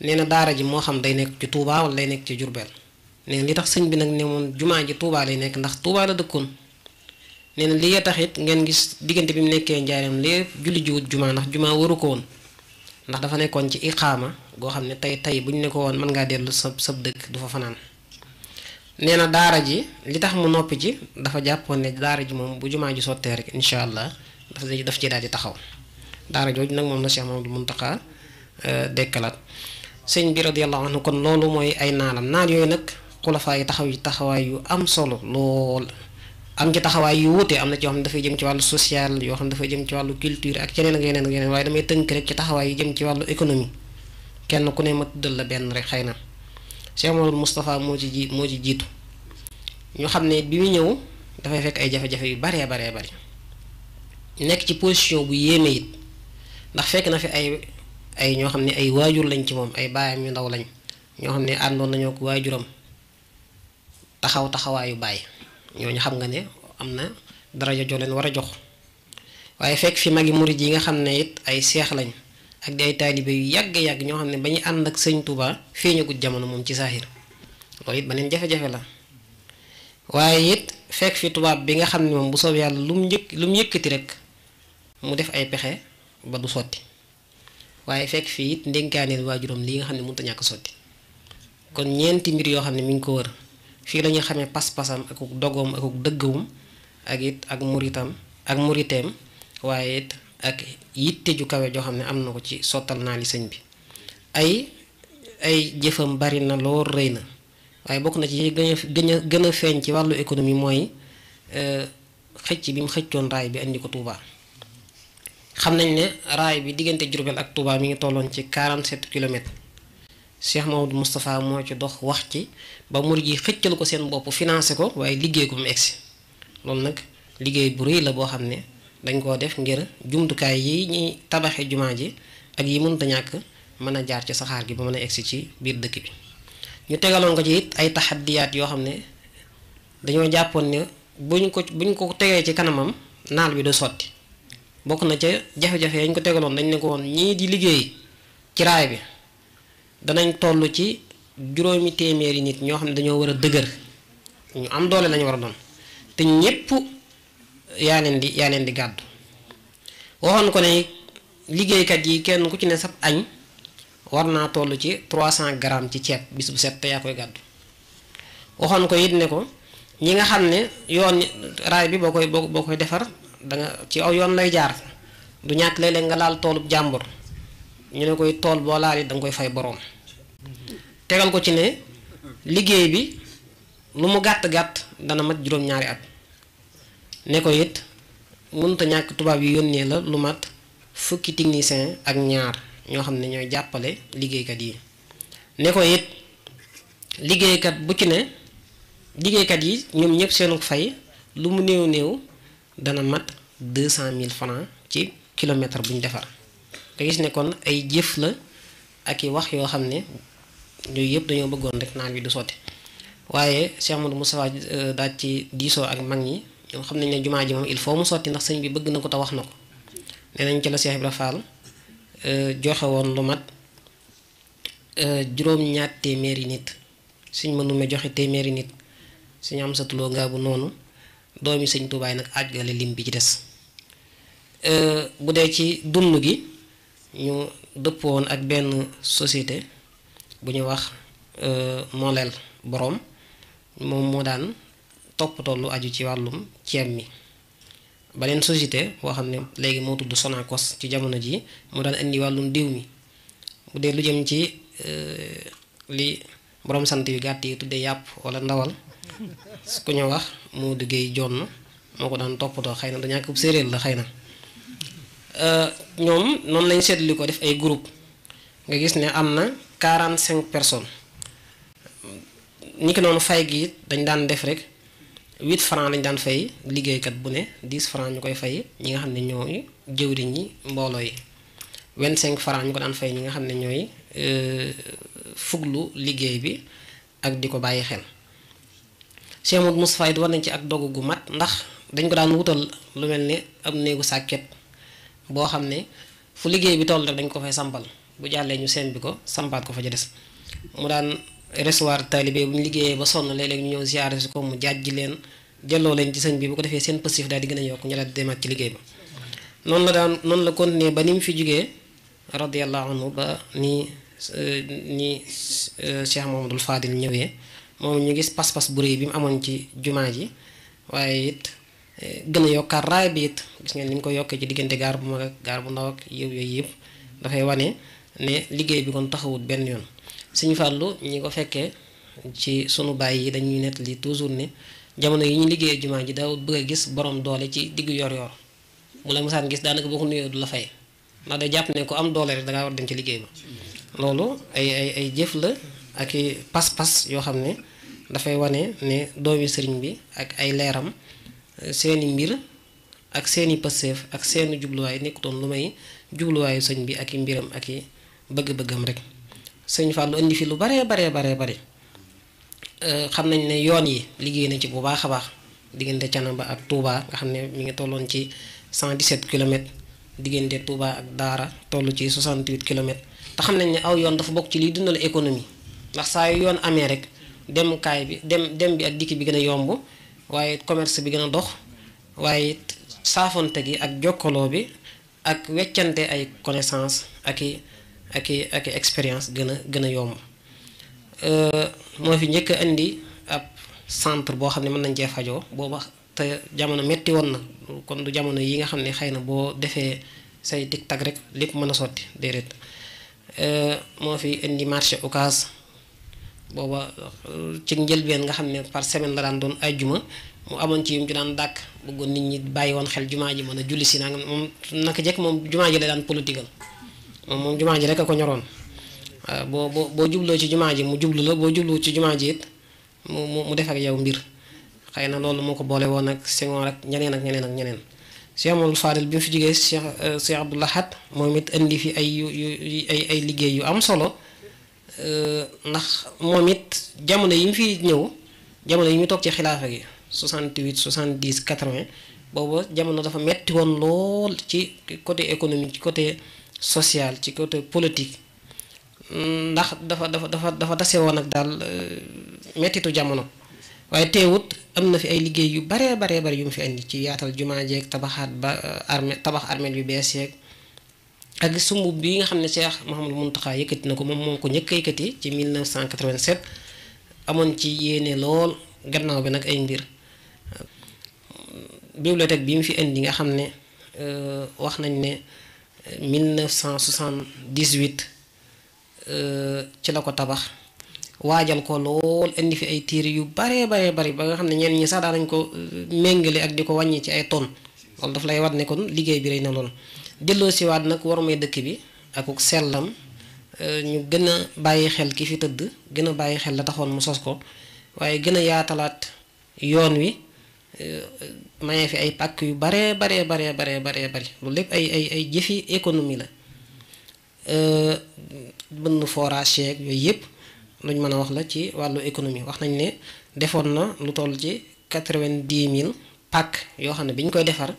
E: nee na daara ji moo xam day nekk ci Tuubaa wala day nekk ci Jurbel nee na li tax sëñ bi nag ne moom jumaa ji Tuubaa lay nekk ndax Tuubaa la dëkkoon nee na li tax it ngeen gis diggante bi mu nekkee njaareem lépp julli ji wut ndax jumaa waru ko woon ndax dafa nekkoon ci iqaama goo xam ne tey tey buñ ne ko woon mën ngaa dellu sab sab dëkk du fa fanaan nee na daara ji li tax mu noppi ci dafa jàppoon ne daara ji moom bu jumaa ji sottee rek incha allah daf daf ci daal di taxaw daara jooju nag moom la cheikh mamadou muntaqa euh, dekkalaat sëñ bi radiallahu anhu kon loolu mooy ay naanam naan yooyu nag xulafaa yi taxaw yi taxawaay yu am solo lool am ya, ci taxaway yu wuté am ci xam ne dafa jëm ci walu social yo xam dafa jëm ci walu culture ak cenen ak yenen ak yeneen waaye damay tënk rek ci taxaway yu jëm ci walu économie kenn ku ne ma tuddal la ben rek xeyna Cheikh Mamadou mustapha moo ci ji ci ñu xam ne mi ñew da fay fekk ay jafe-jafe yu bari bari bari nek ci position bu yéme yit ndax fekk na fi ay ay ño xam ne ay wajur lañ ci mom ay bayam yu ndaw lañ ño xam ne nañu ko wajuram taxaw yu baye ñoñu xam nga ne amna na daraja joo leen wara jox waye fekk fi magi murid yi nga xam ne it ay seex lañ ak di talibé yu yag yag ño xam ne ba ñu ànd ak sëñ Tuuba jamono mom ci saaxir it banen jafé jafé la waye it fekk fi touba bi nga xam ne moom bu soob yalla lum ñëk lum yëkëti rek mu def ay pexé ba du soti waye fekk fi it ndénkaaneel wajurum li nga xam ne mënut a soti kon ñenti mbir yo xam ne mi ngi ko wër fii la ñuy xamee pas-pasam ak dogoom ak dëggawum ak it ak muritam ak muriteem waaye it ak yitte ju kawe joo xam ne am na ko ci sottal naa li sëñ bi ay ay jëfam bari na lool rëy na waaye bokk na ci gën a gën feeñ ci wàllu économie mooy euh, xëcc bi mu xëccoon raay bi indi ko Touba xam nañ ne raay bi diggante Diourbel ak Touba mi ngi tolloon ci 47 kilomètres Cheikh Maodo Moustapha moo ci dox wax ci ba murid yi xëccal ko seen bopp financé ko waaye liggéey ko mu egsi loolu nag liggéey bu rëy la boo xam ne dañ koo def ngir jumtukaay yi ñu tabaxe jumaa ji ak yi mënta ñàkk mën a jaar ci saxaar gi ba mën a egsi ci biir dëkk bi ñu tegaloon ko ci it ay taxaddiyaat yoo xam ne dañoo jàppoon ne buñ ko buñ ko tegee ci kanamam naal bi du sotti bokk na ca jafe-jafe yañ ko tegaloon dañ ne ko woon ñii di liggéey ci raay bi danañ toll ci juróomi téeméeri nit ñoo xam ne dañoo war a dëgër ñu am doole lañu war a doon te ñépp yaa leen di yaa leen di gàddu waxoon ko ne liggéeykat yi kenn ku ci ne sab añ war naa toll ci 300 gramme ci ceeb bis bu set te yaa koy gàddu waxoon ko it ne ko ñi nga xam ne yoon raay bi boo koy boo koy defar danga ci aw yoon lay jaar du ñàkk léeg nga laal toolub jàmbur ñu ne koy tool boo laal it da nga koy fay boroom tegal ko ci ne liggéey bi lu mu gàtt-gàtt dana mat juróom-ñaari at ne ko it mënta ñàkk tubaab yi yónnee la lu mat fukki technicien ak ñaar ñoo xam ne ñooy jàppale liggéeykat yi ne ko it liggéeykat bu ci ne liggéeykat yi ñoom ñëpp seenu fay lu mu néew néew dana mat deux cent mille francs ci kilomètre bu ñu defar nga gis ne kon ay jëf la ak i wax yoo xam ne yooyu yëpp dañoo bëggoon rek naan wi du sotti waaye Cheikh Amadou Moustapha euh, daaj ci diisoo ak mag ñi ñoom xam nañ ne jumaa ji moom il faut mu sotti ndax sëñ bi bëgg na ko te wax na ko nee nañ ci la Cheikh Ibra Fall euh, joxe woon lu mat euh, juróom-ñaar téeméeri nit suñ mënuma joxe téeméeri nit suñu am sa tuloo nga bu noonu doomi sëñ tuubaay nag àjjale lim bi ci des bu dee ci dund gi ñu dëppoon ak benn société bu ñu wax euh, moleel borom moom moo daan toppatoo lu aju ci wàllum ceeb mi beneen société boo xam ne léegi moo tudd Sonacos ci jamono ji mu daan indi wàllum diw mi bu dee lu jëm ci euh, li borom sant yu gàtt yi tuddee yàpp wala ndawal su ko ñu wax moo duggee jonn moo ko daan toppatoo xëy na da ñàkk séeréer la xëy na euh, ñoom noonu lañ seetli def ay groupe nga gis ne am na quarante cinq personnes ni ki noonu fay gi dañ daan def rek huit franc lañ daan fay liggéeykat bu ne dix franc ñu koy fay ñi nga xam ne ñooy jëwriñ ñi mbooloo yi vingt cinq franc ko daan fay ñi nga xam ne ñooy euh, fuglu liggéey bi ak di ko bàyyi xel Cheikh Modou Moustapha it war nañ ci ak dogu gu mat ndax dañ ko daan wutal lu mel ni am néegu sàkket boo xam ne fu liggéey bi toll rek dañ ko fay sampal bu jàllee ñu seen bi ko sampaat ko fa ca des mu daan recevoir taalibe bu ñu liggéeyee ba sonn léeg ñu ñëw ziare si ko mu jàjj leen jëlloo leen ci sëñ bi bu ko defee seen passif daal di gën a yokk ñu daal demaat ci liggéey noonu la daan noonu la continuer ba ni mu fi jógee radiallahu anhu ba ni eh, ni eh, Cheikh Mamadou Fadil ñëwee moom ñu gis pas-pas bu réy bi mu amoon ci jumaa ji waaye it eh, gën a yokkaat raay bi it gis ngeen ni mu ko yokkee ci diggante gaar bu mag ak gaar bu ndaw ak yëw yooyu yëpp dafay wane ne liggéey bi kon taxawut benn yoon suñu Fàllu ñi ko fekkee ci sunu baay yi dañuy nettali toujours ne jamono yi ñu liggéeyee jumaa ji daawut bëgg a gis borom doole ci diggu yor-yor bu la mosaan gis daanaka boo ko nuyoo du la fay jàpp ne ku am doole rek da ngaa war dem ci liggéey ba loolu ay jëf la ak i pas yoo xam ne dafay wane ne doomi sëriñ bi ak ay leeram seeni mbir ak seeni passeef ak seeni jubluwaay nekkutoon lu may jubluwaayu sëñ bi ak i mbiram ak i bëgg-bëggam rek sëñ Fallou indi fi lu baree baree baree euh, bari xam nañ ne yoon yi liggéey na ci bu baax a baax diggante Canaba ak Touba nga xam ne mi ngi tolloon ci 117 kilomètres diggante Touba ak Daara toll ci 68 kilomètres te xam nañ ne aw yoon dafa bokk ci lii dundal économie ndax saa yoon amee rek dem kaay bi dem dem bi ak dikk bi gën a yomb waaye commerce bi gën a dox waaye saafonte gi ak jokkaloo bi ak weccante ay connaissance ak i ak ak experience gëna gëna a euh mo fi ñëk andi ab centre bo xamni mëna mën nañ bo wax te jamono metti won na kon du jamono yi nga xamni xeyna bo défé say tik tak rek lepp mëna soti sotti euh mo fi andi marché bo ba euh, ci njëlbeen nga xamni par semaine la daan doon juma mu amon ci yum ci daan dàkk bëggoon nit ñi bàyyi woon xel juma ji mëna julli ci nak mom nak jek mom juma ji la daan politique moom jumaa ji rek a ko ñoroon boo boo boo jubloo ci jumaa ji mu jublu la boo jublu ci jumaa ji it mu mu def ak yow mbir xëy na loolu moo ko boole woon ak Senghor ak ñeneen ak ñeneen ak ñeneen Cheikh Amadou Fadel bi mu fi jógee Cheikh euh, Cheikh Abdou Lahad moom it indi fi ay yu ay ay liggéey yu am solo euh, ndax moom it jamono yi mu fi ñëw jamono yi mu toog ci xilaafa gi 68 70 80 boobu jamono dafa metti woon lool ci côté économique ci côté. social ci côté politique ndax dafa dafa dafa dafa dase woon ak daal euh, mettitu jamono waaye teewut am na fi ay liggéey yu baree baree bari yu mu fi indi ci yaatal jumaa jeeg tabaxaat ba euh, armée tabax armée yu bees yeeg ak sumb bi nga xam ne Cheikh Mouhamadou Mountakha yëkkati na ko moom moom ko njëkk a yëkkati ci 1987 amoon ci yéene lool gannaaw bi nag ay mbir bibliothèque bi mu fi indi nga xam ne euh, wax nañ ne 1978 euh, ci la ko tabax waajal ko lool indi fi ay tiir yu baree baree bari ba nga xam ne ñeen ñi sax nañ ko euh, méngale ak di ko wàññi ci ay tonn loolu daf lay wat ne liggéey bi rey na lool delloo siwaat nag war may dëkk bi ak sellam euh, ñu gën a bàyyi xel ki fi tëdd gën a bàyyi xel la taxoon mu sos ko waaye gën yaatalaat yoon wi Euh, mayee fi ay pàkk yu baree baree baree baree baree bari loolu lépp ay ay ay jëfi économie la bënn euh, forage yeeg yooyu yëpp luñ mën a wax la ci wàllu économie wax nañ ne defoon na lu toll ci quatre-vingt-dix mille pàkk yoo xam ne bi ñu koy defar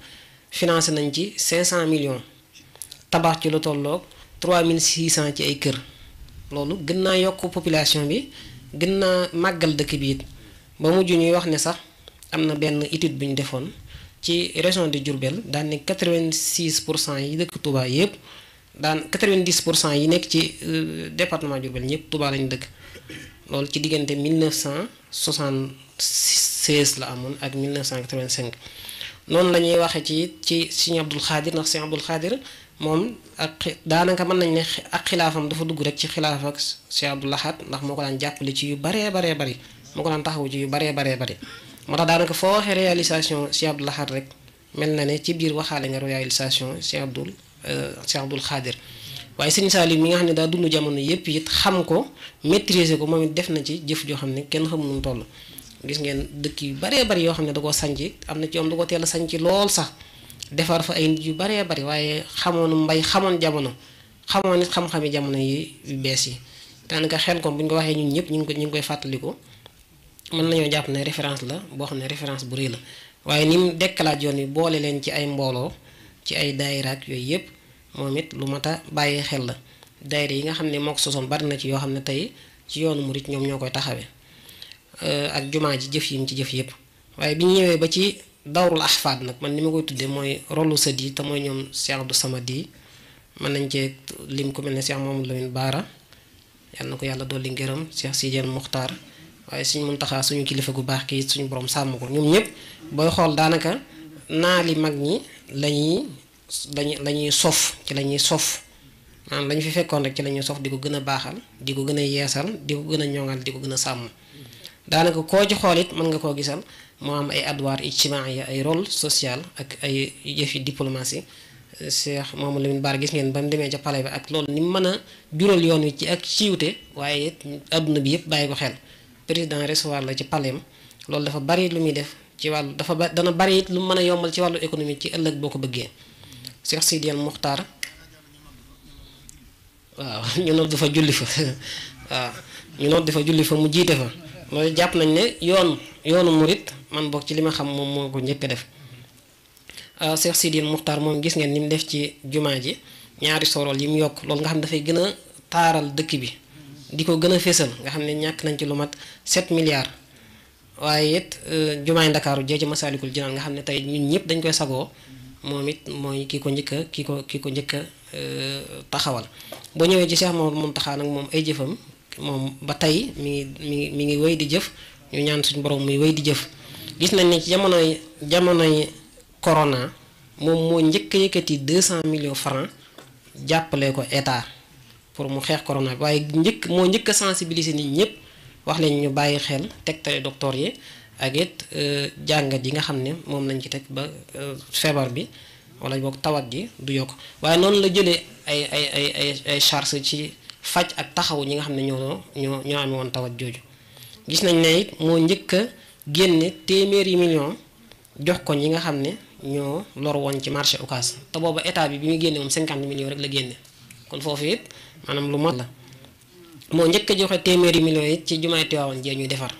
E: financé nañ ci cinq cent millions tabax ci lu tolloog trois mille six cent ci ay kër loolu gën naa yokk population bi gën naa màggal dëkk bi it ba mujj ñuy wax ne sax am na benn étude bu ñu defoon ci région de Diourbel daan ne 86 pour cent yi dëkk Touba yëpp daan 90 pour cent yi nekk ci euh, département Diourbel ñëpp Touba lañu dëkk loolu ci diggante 1976 la amoon ak cinq noonu la ñuy waxee ci ci Sëñ Abdul Xaadir ndax Sëñ Abdul Xaadir moom ak daanaka mën nañ ne ak xilaafam dafa dugg rek ci xilaaf ak Sëñ Abdul Ahad ndax moo ko daan jàppale ci yu baree baree bari moo ko daan taxawu yu baree baree bari motax da naka foo waxee réalisation Cheikh abdou Ahad rek mel na ne ci biir waxale nga réalisation Cheikh euh Cheikh abdou Khadir waaye seigne salim mi nga xam da dund jamono yépp yit xam ko maîtriser ko momit def na ci jëf jo xam kenn xam nu mu toll gis ngeen dëkk yu baree bari yo xam da ko sanc amna na ci yoom du ko teel a sanc lool sax defar fa ay yu baree bari waye xamono mbay xamone jamono xamone xam-xami jamono yi bees yi nga xel ko buñ ko waxee ñun ñëpp ñing ko ñing koy fatali ko mën nañoo jàpp ne référence la boo xam ne référence bu rëy la waaye ni mu dekkalaat yoon wi boole leen ci ay mbooloo ci ay daayira yooyu yëpp moom it lu mat a bàyyi xel la daayira yi nga xam ne moo ko sosoon bari na ci yoo xam ne tey ci yoonu ñoom ñoo koy taxawee euh, ak jumaa ji jëf yi mu ci jëf yëpp waaye bi ñëwee ba ci dawrul ahfaad nag man ni ma koy tuddee mooy rolu sët yi te mooy ñoom Cheikh Abdou sama yi mën nañ cee lim ku mel ne Cheikh moom Lamine Baara yàlla na ko yàlla dolli ngërëm Cheikh Sidiène Muxtaar waaye suñ muntaxaa suñu kilifa gu bax ki suñu borom sàmm ko ñoom ñëpp booy xool danaka na li mag ñi lañuy lañuy sof ci lañuy sof man lañ fi fekkon rek ci lañuy sof diko gëna baxal diko gëna yéssal diko gëna ñongal diko gëna sam danaka ko ci xolit man nga ko gisal mo am ay adwar ijtimaaya ya, ay role social ak ay yefi diplomatie Cheikh moom Lamine Bara gis ngeen ba mu demee palais bi ak lool ni meuna a jural yoon yi ci ak ciwte waye àdduna bi yeb bayiko xel président recevoir la ci paleem loolu dafa bari lu muy def ci wàllu dafa ba dana bari it lu mën a yombal ci wàllu économie ci ëllëg boo ko bëggee Cheikh Sidi El Mokhtar waaw ñu noot dafa julli fa julli fa mu jiite fa loolu jàpp nañ ne yoon yoonu murit man boog ci li ma xam moom moo ko njëkk def ah, Cheikh Sidi El Mokhtar moom gis ngeen ni def ci jumaa ji ñaari sorol yi mu yokk loolu nga xam dafay gën a taaral dëkk bi di ko gën a fésal nga xam ne ñàkk nañ ci lu mat 7 milliards waaye it euh, jumaay ndakaaru jee ci masaalikul jinaan nga xam ne tey ñun ñëpp dañ koy sagoo moom it mooy ki ko njëkk a ki ko ki ko njëkk a euh, taxawal boo ñëwee ci Cheikh moom Mountakha nag moom ay jëfam moom ba tey mi ngi mi mi ngi wéy di jëf ñu ñaan suñu borom muy wéy di jëf gis nañ ni ci jamonoy jamonoy corona moom moo njëkk a yëkkati 200 millions francs jàppale ko état pour mu xeex corona waaye njëkk moo njëkk a sensibiliser nit ñëpp wax leen ñu bàyyi xel tegtale docteur yi ak it euh, jàngat yi nga xam ne moom lañ ci teg ba euh, feebar bi wala boog tawat gi du yokk waaye noonu la jëlee ay ay ay ay ay charge ci faj ak taxaw ñi nga xam ne ñoo ñoo woon tawat jooju gis nañ ne moo njëkk a génne téeméeri million jox ko ñi nga xam ne ñoo woon ci marché ocas te booba état bi bi muy génne moom 50 millions rek la génne kon foofu it maanaam lu mot la moo njëkk a joxe téeméeri millions it ci jumaay Tiwaawan jee ñuy defar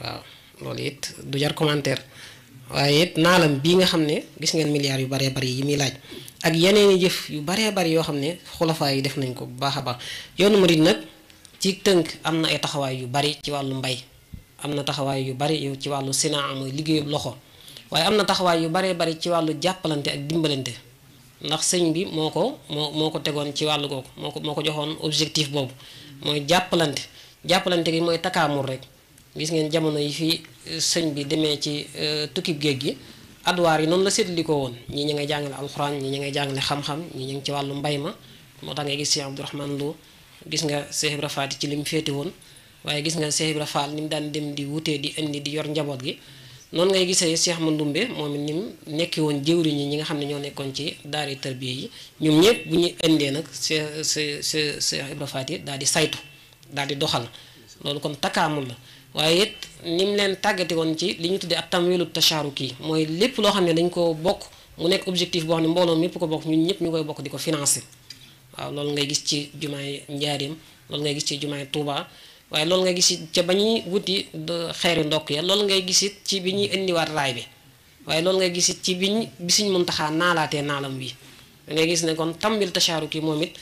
E: waaw loolu it du jar commentaire waaye it naalam bii nga xam ne gis ngeen milliards yu baree bari yi muy laaj ak yeneen i jëf yu baree bari yoo xam ne xulafaa yi def nañ ko bu baax a baax yoonu murid nag ci tënk am na ay taxawaay yu bari ci wàllu mbay am na taxawaay yu bari yow ci wàllu sinaa mooy liggéeyub loxo waaye am na taxawaay yu baree bari ci wàllu jàppalante ak dimbalante ndax sëñ bi moo ko moo moo ko tegoon ci wàllu googu moo ko moo ko joxoon objectif boobu mooy jàppalante jàppalante gi mooy takaamur rek gis ngeen jamono yi fii eh, sëñ bi demee ci eh, tukkib géej gi adwaar yi noonu la seetlikoo woon ñii ñu ngay jàngale alxuraan ñii ñu ngay jàngale xam-xam ñii ñu ngi ci wàllu mbay ma moo tax ngay gis Cheikh Abdourahmane loo gis nga Cheikh Ibra yi ci li mu féete woon waaye gis nga Cheikh Ibra Fall ni mu daan dem di wutee di indi di yor njaboot gi noonu ngay gisee ma Mandoumbe moom it ñim nekki woon jëwriñ ñi nga xam ne ñoo nekkoon ci daari tarbiya yi ñoom ñëpp bu ñu indee nag se se Cheikh Ibra Faty daal di saytu daal di doxal loolu kon takkaamul la waaye it ni mu leen tàggati woon ci li ñu tuddee ab tamwilu tasharuki mooy lépp loo xam ne dañ ko bokk mu nekk objectif boo xam ne mbooloo mépp ko bokk ñun ñëpp ñu koy bokk di ko financé waaw loolu ngay gis ci jumaay Njaaréem loolu ngay gis ci jumaay Touba waaye loolu nga gis it ca ba ñuy wuti xeeri ndokk ya loolu ngay gis it ci bi ñuy indiwaat raay bi waaye loolu ngay gis it ci biñ bi suñ muntaxaa naalaatee naalam wi dangay gis ne kon tambil tashaaru ki moom it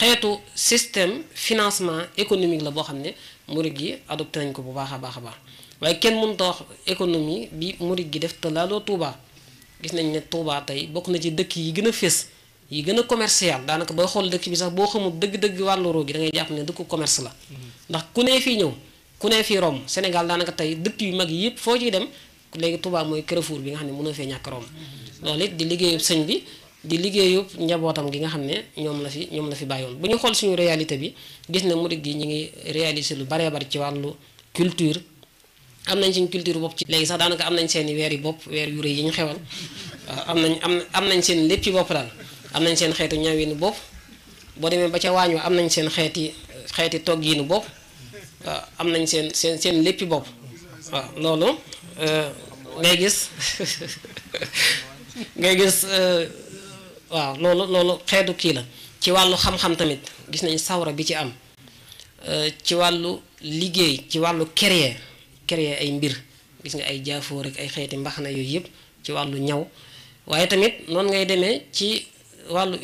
E: xeetu système financement économique la boo xam ne murid gi adopté nañ ko bu baax a baax a baax waaye kenn mënut a wax économie bi murid gi def te laaloo gis nañ ne Touba tey bokk na ci dëkk yi gën a fés yi gën a commercial daanaka booy xool dëkk bi sax boo xamul dëgg-dëgg wàllu roo gi da ngay jàpp ne dëkku commerce la ndax ku nee fi ñëw ku ne fii rom Sénégal daanaka tey dëkk yu mag yëpp foo ciy dem léegi tubaab mooy Carrefour bi nga xam ne mënoo fee ñàkk rom loolu it di liggéeyub sëñ bi di liggéeyub njabootam gi nga xam ne ñoom la fi ñoom la fi bàyyoon bu ñu xool suñu réalité bi gis na murid gi ñu ngi réaliser lu baree bari ci wàllu culture am nañ seen culture bopp ci léegi sax daanaka am nañ seen i weer yi bopp weer yu rëy yi ñu xewal am nañ am am nañ seen lépp ci bopp am nañ seen xeetu ñawinu bopp boo demee ba ca waañ wa am nañ seen xeeti xeeti toggiinu bopp waaw am nañ seen seen seen léppi bopp waaw loolu euh, ngay gis ngay gis euh, waaw loolu loolu xeetu kii la ci wàllu xam-xam tamit gis nañ sawra bi ci am euh, ci wàllu liggéey ci wàllu créer créer ay mbir gis nga ay jaafoo rek ay xeeti mbaxana yooyu yëpp ci wàllu ñaw waaye tamit noonu ngay demee ci wàllu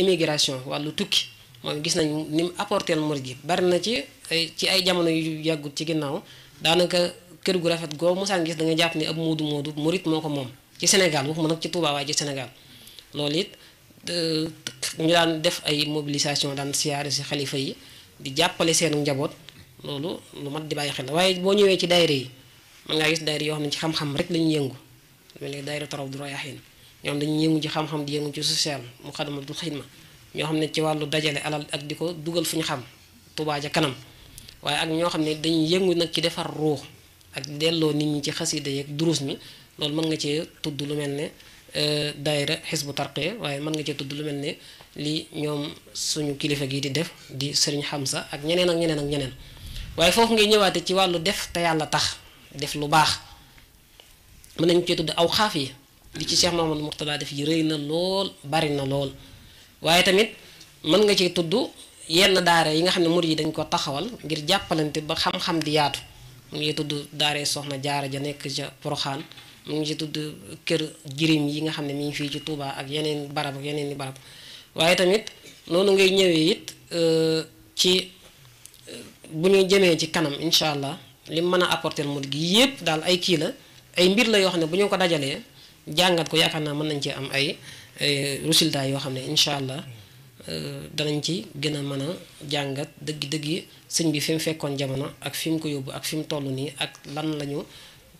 E: immigration wàllu tukki moom gis nañu ni mu apporté murid yi bari na ci ay ci ay jamono yu yàggut ci ginnaaw daanaka kër gu rafet goo mosaan gis da nga jàpp ni ab moodu moodu murid moo ko moom ci Sénégal waxuma nag ci Touba waaye ci Sénégal loolu it ñu daan def ay mobilisation daan siyaare si xalifa yi di jàppale seen njaboot loolu lu mat di bàyyi xel waaye boo ñëwee ci daayira yi mën ngaa gis daayira yoo xam ne ci xam-xam rek la yëngu mel ni daayira taraw du royaxin ñoom dañuy yëngu ci xam-xam di yëngu ci social mu xadamatul xidma ñoo xam ne ci wàllu dajale alal ak di ko dugal fu ñu xam Tuubaa kanam waaye ak ñoo xam ne dañuy yëngu nag ci defar ruux ak delloo nit ñi ci xasida yeeg duruus mi loolu mën nga cee tudd lu mel ne euh, daayira xisbu tarqiya waaye mën nga cee tudd lu mel ne li ñoom suñu kilifa gii di def di sëriñ xam Xamsa ak ñeneen ak ñeneen ak ñeneen waaye foofu ngay ñëwaate ci wàllu def te yàlla tax def lu baax mën nañ cee tudd aw xaaf yi li ci Cheikh Mamadou Mourtada def yi rëy na lool bari na lool waaye tamit mën nga ci tudd yenn daare yi nga xam ne murid yi dañ ko taxawal ngir jàppalante ba xam-xam di yaatu mu ngi tudd daare soxna jaar ja nekk ca Poroxaan mu ngi ci tudd kër jirim yi nga xam ne mi ngi fii ci Touba ak yeneen barab ak yeneen i barab waaye tamit noonu ngay ñëwee it euh, ci bu ñu jëmee ci kanam incha allah li mën a apporter murid gi yépp daal ay kii la ay mbir la yoo xam ne bu ñu ko dajalee jangat ko yaakaar na mën nañ ci am ay resultat yo xamne inshallah incha allah euh, danañ ci gëna mëna jangat deug deug yi señ bi fim fekkon jamono ak fim ko yobbu ak fim tollu ni ak lan lañu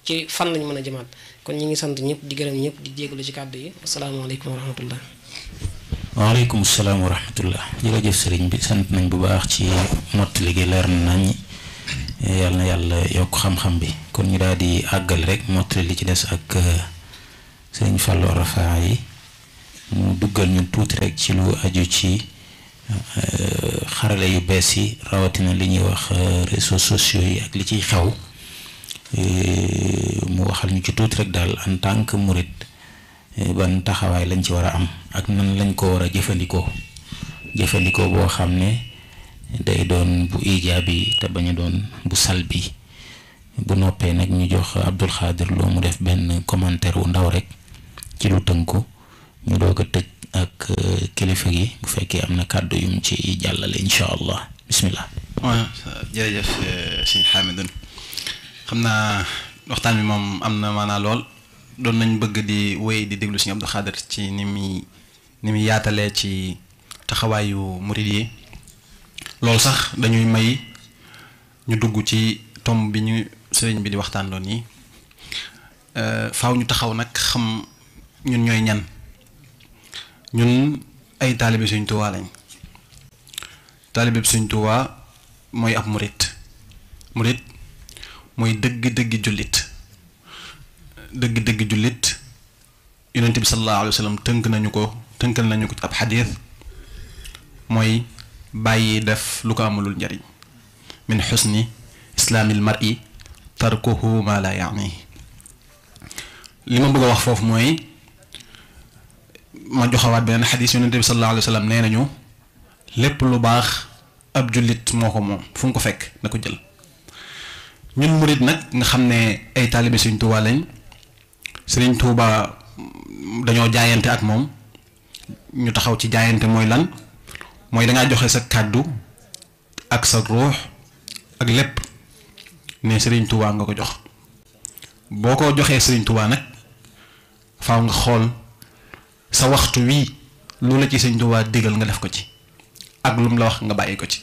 E: ci fan lañu mëna jëmat kon ñi ngi sant ñëpp di gërëm ñëpp di jéglu ci kàddu yi asalaamaaleykum wa rahmatullah
A: waaleykum salaam wa rahmatullah jëf sëriñ bi sant nañ bu baax ci mot ligé lër nañ yalla na yok xam-xam bi kon ñu daal di aggal rek motri li ci dess ak euh, sëriñ Fallou Rafa yi mu duggal ñu tuuti rek ci lu aju ci euh, xarale yu bees yi rawatina li ñuy wax euh, réseaux sociaux yi ak li ciy xew euh, mu waxal ñu ci tuuti rek daal en tant que murit ban taxawaay lañ ci war a am ak nan lañ ko war a jëfandikoo jëfandikoo boo xam ne day doon bu ijaabi te bañu doon bu bi bu noppé nak ñu jox Abdul Khadir lo mu def ben commentaire wu ndaw rek ci lu tënku ñu doog a tëj ak euh, kilifa gi bu fekke amna cadeau yum ci jallal inshallah allah bismillah.
F: wa jërëjëf euh, sëñ Xaamidun hamidun xamna waxtan bi mom amna mana lol don nañ bëgg di wéy di déglu sëñ Abdul Khadir ci nimi nimi yaatalé ci taxawayu mouride yi lol sax dañuy may ñu dugg ci tom bi ñu. sëriñ bi di waxtaan loon yi faaw ñu taxaw nag xam ñun ñooy ñan ñun ay taalibe Sëriñ Tuubaa lañ taalibe Sëriñ Tuubaa mooy ab murit murit mooy dëgg-dëgg jullit dëgg-dëgg jullit yonent bi sallallahu alayhi wa sallam tënk nañu ko tënkal nañu ko ci ab xadiis mooy bàyyi def lu ko amulul njariñ min xusni islaamil mar'i tarkuhu ma la yaani li ma bëgg a wax foofu mooy ma joxawaat beneen xadis yonent bi sa alayhi wa sallam nee nañu lépp lu baax ab jullit moo ko moom fu mu ko fekk na ko jël ñun murit nag nga xam ne ay taalibe Sëriñ Tuuba lañ Sëriñ dañoo jaayante ak moom ñu taxaw ci jaayante mooy lan mooy dangaa joxe sa kàddu ak sa ruux ak lépp ne Serigne Touba nga ko jox boo ko joxee Serigne Touba nag faaw nga xool sa waxtu wii lu la ci Serigne Touba digal nga def ko ci ak lu mu la wax nga bàyyi ko ci.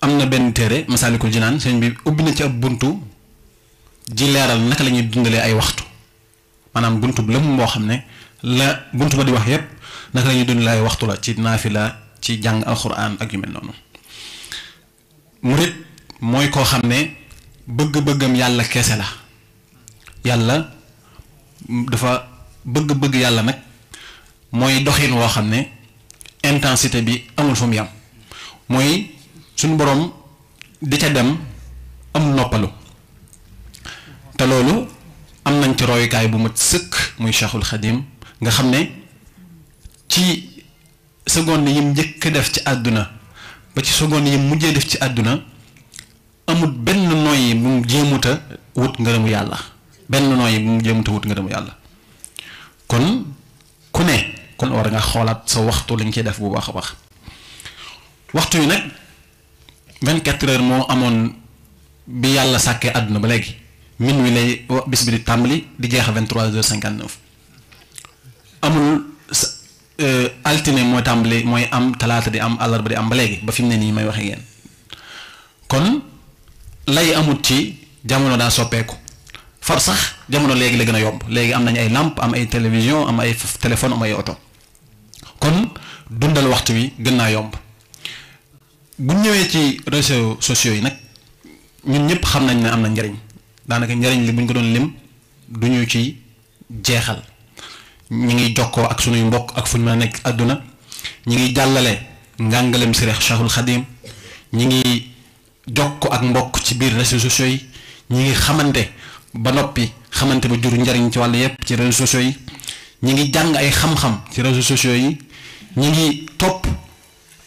F: am na benn téere Masaalikul Jinaan sëñ bi ubbi na ci ab buntu ji leeral naka la ñuy dundalee ay waxtu maanaam buntu bu lëmm boo xam ne la buntu ba di wax yépp naka la ñuy dundalee ay waxtu la ci naafila ci jàng alxuraan ak yu mel noonu murit mooy koo xam ne bëgg-bëggam yàlla kese la yàlla dafa bëgg-bëgg yàlla nag mooy doxin woo xam ne intensité bi amul fu mu yam mooy suñu boroom di ca dem am noppalu te loolu am nañ ci royukaay bu mat sëkk muy Cheikhul Khadim nga xam ne ci seconde yim njëkk def ci àdduna ba ci seconde yim mujjee def ci àdduna amul benn noyyi bu mu jéemut a wut ngërëmu yàlla benn noyyi bu mu jéemut wut ngërëmu yàlla kon ku ne kon war nga xoolaat sa waxtu lañ ciy def bu baax a baax waxtu yi nag vingt quatre heures moo amoon bi yàlla sàkkee àdduna ba léegi min wi lay bis bi di tàmbali di jeex vingt trois heures cinquante neuf amul euh, altine mooy tàmbali mooy am talaata di am àllarba di am ba léegi ba fi mu ne nii may waxee ngeen kon lay amut ci jamono daa soppeeku far sax jamono léegi la gën a yomb léegi am nañ ay làmp am ay télévision am ay téléphone am ay oto kon dundal waxtu wi gën naa yomb bu ñëwee ci réseaux sociaux yi nag ñun ñëpp xam nañ ne am na njariñ daanaka njariñ li bu ñu ko doon lim du ñu ci jeexal ñi ngi jokkoo ak suñuy mbokk ak fu ñu mën nekk àdduna ñi ngi jàllale njàngaleem si reex Cheikhul Xadim ñi ngi jokk ak mbokk ci biir réseaux sociaux yi ñu ngi xamante ba noppi xamante ba jur njariñ ci wàll yépp ci réseaux sociaux yi ñi ngi jàng ay xam-xam ci réseaux sociaux yi ñu ngi topp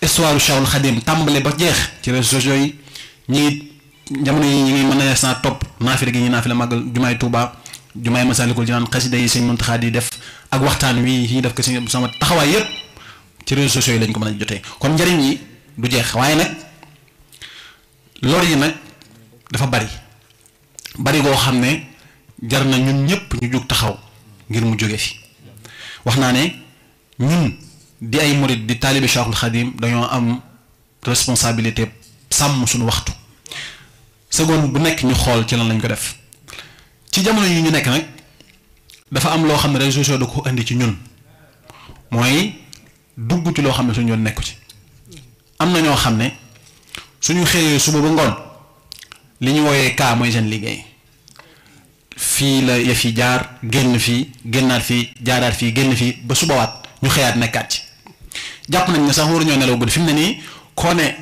F: histoire Cheikhul Khadim tàmbale ba jeex ci réseaux sociaux yi ñi ngi jamono yi ñi ngi mën a sans topp naafila gi ñi naafila màggal jumaay Tuubaa jumaay Masaalikul Jinaan xasida yi sëñ Muntaxa di def ak wi yi def ko si taxawaay yépp ci réseaux sociaux yi lañ ko mën a jotee kon njariñ yi du jeex waaye nag lor yi nag dafa bari bari goo xam ne jar na ñun ñëpp ñu jug taxaw ngir mu jóge ci wax naa ne ñun di ay murit di taalibe Cheikhul Khadim dañoo am responsabilité sàmm suñu waxtu seconde bu nekk ñu xool ci lan lañ ko def ci jamono yi ñu nekk nag dafa am loo xam ne réseaux sociaux da ko indi ci ñun mooy dugg ci loo xam ne suñu yoon nekku ci am na ñoo xam ne. suñu xëyee suba ba ngoon li ñu wooyee kaa mooy seen liggéey fii la yëf yi jaar génn fii génnaat fii jaaraat fii génn fii ba subawaat ñu xëyaat nekkaat ci jàpp nañ ne sax waruñoo nelaw guddi fi mu ne nii koo ne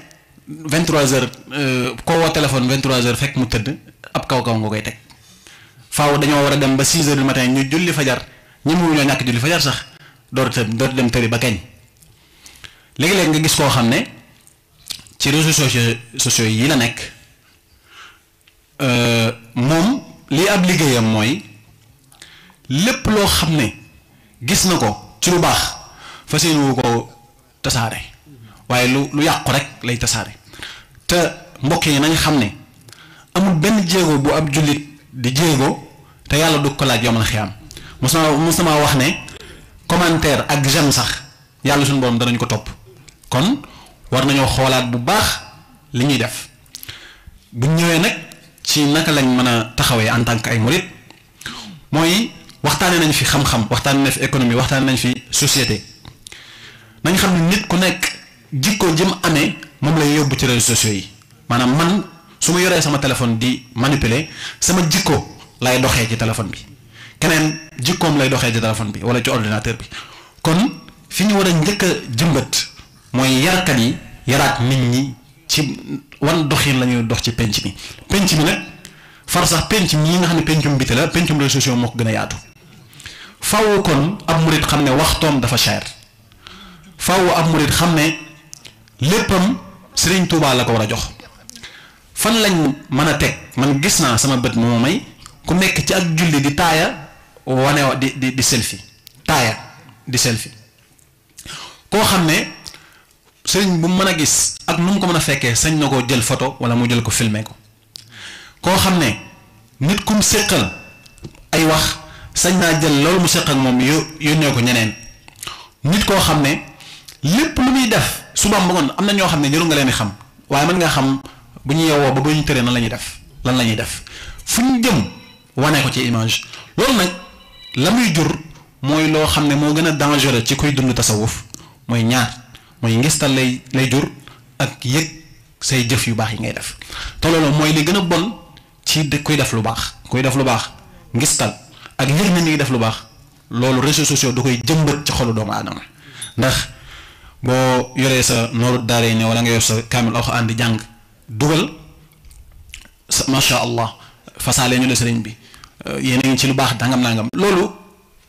F: 23h euh, koo woo téléphone 23h fekk mu tëdd ab kaw kaw nga koy teg faaw dañoo war a dem ba 6h du matin ñu julli fajar ñemewuñoo ñàkk julli fajar sax door a tëb door dem tëri ba kañ léegi-léeg nga gis koo xam ne. ci réseaux sociaux sociaux yi la nekk euh, moom li ab liggéeyam mooy lépp loo xam ne gis na ko ci lu baax fas yéene wu ko tasaare waaye lu lu yàqu rek lay tasaare te mbokk yi nañ xam ne amul benn jéego bu ab jullit di jéego te yàlla du ko laaj yomal xiyaam mos naa mos naa wax ne commentaire ak j'aime sax yàlla suñu borom danañ ko topp kon. war nañoo xoolaat bu baax li ñuy def bu ñëwee nag ci naka lañ mën a taxawee en tant que ay murit mooy waxtaanee nañ fi xam-xam waxtaanee nañ fi économie waxtaanee nañ fi société nañ xam ne nit ku nekk jikko jëm amee moom lay yóbbu ci réseaux sociaux yi maanaam man su ma yoree sama téléphone di manipuler sama jikko lay doxee ci téléphone bi keneen jikkoom lay doxee ci téléphone bi wala ci ordinateur bi kon fi ñu war a njëkk a jëmbat. mooy yarkat yi yaraat nit ñi ci wan doxin la ñuy dox ci penc mi penc bi nag far sax penc mii nga xam ne pencum biti la pencum réseaux sociaux moo ko gën a yaatu faaw kon ab murit xam ne waxtoom dafa cher faaw ab murit xam ne léppam Sëriñ Tuubaa la ko war a jox fan lañ mën a teg man gis naa sama bët moo may ku nekk ci ak julli di taaya wane di di di selfie taaya di selfie koo xam ne sëriñ bu mu mën a gis ak mu mu ko mën a fekkee sañ na koo jël photo wala mu jël ko filmer ko koo xam ne nit ku mu séqal ay wax sañ naa jël loolu mu séq ak moom yónnee ko ñeneen nit koo xam ne lépp lu muy def suba ba ngoon am na ñoo xam ne jëru nga leen di xam waaye mën nga xam bu ñu yeewoo ba bu ñu tëree nan la ñuy def lan la ñuy def fu ñu jëm wane ko ci image loolu nag la muy jur mooy loo xam ne moo gën a dangereux ci kuy dund tasawuf mooy ñaar. mooy ngistal lay lay jur ak yëg say jëf yu baax yi ngay def te loolu mooy li gën a bon ci kuy def lu baax kuy def lu baax ngistal ak yëg na ni def lu baax loolu réseaux sociaux du koy jëmbat ci xolu doomu aadama ndax boo yoree sa nooru daara ne wala nga yor sa kaamil aw ànd jàng dugal sa macha allah fasaale ñu la sëriñ bi euh, yéen ci lu baax dangam nangam loolu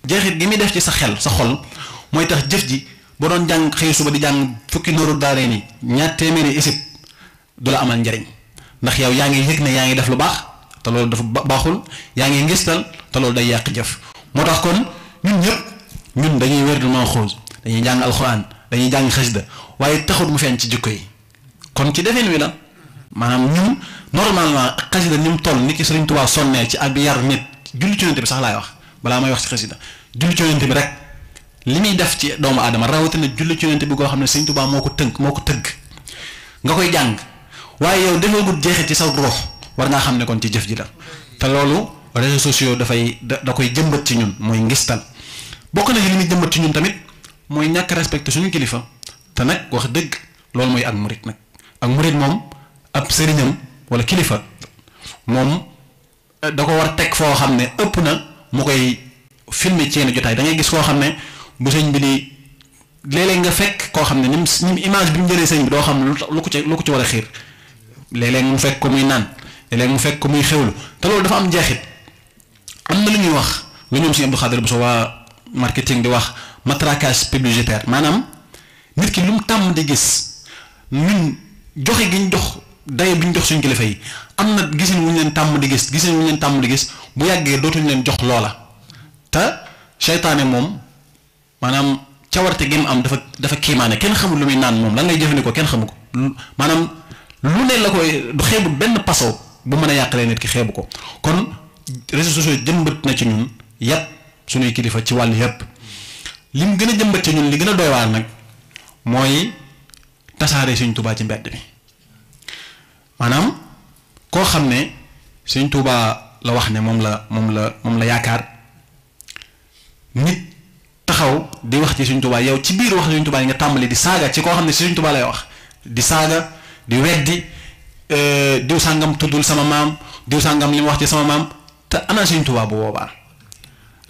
F: jeexit gi muy def ci sa xel sa xol mooy tax jëf ji. boron jang xey suba di jang fukki noru daare ni ñaat téméré isib du la amal njariñ ndax yow yaangi yek ne yaangi def lu bax ta loolu dafa baxul yaangi ngistal ta loolu day yaq jëf motax kon ñun ñëpp ñun dañuy wërdu ma xoos dañuy jang alquran dañuy jang xasida waye taxut mu fenn ci jikko yi kon ci defeen wi la manam ñun normalement xasida nim toll niki serigne touba sonné ci ab yar nit julli ci bi sax lay wax bala may wax ci julli ci bi rek li muy def ci doomu aadama rawatina julli ci yonent bi goo xam ne sëñ Tuubaa moo ko tënk moo ko tëgg nga koy jàng waaye yow defee gudd jeexit ci saw rox war ngaa xam ne kon ci jëf ji la te loolu réseaux sociaux dafay da koy jëmbat ci ñun mooy ngistal bokk na ci li muy jëmbat ci ñun tamit mooy ñàkk respecté suñu kilifa te nag wax dëgg loolu mooy ak murit nag ak murit moom ab sëriñam wala kilifa moom eh, da ko war teg foo xam ne ëpp na mu koy fi ci jotaay da ngay gis koo xam ne. bu sëñ bi di léeg nga fekk koo xam ne ni mu image bi mu jëlee sëñ bi doo xam lu ko ci lu ko ci war a xiir léeg-léeg mu fekk ko muy naan léeg-léeg mu fekk ko muy xewlu te loolu dafa am jeexit am na lu ñuy wax lu ñoom si Abdou Khadir bu soo waa marketing di wax matraquage publicitaire maanaam nit ki lu mu tàmm di gis joxe gi jox daye bi ñu jox suñu kilifa yi am na gisin wuñu leen tàmm di gis gisin wuñu leen tàmm di gis bu yàggee dootuñu leen jox loola te seytaane moom maanaam cawarte gi am dafa dafa kiimaane kenn xamul lu muy naan moom lan lay jëfandikoo kenn xamu ko maanaam lu ne la koy du xeebu benn paso bu mën a yàqalee nit ki xeebu ko kon réseaux sociaux jëmbat na ci ñun yàpp suñuy kilifa ci wàll yëpp mu gën a jëmbat ci ñun li gën a doy waar nag mooy tasaare suñ tubaa ci mbedd mi maanaam koo xam ne suñ tubaa la wax ne moom la moom la moom la yaakaar nit taxaw di wax ci Sëriñ Tuubaa yow ci biir wax Sëriñ Tuubaa yi nga tàmbali di saaga ci koo xam ne Sëriñ Tuubaa lay wax di saaga di weddi euh, diw sàngam tuddul sama maam diw sàngam li mu wax ci sama maam te ana Sëriñ Tuubaa bu boobaa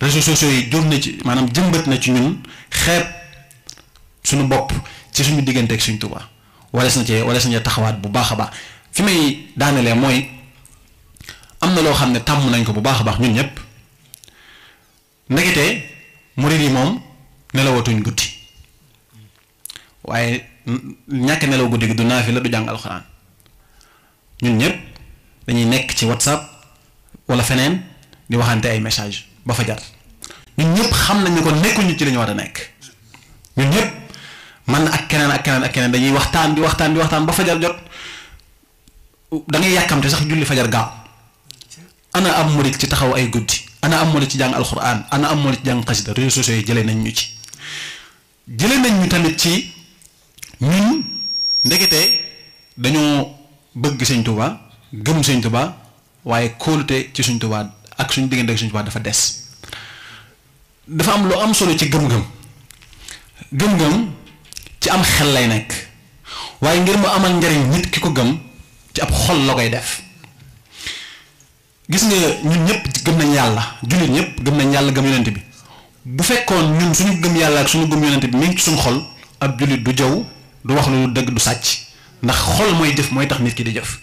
F: réseaux sociaux yi jur na ci maanaam jëmbat na ci ñun xeet suñu bopp ci suñu diggante ak Sëriñ Tuubaa wala na cee wala na taxawaat bu baax a baax fi may daanelee mooy am na loo xam ne tàmm nañ ko bu baax a baax ñun ñëpp ndekete murid yi moom nelawatuñ guddi waaye ñàkk nelaw guddi gi du naafi la du ñun dañuy nekk ci whatsapp wala fenen, di waxante ay message ba fa jar ñun ñëpp xam nañu ko nekkuñu ci akkanan, ñu war nekk ñun ñëpp man ak keneen ak ak dañuy waxtaan di waxtaan di waxtaan ba fajar jot da ngay yàkkamte sax julli fajar gaaw ana am murit ci taxaw ay guddi ana am la ci jàng alxuraan ana am moo la ci jàng xasida réseaux sociaux yi jëlee nañ ñu ci jële nañ ñu tamit ci ñun ndekete dañoo bëgg sëñ Tuubaa gëm sëñ Tuubaa waaye kóolute ci suñ Tuubaa ak suñ diggante ak suñ Tuubaa dafa des dafa am lu am solo ci gëm-gëm gëm-gëm ci am xel lay nekk waaye ngir mu amal njariñ nit ki ko gëm ci ab xol la koy def gis nga ñun ñëpp gëm nañ yàlla julit ñëpp gëm nañ yàlla gëm yonent bi bu fekkoon ñun suñu gëm yàlla ak suñu gëm yonent bi mi ci suñu xol ab julit du jaw du wax lu dëgg du sàcc ndax xol mooy jëf mooy tax nit ki di jëf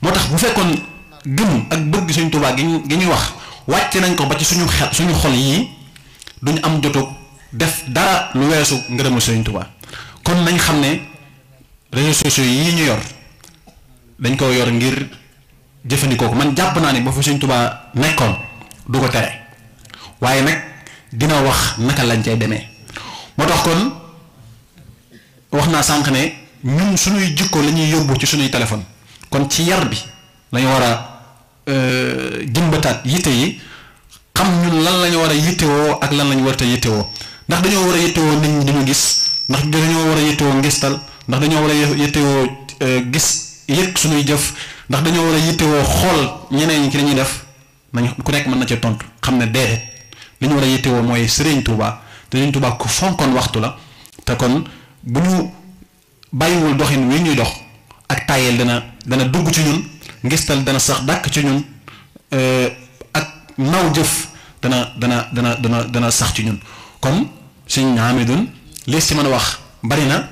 F: moo tax bu fekkoon gëm ak bëgg suñu tubaa gi gi ñuy wax wàcc nañ ko ba ci suñu xel suñu xol yii duñ am jotug def dara lu weesu ngërëmu suñu tubaa kon nañ xam ne réseaux sociaux yii ñu yor dañ ko yor ngir jëfandikoo ko man jàpp naa ne ba fa Sëñ Tuubaa nekkoon du ko tere waaye nag dina wax naka lañ cay demee moo tax kon wax naa sànq ne ñun suñuy jikko lañuy ñuy yóbbu ci suñuy téléphone kon ci yar bi lañu war a euh, jëmbataat yitte yi xam ñun lan lañu war a yittewoo ak lan lañu warte a yittewoo ndax dañoo war a yittewoo nit ñi dañu gis ndax dañoo war a yittewoo ngistal ndax dañoo war a yittewoo euh, gis yëg suñuy jëf ndax dañoo war a yittewoo xool ñeneen ñi ki dañuy def nañ ku nekk mën na cee tonk xam ne déedéet li ñu war a yittewoo mooy Serigne Touba te Serigne Touba ku fonkoon waxtu la te kon bu ñu bàyyiwul doxin wi ñuy dox ak tayel dana dana dugg ci ñun ngistal dana sax dàkk ci ñun euh, ak naw jëf dana dana dana dana dana sax ci ñun kon suñ Hamidun lees ci mën a wax bari na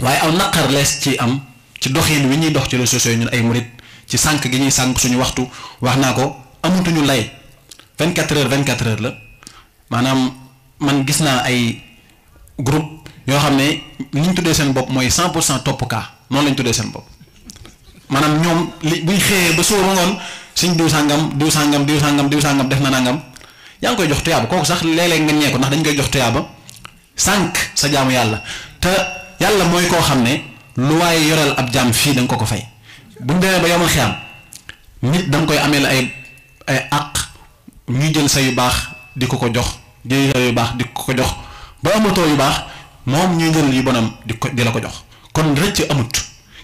F: waaye aw naqar lees ci am ci doxin wi ñuy dox ci réseaux sociaux ñun ay murit ci sànq gi ñuy sànq suñu waxtu wax naa ko amatuñu lay 24 heures 24 heures la maanaam man gis naa ay groupe yoo xam ne li ñu tuddee seen bopp mooy 100 pour cent topp kaa noonu la tuddee seen bopp maanaam ñoom li buñ xëyee ba suur ba ngoon suñ diw sangam diw sangam diw sàngam diw sàngam def na nangam yaa ngi koy jox tuyaaba kooku sax léeg-léeg nga ñee ko ndax dañ koy jox tuyaaba sànq sa jaamu yàlla te yàlla mooy koo xam ne lu waaye ab jaam fii da ko ko fay. buñ demee ba yomal xiyam nit da koy amee la ay ay àq ñuy jël sa yu baax di ko ko jox baax di ko ko jox ba amatoo yu baax moom ñuy jël yu bonam di ko di la ko jox kon rëcc amut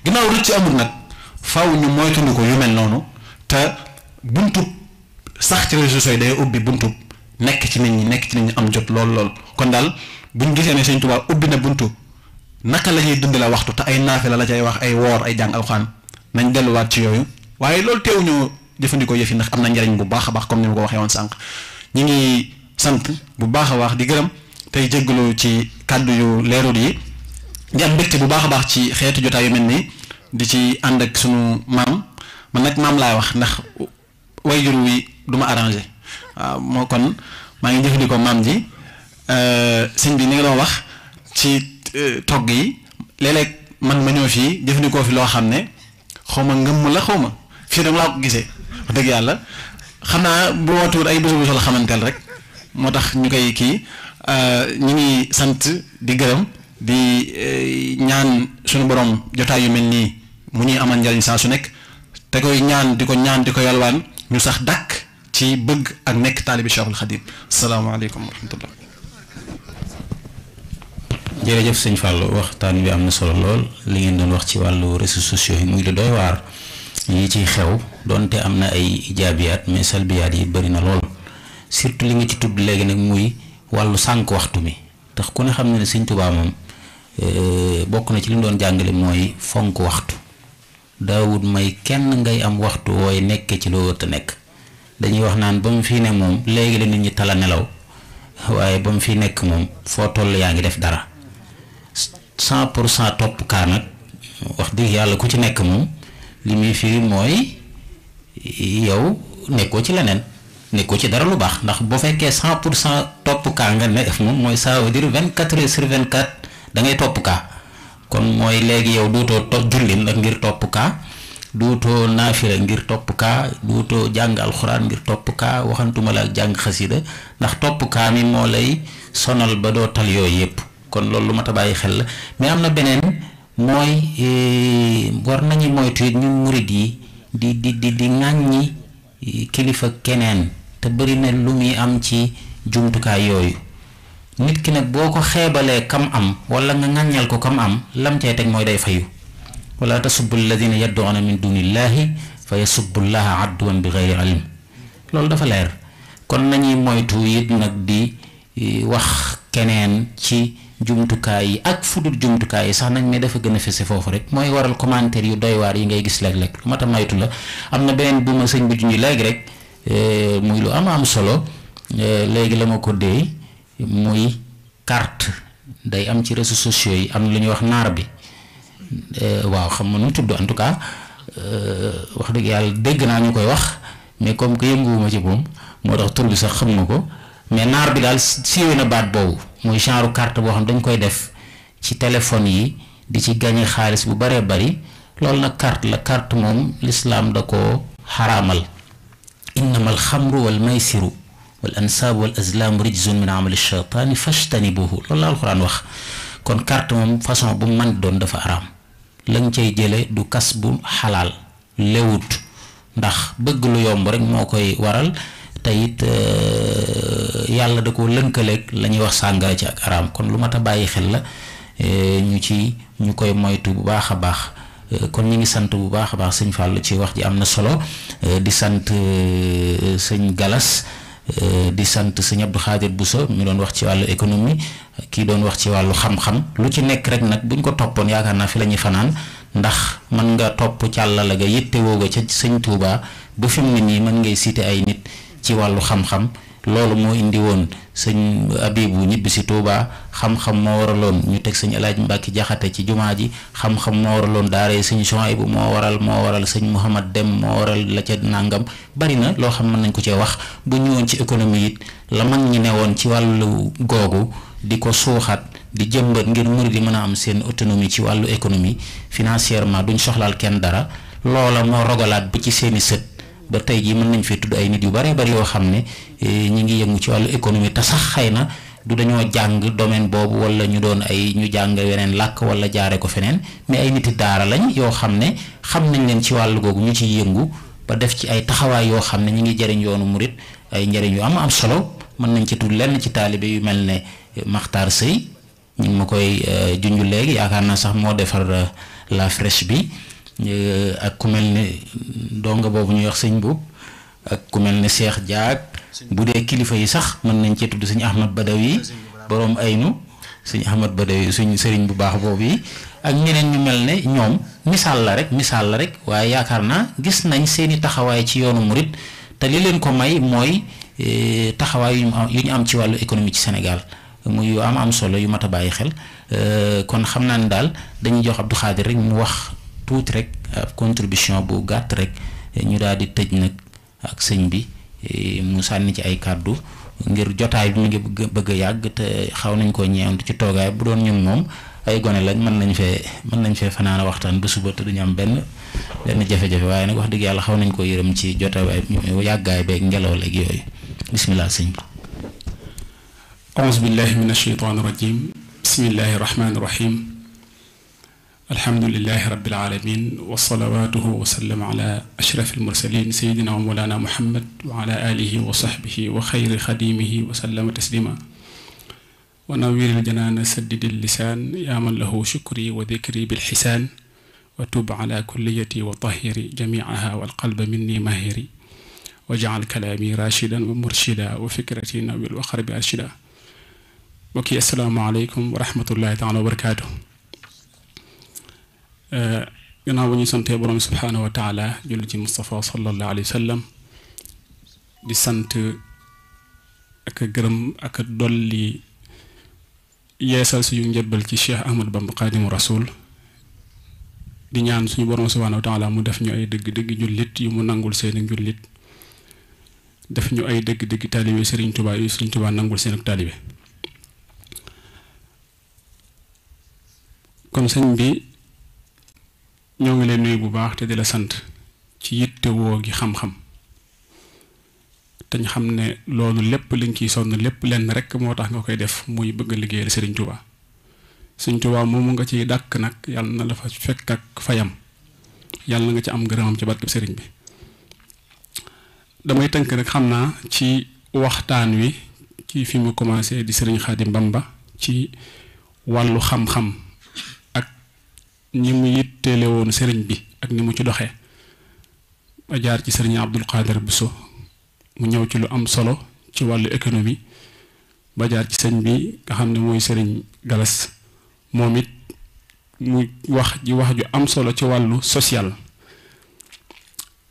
F: ginnaaw rëcc amut nag faw ñu moytundi ko yu mel noonu te buntub sax ci réseaux sociaux day ubbi buntub nekk ci nit ñi nekk ci nit ñi am jot lool lool kon daal bu ñu gisee ne Sëñ Tuubaa ubbi na buntu naka la ñuy dundee la waxtu te ay naafe la la cay wax ay woor ay jàng alxaan nañ wat ci yooyu waaye loolu teewuñu jëfandikoo yëf yi ndax amna ñariñ bu baaxa baax comme ni nga ko won sank ñi ngi sant bu baaxa wax di gërëm tay jéggalu ci kaddu yu lérul yi di am bëcc bu baaxa baax ci xéetu jotta yu melni di ci and ak sunu mam, man nak mam lay wax ndax wayjur wi du ma ah, mo kon ma ngi jëfandikoo mam ji euh, sëñ bi ni nga do wax ci euh, togg yi man ma ñëw fii fi lo xamné xaw ma ngëmm la xaw ma fii dama laa ko gisee wax dëgg yàlla xam naa bu watuwul ay bésu bésu la xamanteel rek moo tax ñu koy kii euh, ñu ngi sant di gërëm di euh, ñaan suñu borom jotaay yu mel nii mu ñuy amal njariñ saa su nekk te koy ñaan di ko ñaan di ko yalwaan ñu sax dàkk ci bëgg ak nekk taalibi Cheikhul Khadim salaamaaleykum wa rahmatullah
A: jërëjëf sëñ Fall waxtaan bi am na solo lool li ngeen doon wax ci wàllu réseaux sociaux yi muy lu doy waar yi ciy xew donte am na ay jaabiyaat mais salbiyaat yi bëri na lool surtout li nga ci tudd léegi nag muy wàllu sànq waxtu mi tax ku ne xam ne ne sëñ Tuubaa moom eh, bokk na ci li mu doon jàngale mooy fonk waxtu daawut may kenn ngay am waxtu wooy nekkee ci loo wërta nekk dañuy wax naan ba mu fii ne moom léegi la nit ñi tala nelaw waaye ba mu fii nekk moom foo toll yaa ngi def dara cent pour cent topp kaa nag wax dëgg yàlla ku ci nekk moom li muy fii mooy yow nekkoo ci leneen nekkoo ci dara lu baax ndax boo fekkee cent pour cent topp kaa nga ne moom mooy ça veut vingt quatre heures vingt quatre dangay ngay topp kaa kon mooy léegi yow duutoo to julli ngir topp kaa duutoo naafila ngir topp kaa duutoo jàng alxuraan ngir topp kaa waxantuma la ak jàng xasida ndax topp kaa mi moo lay sonal ba doo tal yooyu yépp kon loolu lu mat a bàyyi xel la mais am na beneen mooy eh, war nañu moytu it ñun murit yi di di di di eh, kilifa keneen te bari na lu muy am ci jumtukaay yooyu nit ki nag boo ko xeebalee kam am wala nga ŋàññal ko kam am lam cay teg mooy day fayu wala tasubbu alladina yadduuna min dunillahi fa yasubbu llaha adduwan bi gayri ilm loolu dafa leer kon nañuy moytu it nag di eh, wax keneen ci jumtukaay yi ak fudul jumtukaay yi sax nañ mais dafa gën a fese foofu rek mooy waral commentaire yu doy waar yi ngay gis léeg-léeg lu mat a la am na beneen bu ma sëñ bi junj léegi rek euh, muy lu am am solo euh, léegi la ma ko dee muy carte day am ci réseaux sociaux yi am lu ñuy wax naar bi euh, waaw xam ma nu tudd en tout cas wax dëgg yàlla dégg naa ñu koy wax mais comme que yënguwuma ci moom moo tax tur sax xam ma ko mais naar bi daal siiwee na baat boobu. moy genre carte bo xam dañ koy def ci téléphone yi di ci gagner xaalis bu bare bëri loolu nag carte la carte mom l'islam dako haramal innamal khamru wal maisiru wal ansaabu wal azlaamu rijzun min amali shaytaani fajtanibuhu loolu la alxuraan wax kon carte moom façon bu man doon dafa araam lañ cay jële du kas bu xalaal lewut ndax bëgg lu yomb rek moo waral teyit euh, yàlla da ko lënkaleeg la ñuy wax sàngara ci ak araam kon lu mat a bàyyi xel la euh, ñu ci ñu koy moytu bu baax a baax euh, kon ñu ngi sant bu baax a baax sëñ fàllu ci wax ji am na solo di sant sëñ Galas di sant sëñ Abdou Khadir Bousso ñu doon wax ci wàllu économie kii doon wax ci wàllu xam-xam lu ci nekk rek nag buñ ko toppoon yaakaar naa fi lañuy fanaan ndax mën nga topp càllala ga yittewoo ga ca sëñ Touba ba fi mu ne mën ngay siite ay nit ci wàllu xam-xam loolu moo indi woon sëñ Abibu ñibbi si Touba xam-xam moo waraloon ñu teg sëñ Alaaji Mbàkke Jaxate ci jumaa ji xam-xam moo waraloon daara yi sëñ Sohaybu moo waral moo waral sëñ Mouhamad Dem moo waral la ca nàngam bari na loo xam mën nañ ko cee wax bu ñëwoon ci économie it la mag ñi ne woon ci wàllu googu di ko suuxat di jëmbat ngir murid di mën a am seen autonomie ci wàllu économie financièrement duñ soxlaal kenn dara loola moo rogalaat ba tey jii mën nañ fee tudd ay nit yu bari bari yoo xam ne eh, ñi ngi yëngu ci wàllu économie te sax xëy na du dañoo jàng domaine boobu wala ñu doon ay ñu jàng weneen làkk wala jaare ko feneen mais ay niti daara lañ yoo xam ne xam nañ leen ci wàllu googu ñu ciy yëngu ba def ci ay taxawaay yoo xam ne ñi ngi jëriñ yoonu murit ay njëriñ yu am am solo mën nañ ci tudd lenn ci taalibe yu mel ne eh, Makhtar Sey ñu ngi ma koy eh, junj léegi yaakaar naa sax moo defar la fraîche bi Eh, ak ku mel ne boobu ñuy wax sëñ buub ak ku mel ne Cheikh bu dee kilifa yi sax mën nañ cee tudd sëñ Ahmad yi boroom aynu suñ Ahmad Badawi suñ sëriñ bu baax boobu yi ak ñeneen ñu mel ne ñoom misaal la rek misaal la rek waaye yaakaar naa gis nañ seeni taxawaay ci yoonu murit te li leen ko may mooy eh, taxawaay yu ñu am yu ñu am ci wàllu économie ci Sénégal muy yu am am solo yu mat a bàyyi xel eh, kon xam naa ne daal dañuy jox Abdou Khadir rek mu wax tuuti rek ab contribution bu gàtt rek ñu daal di tëj nag ak sëñ bi eh, mu sànni ci ay kàddu ngir jotaay bi mu ngi bëgg a yàgg te xaw nañ ko ñeewante ci toogaay bu doon ñun moom ay gone lañ mën nañ fee mën nañ fee fanaan waxtaan ba suba te duñu am benn benn jafe-jafe waaye nag wax dëgg yàlla xaw nañ ko yërëm ci jotaay yàggaay beeg ngelaw leeg yooyu bisimilah sëñ bi
G: الحمد لله رب العالمين وصلواته وسلم على أشرف المرسلين سيدنا ومولانا محمد وعلى آله وصحبه وخير خديمه وسلم تسليما ونوير الجنان سدد اللسان يا من له شكري وذكري بالحسان وتب على كليتي وطهري جميعها والقلب مني مهري واجعل كلامي راشدا ومرشدا وفكرتي نوير الأخر بأرشدا وكي السلام عليكم ورحمة الله تعالى وبركاته Eh, gannaaw ba ñuy santee boroom subhaanahu wa taala julli ci Moustapha sallallahu alayhi wa sallam di sant ak a gërëm ak a dolli yeesal suñu njëbal ci Cheikh Ahmadou Bamba Xaadimu Rasuul di ñaan suñu boroom subhaanahu wa taala mu def ñu ay dëgg-dëgg jullit yu mu nangul seeni jullit def ñu ay dëgg-dëgg taalibe Serigne Touba yu Serigne Touba nangul seen ak taalibe kon bi. ñoo ngi leen nuyu bu baax te di la sant ci yittewoo gi xam-xam te ñu xam ne loolu lépp liñ kiy sonn lépp lenn rek moo tax nga koy def muy bëgg a liggéeyal Serigne Touba Serigne Touba moomu nga ciy dàkk nag yàlla na la fa fekk ak fayam yàlla nga ci am gërëmam ci barkeb sëriñ bi damay tënk rek xam naa ci waxtaan wi ci fi mu commencé di Serigne Khadim Bamba ci wàllu xam-xam. ñi mu yitteele woon sëriñ bi ak ni mu ci doxee a jaar ci sëriñ Abdul Qadir Bousso mu ñëw ci lu am solo ci wàllu économie ba jaar ci sëñ bi nga xam ne mooy sëriñ Galas moom it mu wax ji wax ju am solo ci wàllu social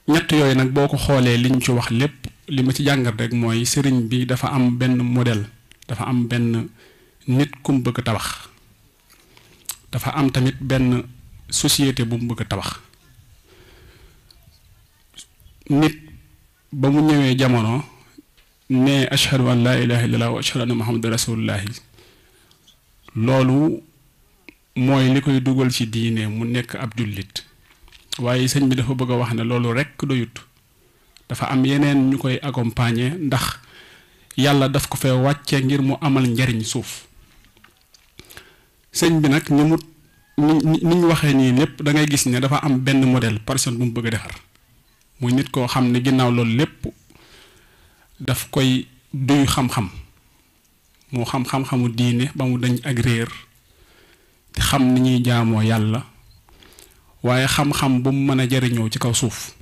G: ñett yooyu nag boo ko xoolee li ñu ci wax lépp li ma ci jàngat rek mooy sëriñ bi dafa am benn modèle dafa am benn nit kum bëgg tabax dafa am tamit benn société bu mu bëgg a tabax nit ba mu ñëwee jamono ne ashhadu an laa ilaha illallah wa ashhadu anna muhammadan rasulullahi loolu mooy li koy dugal ci diine mu nekk ab jullit waaye sëñ bi dafa bëgg a wax ne loolu rekk doyut dafa am yeneen ñu koy accompagner ndax yàlla daf ko fa wàcce ngir mu amal njariñ suuf sëñ bi nag ni mu ni ni ñu waxee nii lépp da ngay gis ne dafa am benn modèle personne bu mu bëgg defar muy nit koo xam ne ginnaaw loolu lépp daf koy duy xam-xam moo xam xam-xamu diine ba mu dañ ak réer te xam ni ñuy jaamoo yàlla waaye xam-xam bu mu mën a jariñoo ci kaw suuf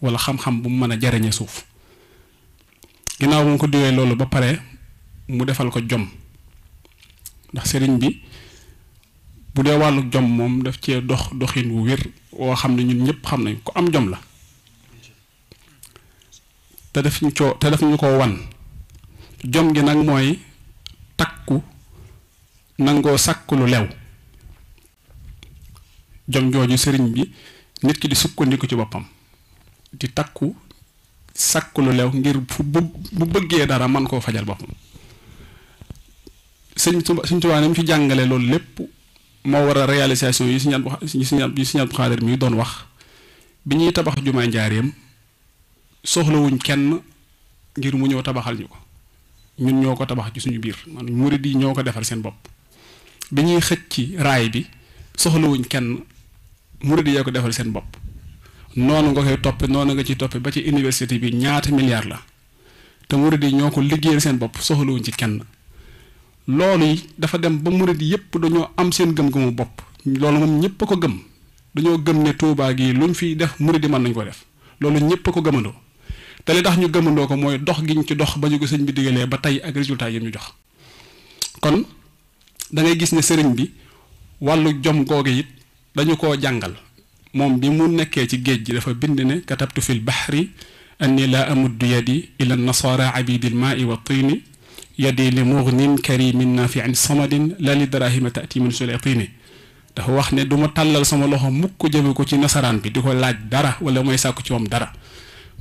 G: wala xam-xam bu mu mën a jariñe suuf ginnaaw bu ko diwee loolu ba pare mu defal ko jom ndax sëriñ bi bu dee wàllu jom moom def cee dox doxin wu wér woo xam ne ñun ñëpp xam nañ ko am jom la te daf ñu coo te daf ñu ko wan jom gi nag mooy takku nangoo sàkk lu lew jom jooju sëriñ bi nit ki di sukkandiku ci boppam di takku sàkk lu lew ngir fu bu bu bëggee dara man koo fajal boppam suñ Tuubaa sëñ Tuubaa ni mu fi jàngale loolu lépp moo war a réalisation yi si ñaan yi si ñaan yi si ñaan bu xaadir mi doon wax bi ñuy tabax jumaa njaareem soxlawuñ kenn ngir mu ñëw tabaxal ñu ko ñun ñoo ko tabax ci suñu biir maanaam murid yi ñoo ko defal seen bopp bi ñuy xëcc ci raay bi soxlawuñ kenn murid yee ko defal seen bopp noonu nga koy toppe noonu nga ciy toppe ba ci université bi ñaata milliards la te murid yi ñoo ko liggéeyal seen bopp soxlawuñ ci kenn loolu yi dafa dem ba murit yépp dañoo am seen gëm-gëmu bopp loolu moom ñëpp a ko gëm dañoo gëm ne Tuubaa gi luñ fiy def murit yi man nañ ko def loolu ñëpp a ko gëmandoo te li tax ñu gëmandoo ko mooy dox gi ñu ci dox ba ñu ko sëñ bi digalee ba tey ak résultat yi ñu jox kon da gis ne sëriñ bi wàllu jom googu it dañu koo jàngal moom bi mu nekkee ci géej gi dafa bind ne katabtu fil bahri anni laa amuddu yadi ila nasara abidil maai wa tiini yaddi li mughnin karimin nafiin samadin la li darahima taati min suleytini dafa wax ne du ma tàllal sama loxo mukk jëme ko ci nasaraan bi di ko laaj dara wala mooy sàkku ci moom dara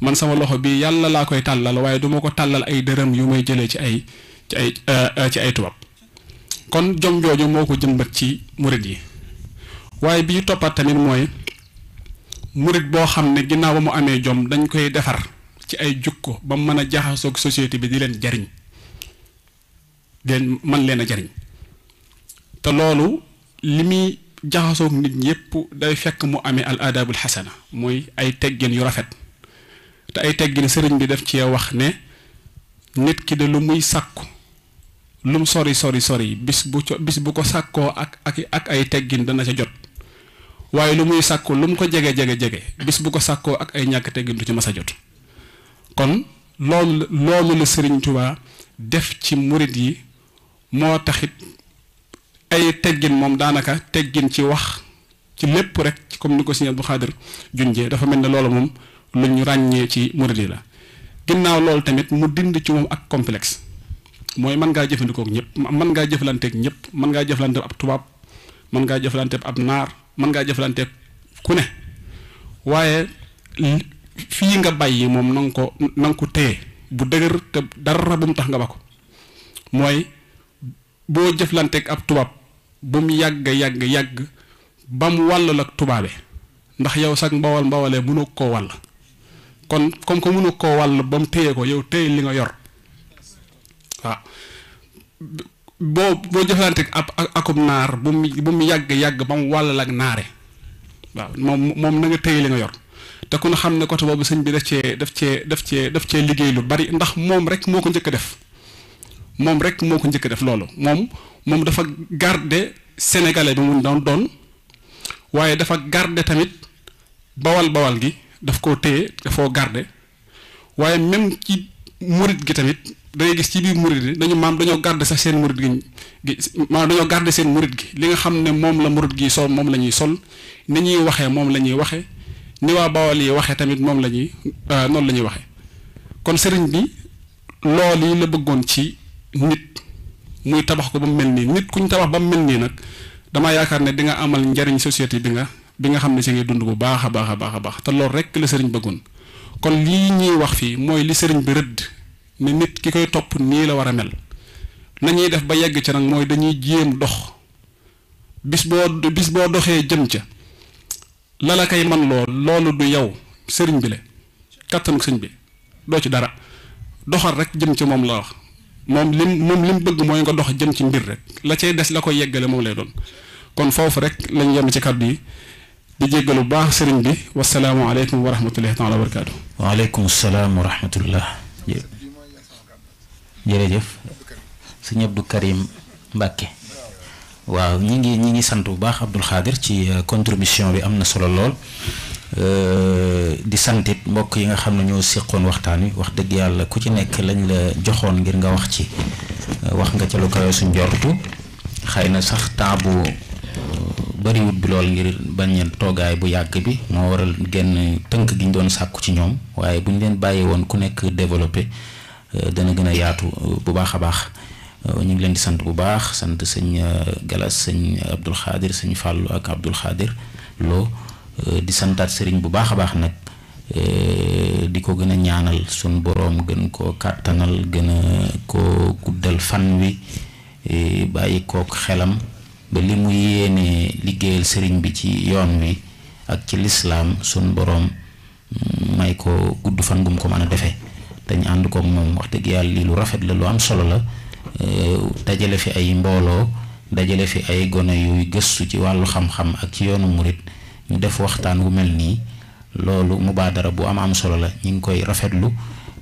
G: man sama loxo bi yàlla laa koy tàllal waaye du ko tàllal ay dërëm yu may jële ci ay ci ay euh, ci ay tubaab kon jom jooju moo ko jëmbat ci murit yi waaye bi toppaat tamit mooy murit boo xam ne ginnaaw ba mu amee jom dañ koy defar ci ay jukko ba mën a jaxasoog société bi di leen jariñ den man leena jariñ te loolu limi jaxaso nit ñepp day fekk mu amé al adabul hasana. moy ay teggene yu rafet te ay teggene serigne bi def ci wax ne nit ki de lu muy lu lum sori sori sori bis bu bis bu ko sakko ak ak ak ay teggin dana ca jot waye lu muy lu lum ko jaga jaga. jege bis bu ko sakko ak ay ñak teggin du ci massa jot kon loolu loolu le serigne touba def ci mouride yi moo taxit ay teggin moom daanaka teggin ci wax ci lépp rek comme ni ko sëñ bu Khadir junjee dafa mel ne loolu moom lu ñu ràññee ci murid la ginnaaw loolu tamit mu dind ci moom ak complexe mooy mën ngaa jëfandikoo ak ñëpp mën ngaa jëflanteeg ñëpp mën ngaa jëflanteeg ab tubaab mën ngaa jëflanteeg ab naar mën ngaa jëflanteeg ku ne waaye fii nga bàyyi moom na ko na nga ko téye bu dëgër te dara bu mu tax nga ba ko mooy. boo jëflanteek ab tubaab bu mu yàgg yàgg yàgg ba mu wàll la tubaabe ndax yow sax mbawal mbawalee mënoo koo wàll kon comme que mënoo koo wàll ba mu téye ko yow téye li nga yor waaw boo boo jëflanteeg ab akub naar bu mu bu mu yàgg yàgg ba mu wàll la ak naare waaw moom moom na nga téye li nga yor. te ku na xam ne côté boobu sëñ bi daf cee daf cee daf cee daf cee liggéey lu bari ndax moom rek moo ko njëkk a def moom rek moo ko njëkk def loolu moom moom dafa garder sénégalais bi mu doon doon waaye dafa garder tamit bawal bawal gi daf koo téye dafoo garder waaye même ci murit gi tamit da gis ci biir murit gi dañu maam dañoo garder sax seen murit gi maam dañoo garder seen murit gi li nga xam ne moom la murit gi sol moom la ñuy sol ni ñuy waxee moom la ñuy waxee ni waa bawal yi waxee tamit moom la ñuy euh, noonu lañuy ñuy kon sëriñ bi loolu yi la bëggoon ci. nit muy tabax ko bam melni nit kuñ tabax bam melni nak dama yaakar ne di nga amal njariñ société bi nga bi nga xamne ci ngay dund bu baax a baax baax te lool rek le serigne bëggoon kon li ñi wax fi moy li serigne bi redd ni nit ki koy top ni la wara mel nañuy def ba yegg ci nak moy dañuy jiem dox bis bo bis bo doxé jëm ci la la kay man lool loolu du yow serigne bi le kàttanu serigne bi do ci dara doxal rek jëm ci mom la wax moom lim moom lim bëgg mooy nga dox jëm ci mbir rek la cay des la ko yeggale moom lee doon kon foofu rek lañ yem ci kàddu yi di jéggal bu baax sëriñ bi wasalaamualeykum wa rahmatullahi taala wa barakaatu.
A: waaleykum salaam wa rahmatullah. jërëjëf sëñ Abdou Karim Mbacke waaw ñi ngi ñi ngi sant bu baax Abdoul Khadir ci euh, contribution bi am na solo lool. Euh, di santit mbokk yi nga xam ne ñoo séqoon waxtaan wi wax dëgg yàlla ku ci nekk lañ la joxoon ngir nga wax ci euh, wax nga ca lu kawe suñ jortu xëy na sax taabu bu euh, bariwut bi lool ngir bañ toogaay bu yàgg bi moo waral genn tënk gi ñu doon sàkku ci ñoom waaye bu ñu leen bàyyi woon ku nekk développé dana gën a yaatu bu baax a baax ñu ngi leen di sant bu baax sant sëñ Galas sëñ Abdul Xaadir sëñ Fàllu ak Abdul Xaadir Lo Eh, di sering sering bu baakha a baax eh, di ko gëna ñaanal sun borom gën ko katanal gën ko guddal fan wi eh, baye ko xelam ba limu yene liggeel sering bi ci yoon wi ak ci l'islam sun borom mm, may ko gudd fan gum ko mëna a dañ and ko mom wax deug yalla li lu rafet la lu am solo la dajale fi ay mbolo dajale fi ay gone yu gëstu ci walu xam-xam ak ci yoonu murit ñu def waxtaan wu melni lolu loolu bu am am solo la ñing koy rafetlu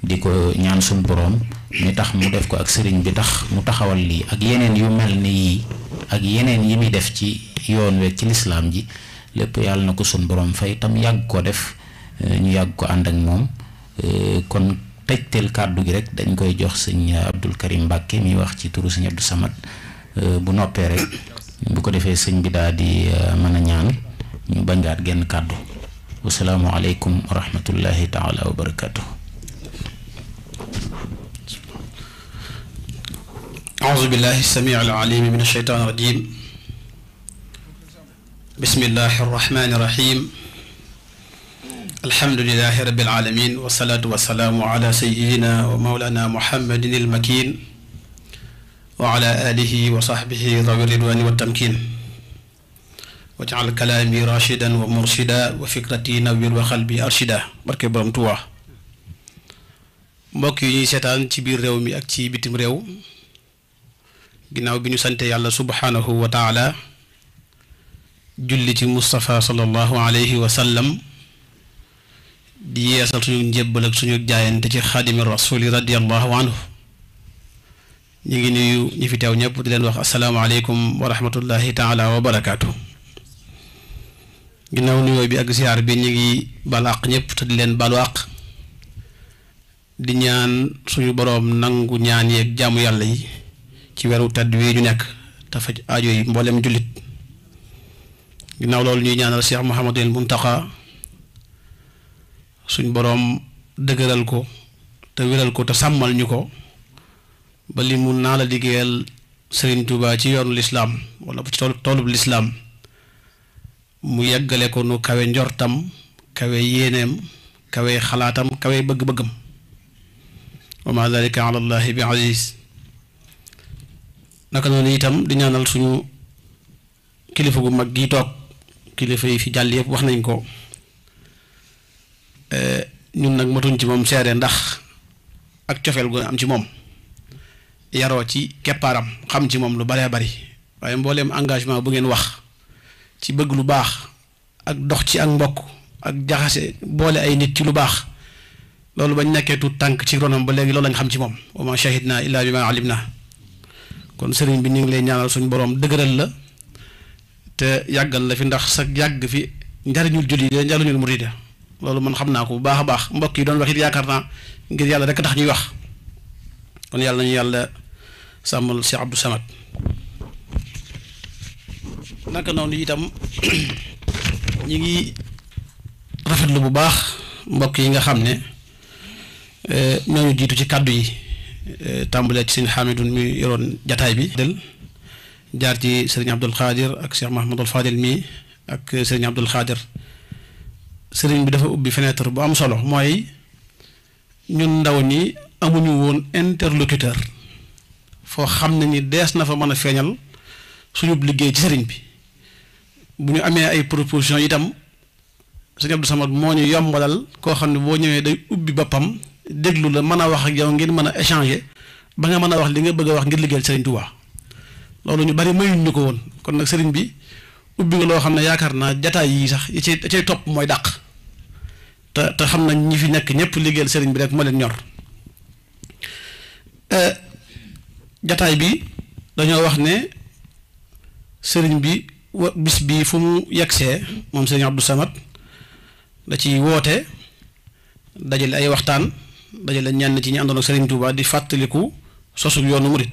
A: di ko ñaan suñ borom mi tax mu def ko ak serigne bi tax mu taxawal li ak yenen yu melni, ni ak yenen yimi def ci yoon we ci l'islam ji lepp yalla nako ko borom fay tam yag ko def eh, ñu yag ko and ak mom eh, kon tejtel kaddu gi rek dañ koy jox serigne abdul karim bakke mi wax ci turu serigne abdou samad eh, bu noppé rek bu ko defé serigne bi daal di mëna ñaan ñu banjaat genn kàddu wasalaamu aleykum wa rahmatullahi taala wa barakatuh
F: أعوذ بالله السميع العليم من الشيطان الرجيم بسم الله الرحمن الرحيم الحمد لله رب العالمين والصلاة والسلام على سيدنا ومولانا محمد المكين وعلى آله وصحبه ذوي الرضوان والتمكين wajal kalaami rashidan wa murshida wa fikrati nawwir wa xalbi arshida barke borom Tuubaa mbokk yi ñuy seetaan ci biir réew mi ak ci bitim réew ginnaaw bi ñu sante yàlla subhaanahu wa taala julli ci Moustapha sallallahu wa sallam di yeesal suñu njébbal ak suñu jaayante ci xaadimi rasuli radiallahu anhu ñu ngi nuyu ñi fi teew ñëpp di leen wax asalaamaaleykum wa rahmatullahi taala wa barakaatu. ginaaw nuyoo bi ak ziar bi ñu ngi balu àq ñëpp te di leen balu di ñaan suñu borom nangu ñaan yeeg jaamu yàlla yi ci weru tedd wi ñu nekk te faj aajo yi mboolem julit ginaaw loolu ñuy ñaanal Cheikh el Muntaqa suñu borom dëgëral ko te ko te sàmmal ñu ko ba li mu naa Serigne Touba ci yoonu lislaam wala ci toolub lislaam mu yeggale ko nu kawe njortam kawe yéeneem kawe xalaatam kawe bëgg-bëggam wa ma dalika ala bi aziz naka noonu itam di ñaanal suñu kilifa gu mag gi toog kilifa yi fi jàll yëpp wax nañ ko eh, ñun nag matuñ ci moom seere ndax ak cofeel gu am ci moom yaroo ci keppaaram xam ci moom lu baree bari waaye mbooleem engagement bu ngeen wax ci bëgg lu baax ak dox ci ak mbokk ak jaxase boole ay nit ci lu baax loolu bañ nekkee tuut tànk ci ronam ba léegi loolu lañ xam ci moom wa ma shahid naa illaa bi ma alim naa kon sëriñ bi ñu ngi lay ñaanal suñu boroom dëgëral la te yàggal la fi ndax sa yàgg fi njariñul julli de njariñul muride loolu man xam naa ko bu baax a baax mbokk yi doon wax yaakaar naa ngir yàlla rek tax ñuy wax kon yàlla nañu yàlla sàmmal Cheikh Abdou Samad naka noonu itam ñi ngi rafetlu bu baax mbokk yi nga xamne euh ñoo jitu ci kaddu yi eh, tambule ci serigne mi yoron jotaay bi del jaar ci serigne Abdul Khadir, ak Cheikh Mahamadul Fadil mi ak serigne Abdul Khadir. serigne bi dafa ubbi fenêtre bu am solo moy ñun ndaw ni amuñu won interlocuteur fo xam ni dess na fa mëna feñal suñu liggéey ci serigne bi bu ñu amee ay proposition itam sëñ Abdou Samad moo ñu yombalal koo xam ne boo ñëwee day ubbi boppam déglu la mën a wax ak yow ngeen mën a échanger ba nga mën a wax li nga bëgg a wax ngir liggéeyal Serigne Touba loolu ñu bari mayuñ ñu ko woon kon nag Serigne bi ubbi nga loo xam ne yaakaar naa jataay yii sax yi cay cay topp mooy dàq te te xam nañ ñi fi nekk ñëpp liggéeyal Serigne bi rek moo leen ñor euh, jataay bi dañoo wax ne Serigne bi. wa bis bii fu mu yegsee moom sëriñ Abdou Samad da ci woote dajale ay waxtaan dajale ñenn ci ñi àndoon ak sëriñ Touba di fàttaliku sosu yoonu murit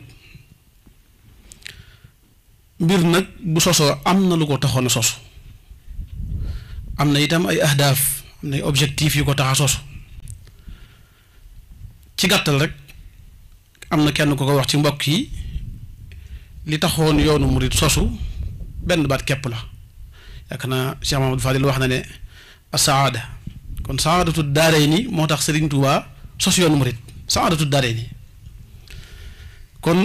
F: mbir nag bu sosoo am na lu ko taxoon a sosu am na itam ay ahdaaf am objectif yi ko taxa sosu ci gàttal rek am na kenn ko ko wax ci mbokk yi li taxoon yoonu murit sosu ben bat kep la yakna Cheikh Mamadou Fadil wax na ne a saada kon saadatu daraini motax Serigne Touba sosion mourid saadatu daraini kon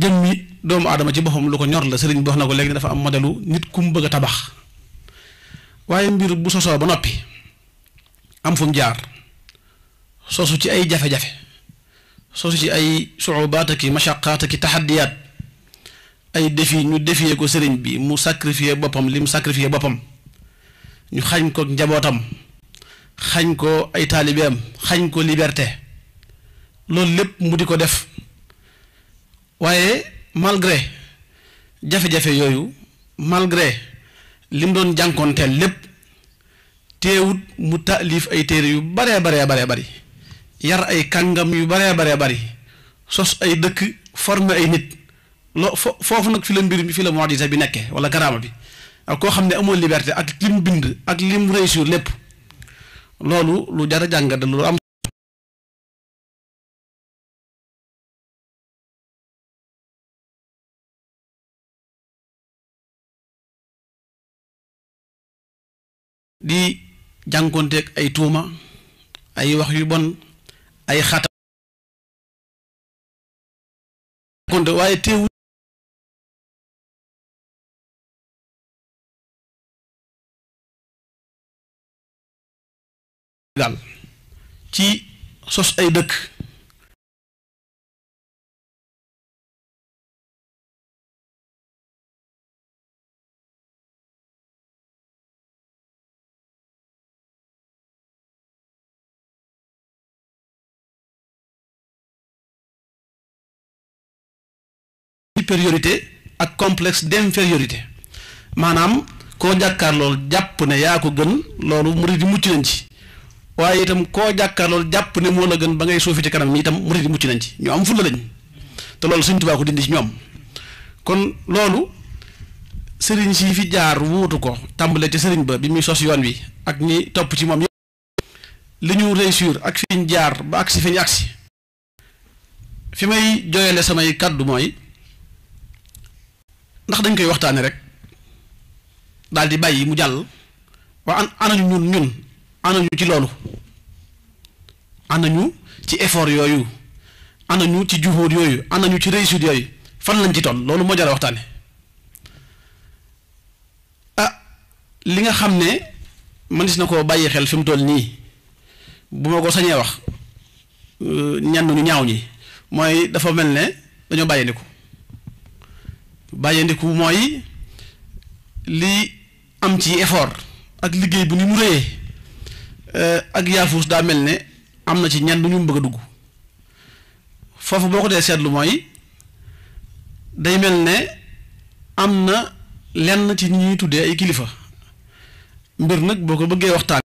F: jëmmi dom adama ci bofam lu ko ñor la Serigne bi wax na ko dafa am modelu nit kum bëgg tabax waye mbir bu soso ba nopi am fu mu jaar sosu ci ay jafe-jafe sosu ci ay su'ubataki ak tahaddiyat ay défi ñu défier ko sëriñ bi mu sacrifier boppam li mu sacrifier boppam ñu xañ ko njabootam xañ ko ay taalibeem xañ ko liberté loolu lépp mu di ko def waaye malgré jafe-jafe yooyu malgré li mu doon jànkoonteel lépp teewut mu taalif ay téere yu baree baree baree bari yar ay kàngam yu baree baree bari sos ay dëkk former ay nit loo fo foofu nag fi la mbir mi fi la mujiza bi nekke wala karaama bi ak koo xam ne amoo liberté ak lim bind ak lim réussir lépp
D: loolu lu jar jàngat di jànkonteeg ay tuuma ay wax yu bon ay xata Sénégal ay dëkk ak complex d'infériorité maanaam koo jàkkaar lool jàpp ne yaa ko gën loolu murid
F: yi mucc nañ ci waye itam koo jàkkaarlool japp ne mo la gën ba ngay soofi ci kanam ni itam murid yi mucc nañ ci ñu am fulla lañ te loolu Sëñ touba ko dindi ci ñom kon lolou sëriñ ci fi jaar wootu ko tambale ci sëriñ ba bi mi sos yoon wi ak ni top ci mom li ñu réussir ak fi ñu jaar ba agsi fi ñu fi may joyele samay kaddu moy ndax dañ koy waxtane rek daldi bayyi mu jall wa an anañu ñun ñun anañu ci loolu anañu ci effort yooyu anañu ci juhóor yooyu anañu ci réussite yooyu fan lañ ci toll loolu moo jara waxtaane ah li nga xam ne manis na koo bàyyi xel fi mu toll nii bu ma ko sañee wax euh, ñenn ñu ñaaw ñi mooy dafa mel ne dañoo bàyyandiku bàyyandiku mooy li am ci effort ak liggéey bu ni mu rëyee Euh, ak yaafuus daa mel ne am na ci ñenn ñu mu bëgg a dugg foofu boo ko dee seetlu mooy day mel ne am
D: na lenn ci ñi ñuy tuddee ay kilifa mbir nag boo ko bëggee waxtaan.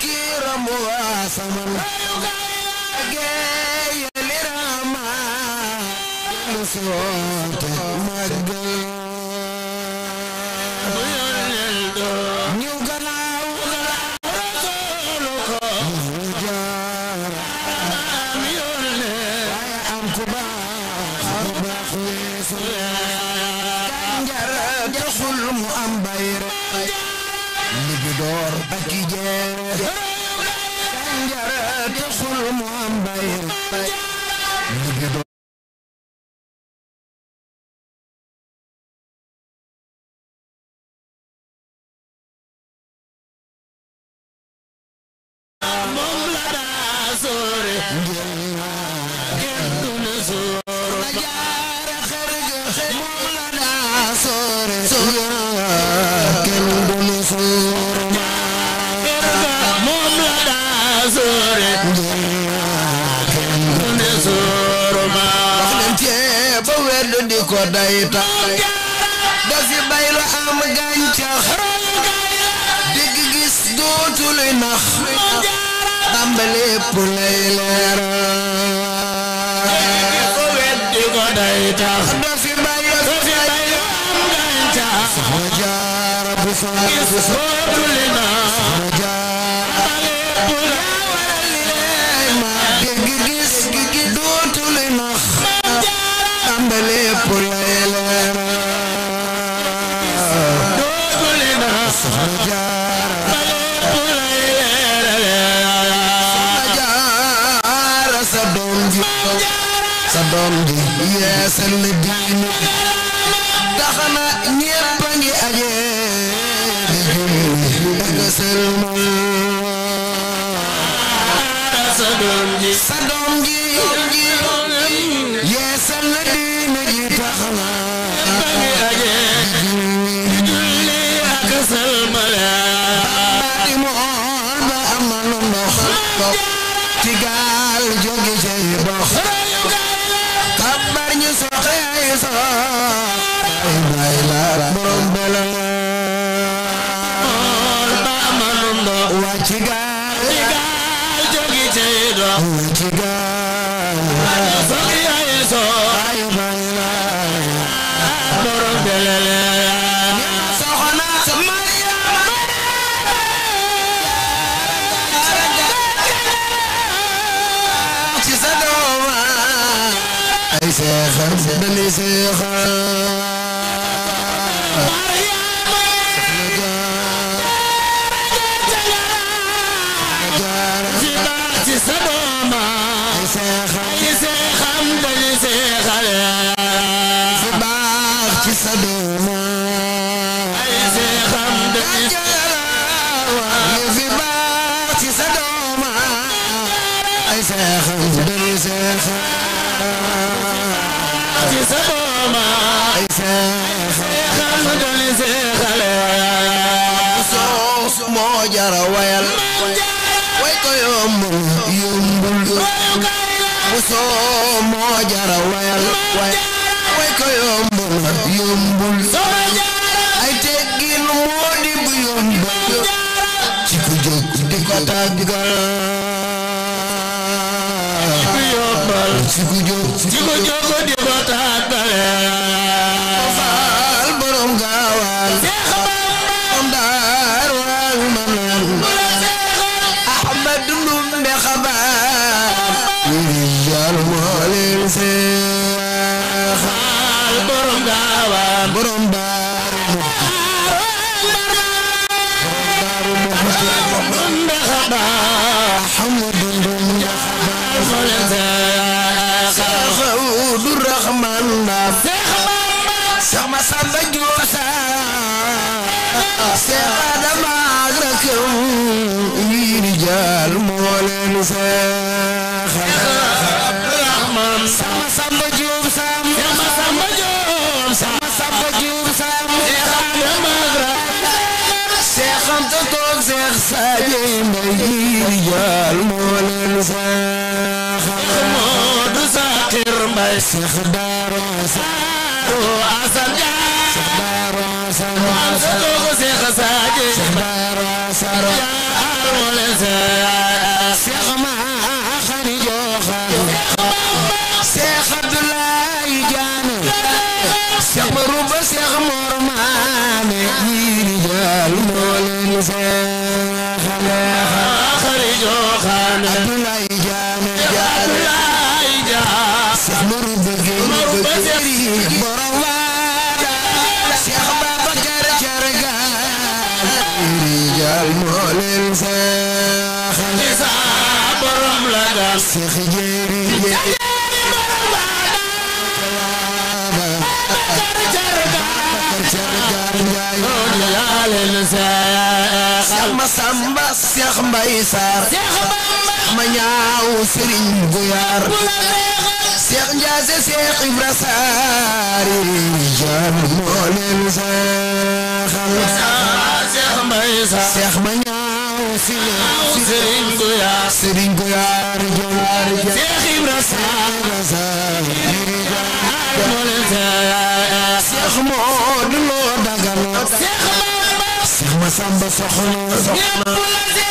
D: كرم وثمن
C: doom ji sa doom ji yeesal na diine tax na ñépp a ngi di julli ak sëlmal sa doom ji waaye way ko yombul yombul ay teggin moo di bu yombul ci ku jóg di ko Claro. mbay saar ma ñaaw sëriñ guyaar seex njaase seex ibra saari jaar moo leen saaxal seex mbay saar seex ma ñaaw sëriñ guyaar sëriñ guyaar jaar seex ibra saari jaar moo leen saaxal seex moo duloo dagal seex ma samba soxna soxna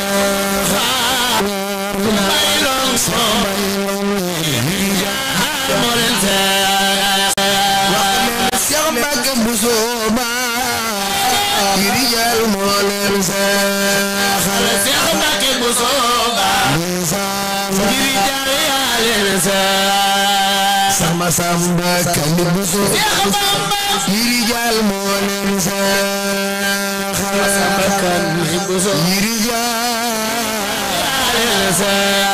C: yirijaal moo leen saaxal yirijaal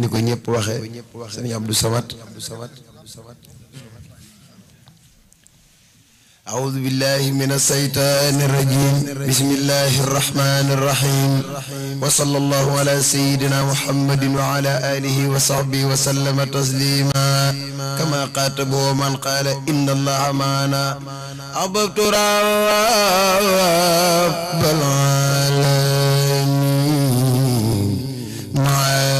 H: ni ñëpp waxee sëñ Abdou Samad أعوذ بالله من الشيطان الرجيم بسم الله الرحمن الرحيم وصلى الله على سيدنا محمد وعلى آله وصحبه وسلم تسليما كما قاتبه من قال إن الله معنا أببت رب العالمين معنا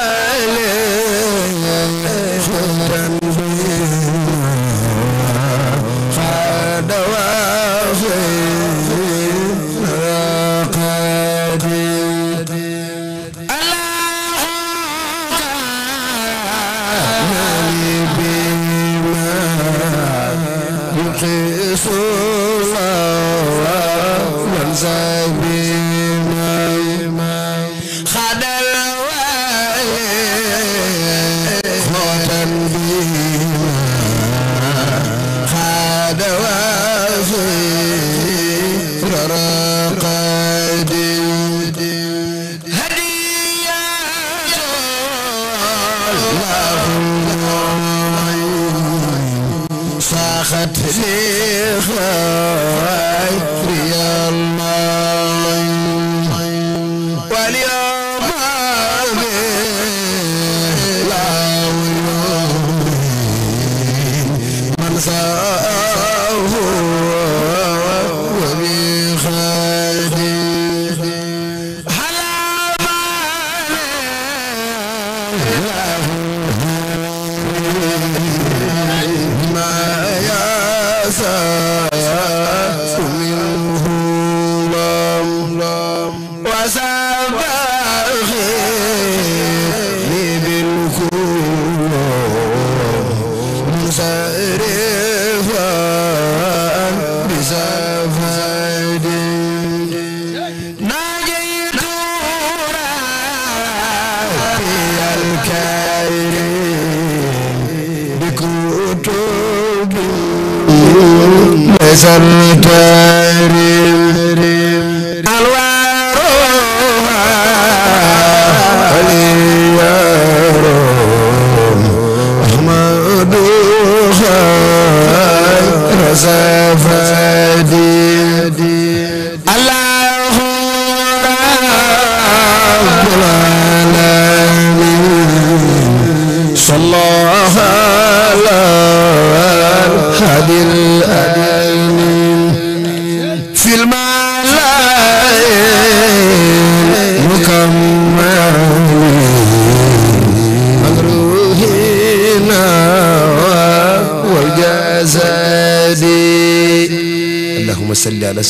H: There's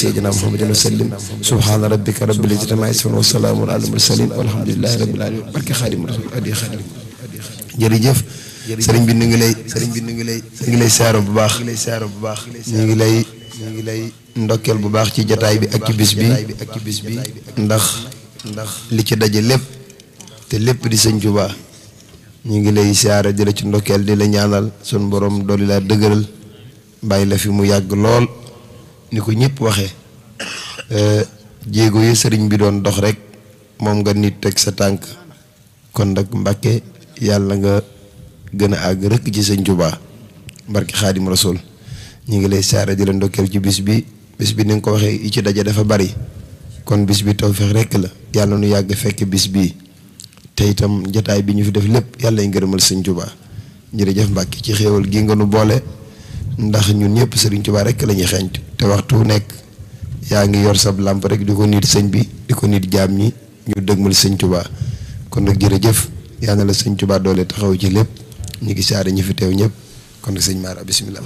H: سيدنا محمد وسلم سبحان ربك رب العزة عما يصفون وسلام على المرسلين والحمد لله رب العالمين barke Xaadimu Rasuul adi sëriñ bi ñu ngi lay sëriñ bi ñu ngi lay ñu ngi saaro bu baax ñu ngi lay saaro bu baax ñu ngi lay ñu ngi ndokkeel bu baax ci jataay bi ak ci bis bi ak ci bis bi ndax ndax li ci daje lépp te lépp di sëñ Tuubaa ñu ngi lay saara di ci ndokkeel di la ñaanal sun borom dooli laa dëgëral bàyyi la fi mu yàgg lool ni ko ñëpp waxee euh, jéego yi sëriñ bi doon dox rek moom nga nit teg sa tànk kon nag Mbàkke yàlla nga gën a àgg rëkk ci sëñ Tuubaa mbarki xaadim rasul ñu ngi lay saara di la ndokkeel ci bis bi bis bi ni nga ko waxee yi ci daje dafa bari kon bis bi tawfeex rekk la yàlla nu yàgg fekk bis bii te itam jataay bi ñu fi def lépp yàlla ñu gërëmal sëñ Tuubaa jërëjëf Mbàkke ci xéewal gi nga nu boole ndax ñun ñëpp Serigne Touba rek lañuy ñuy té waxtu nekk yaangi yor sab lamp rek diko nit sëñ bi diko nit jamm ñi ñu dëgmal sëñ Touba kon nak jërëjëf yal na la sëñ Touba doole taxaw ci lepp ñi gi saare ñi fi tew ñëpp kon nag sëñ Mara bisimilah.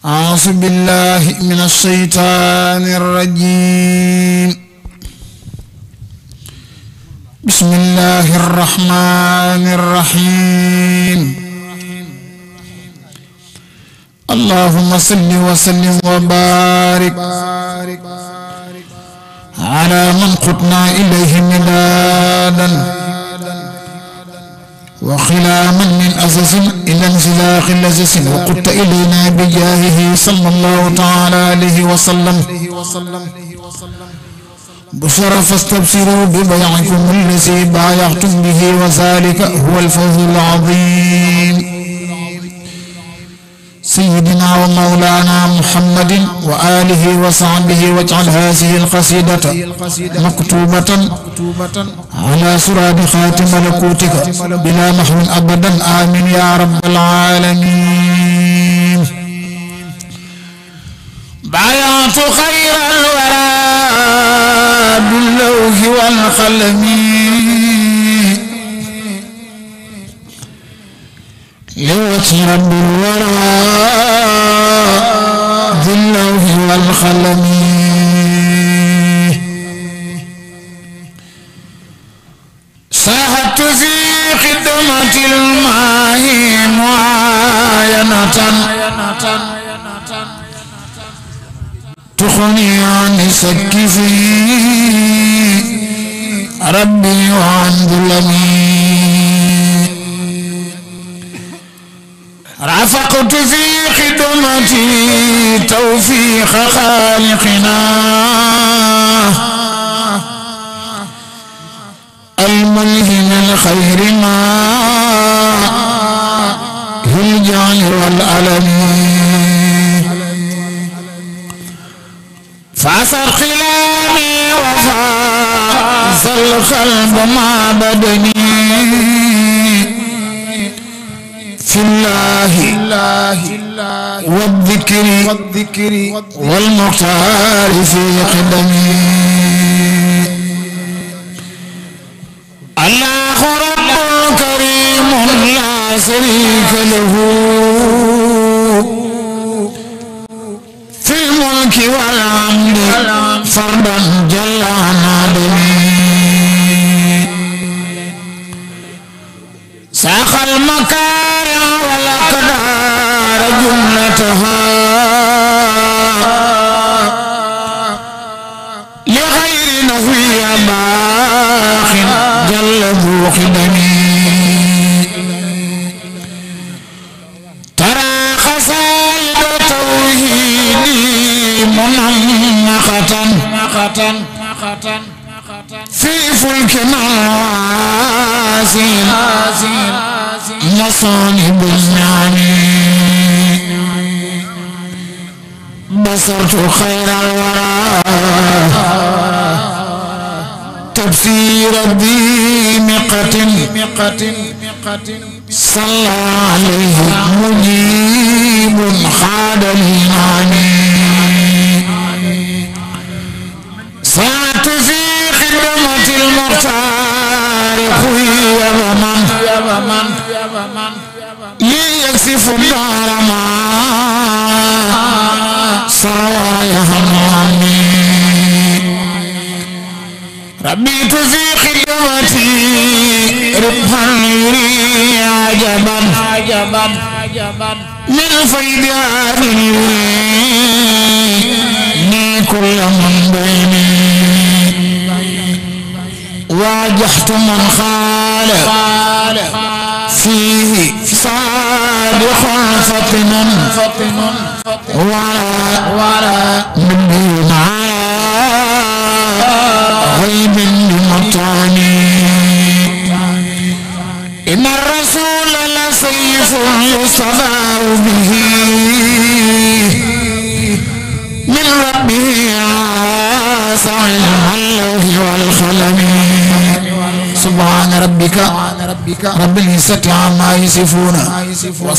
C: أعوذ بالله من الشيطان الرجيم بسم الله الرحمن الرحيم اللهم صل وسلم وبارك على من قطنا إليه مدادا وخلا من من أزز إلى انزلاق لزس وقدت إلينا بجاهه صلى الله تعالى عليه وسلم بشرى فاستبشروا ببيعكم الذي بايعتم به وذلك هو الفوز العظيم سيدنا ومولانا محمد وآله وصحبه واجعل هذه القصيدة مكتوبة على سراب خاتم ملكوتك بلا محو أبدا آمين يا رب العالمين بايعت خير العالمين لوجه رب العالمين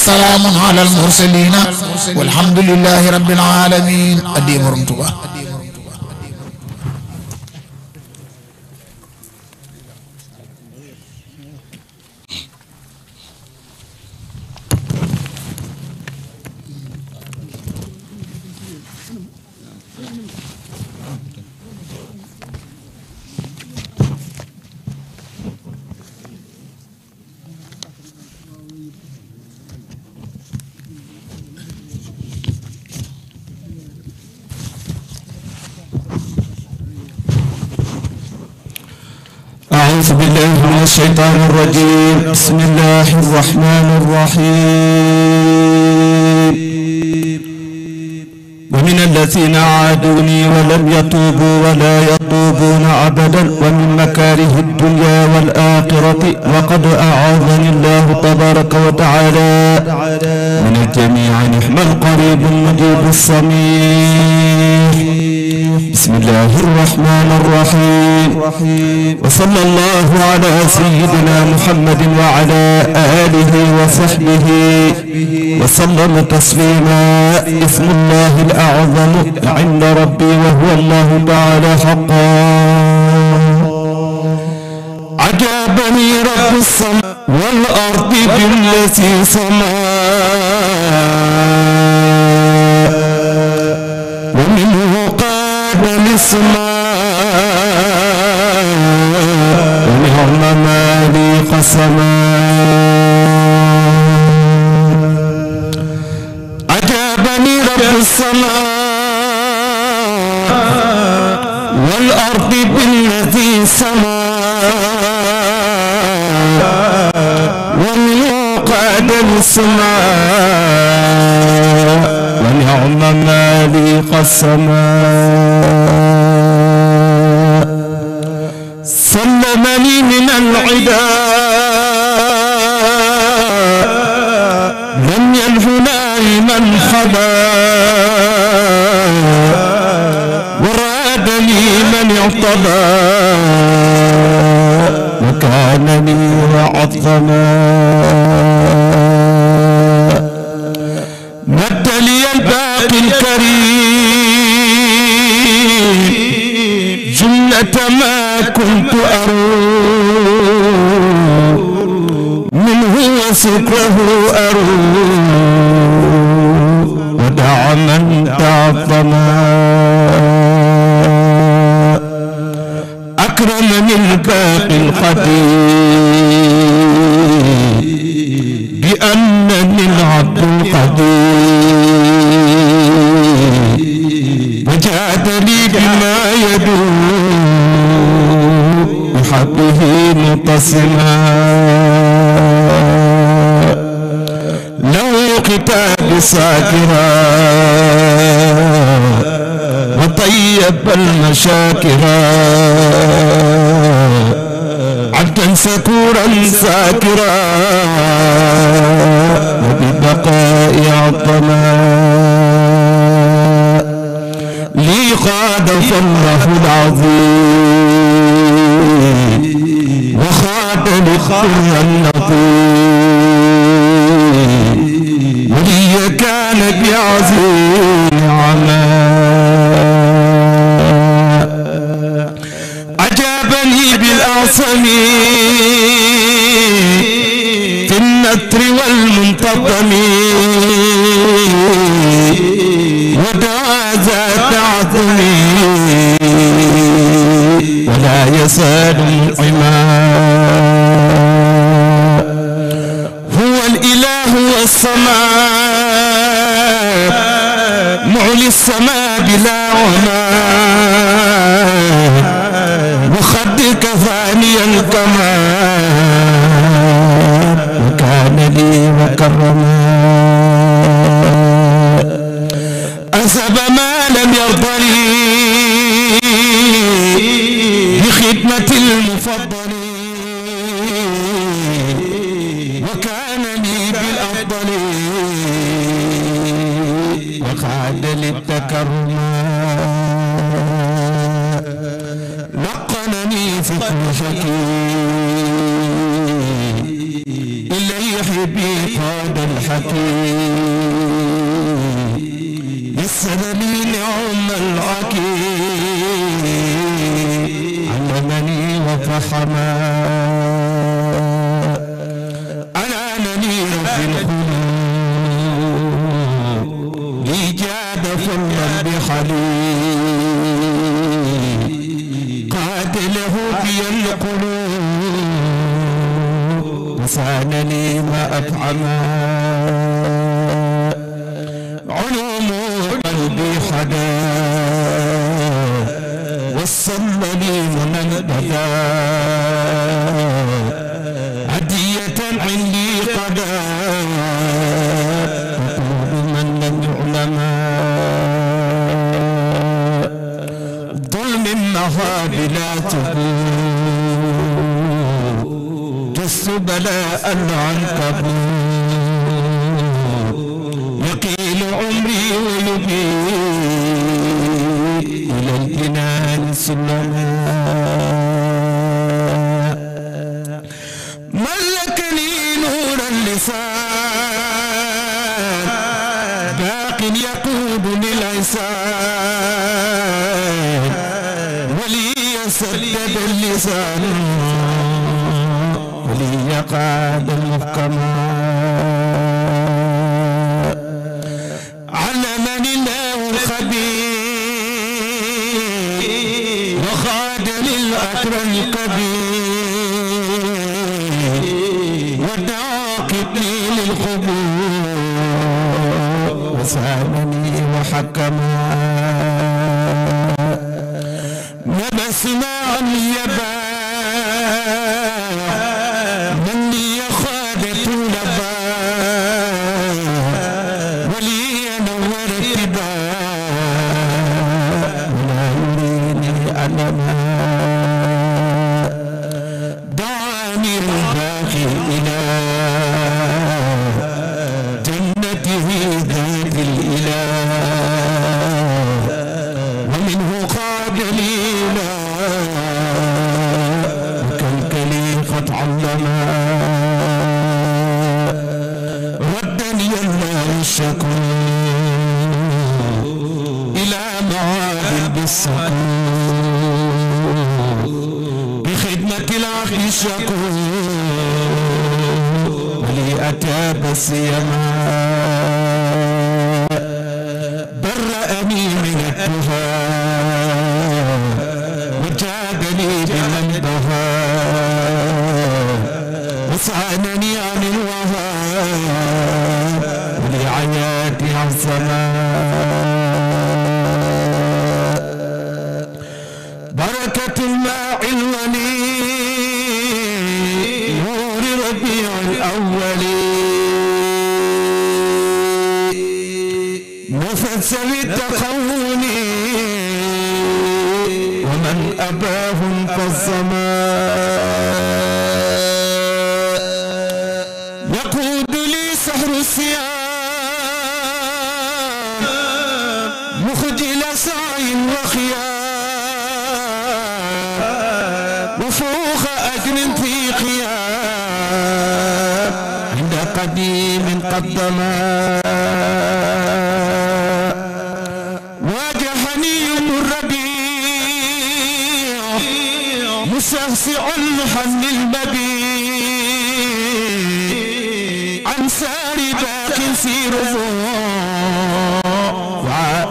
G: وسلام على المرسلين والحمد لله رب العالمين أدي
A: مرمتوا
C: الرحمن الرحيم ومن الذين عادوني ولم يتوبوا ولا يتوبون أبدا ومن مكاره الدنيا والآخرة وقد أعاذني الله تبارك وتعالى من الجميع نحن القريب المجيب الصميم بسم الله الرحمن الرحيم وصلى الله على سيدنا محمد وعلى آله وصحبه وسلم تسليما اسم الله الأعظم عند ربي وهو الله تعالى حقا عجبني رب السماء والأرض بالتي سماه شكره أروم ودع من تعظما أكرم من باقي القدير الساكرات وطيب المشاكرة عبدا سكورا ساكرا وببقاء عظماء لي قاد فالله العظيم وخاد لخير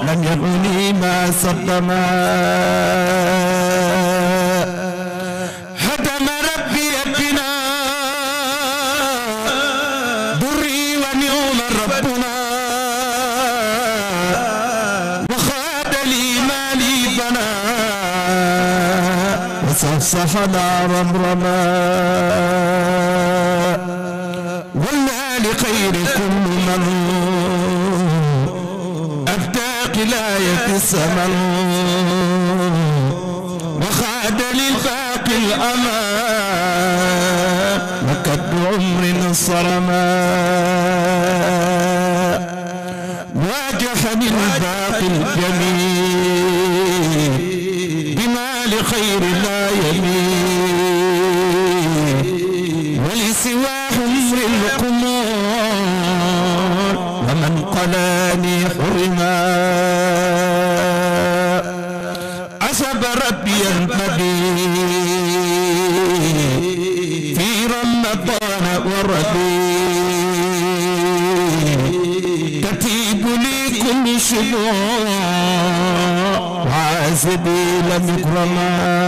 C: لم يبني ما صدما هدم ربي ابنا بري ونعم ربنا وخاد لي مالي بنا وصفصف نارا رمى Ulama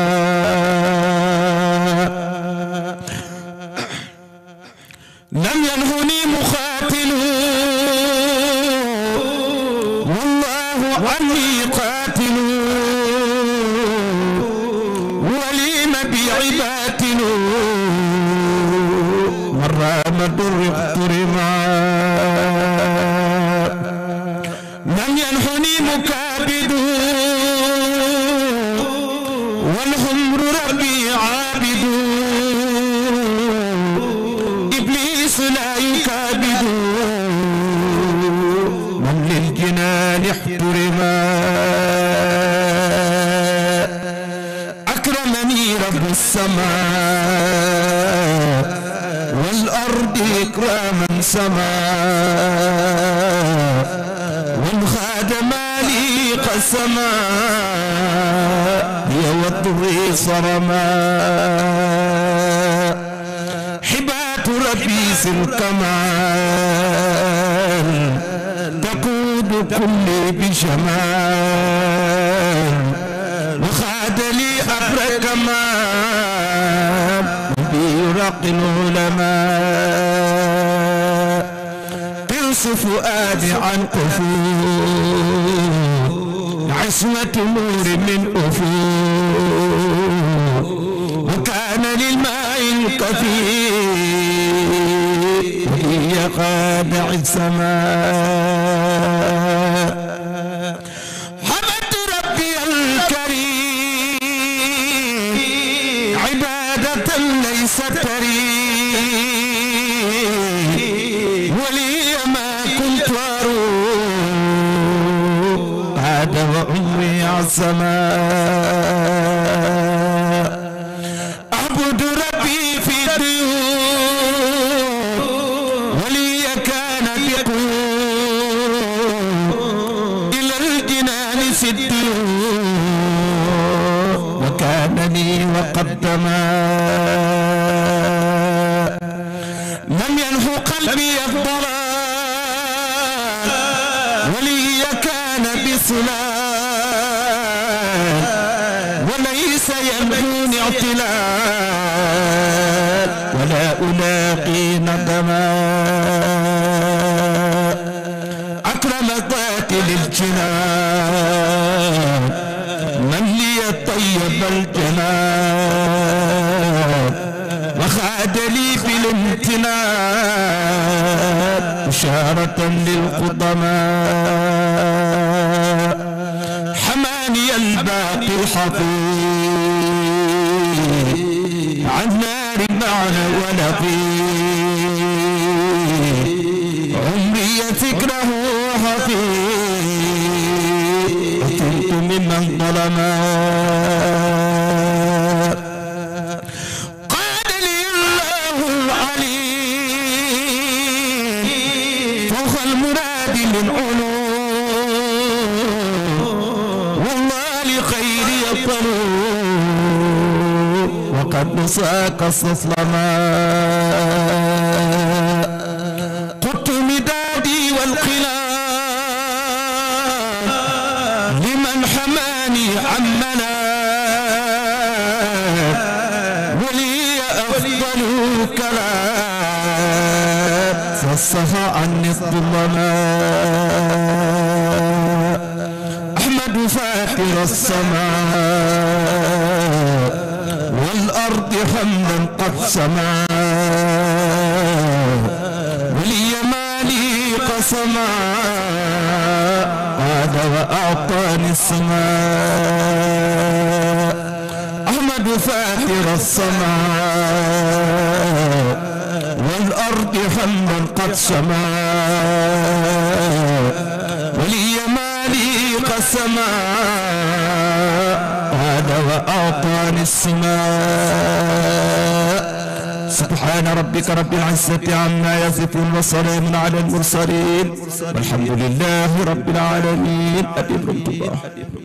C: المرسلين والحمد لله رب العالمين أبي الله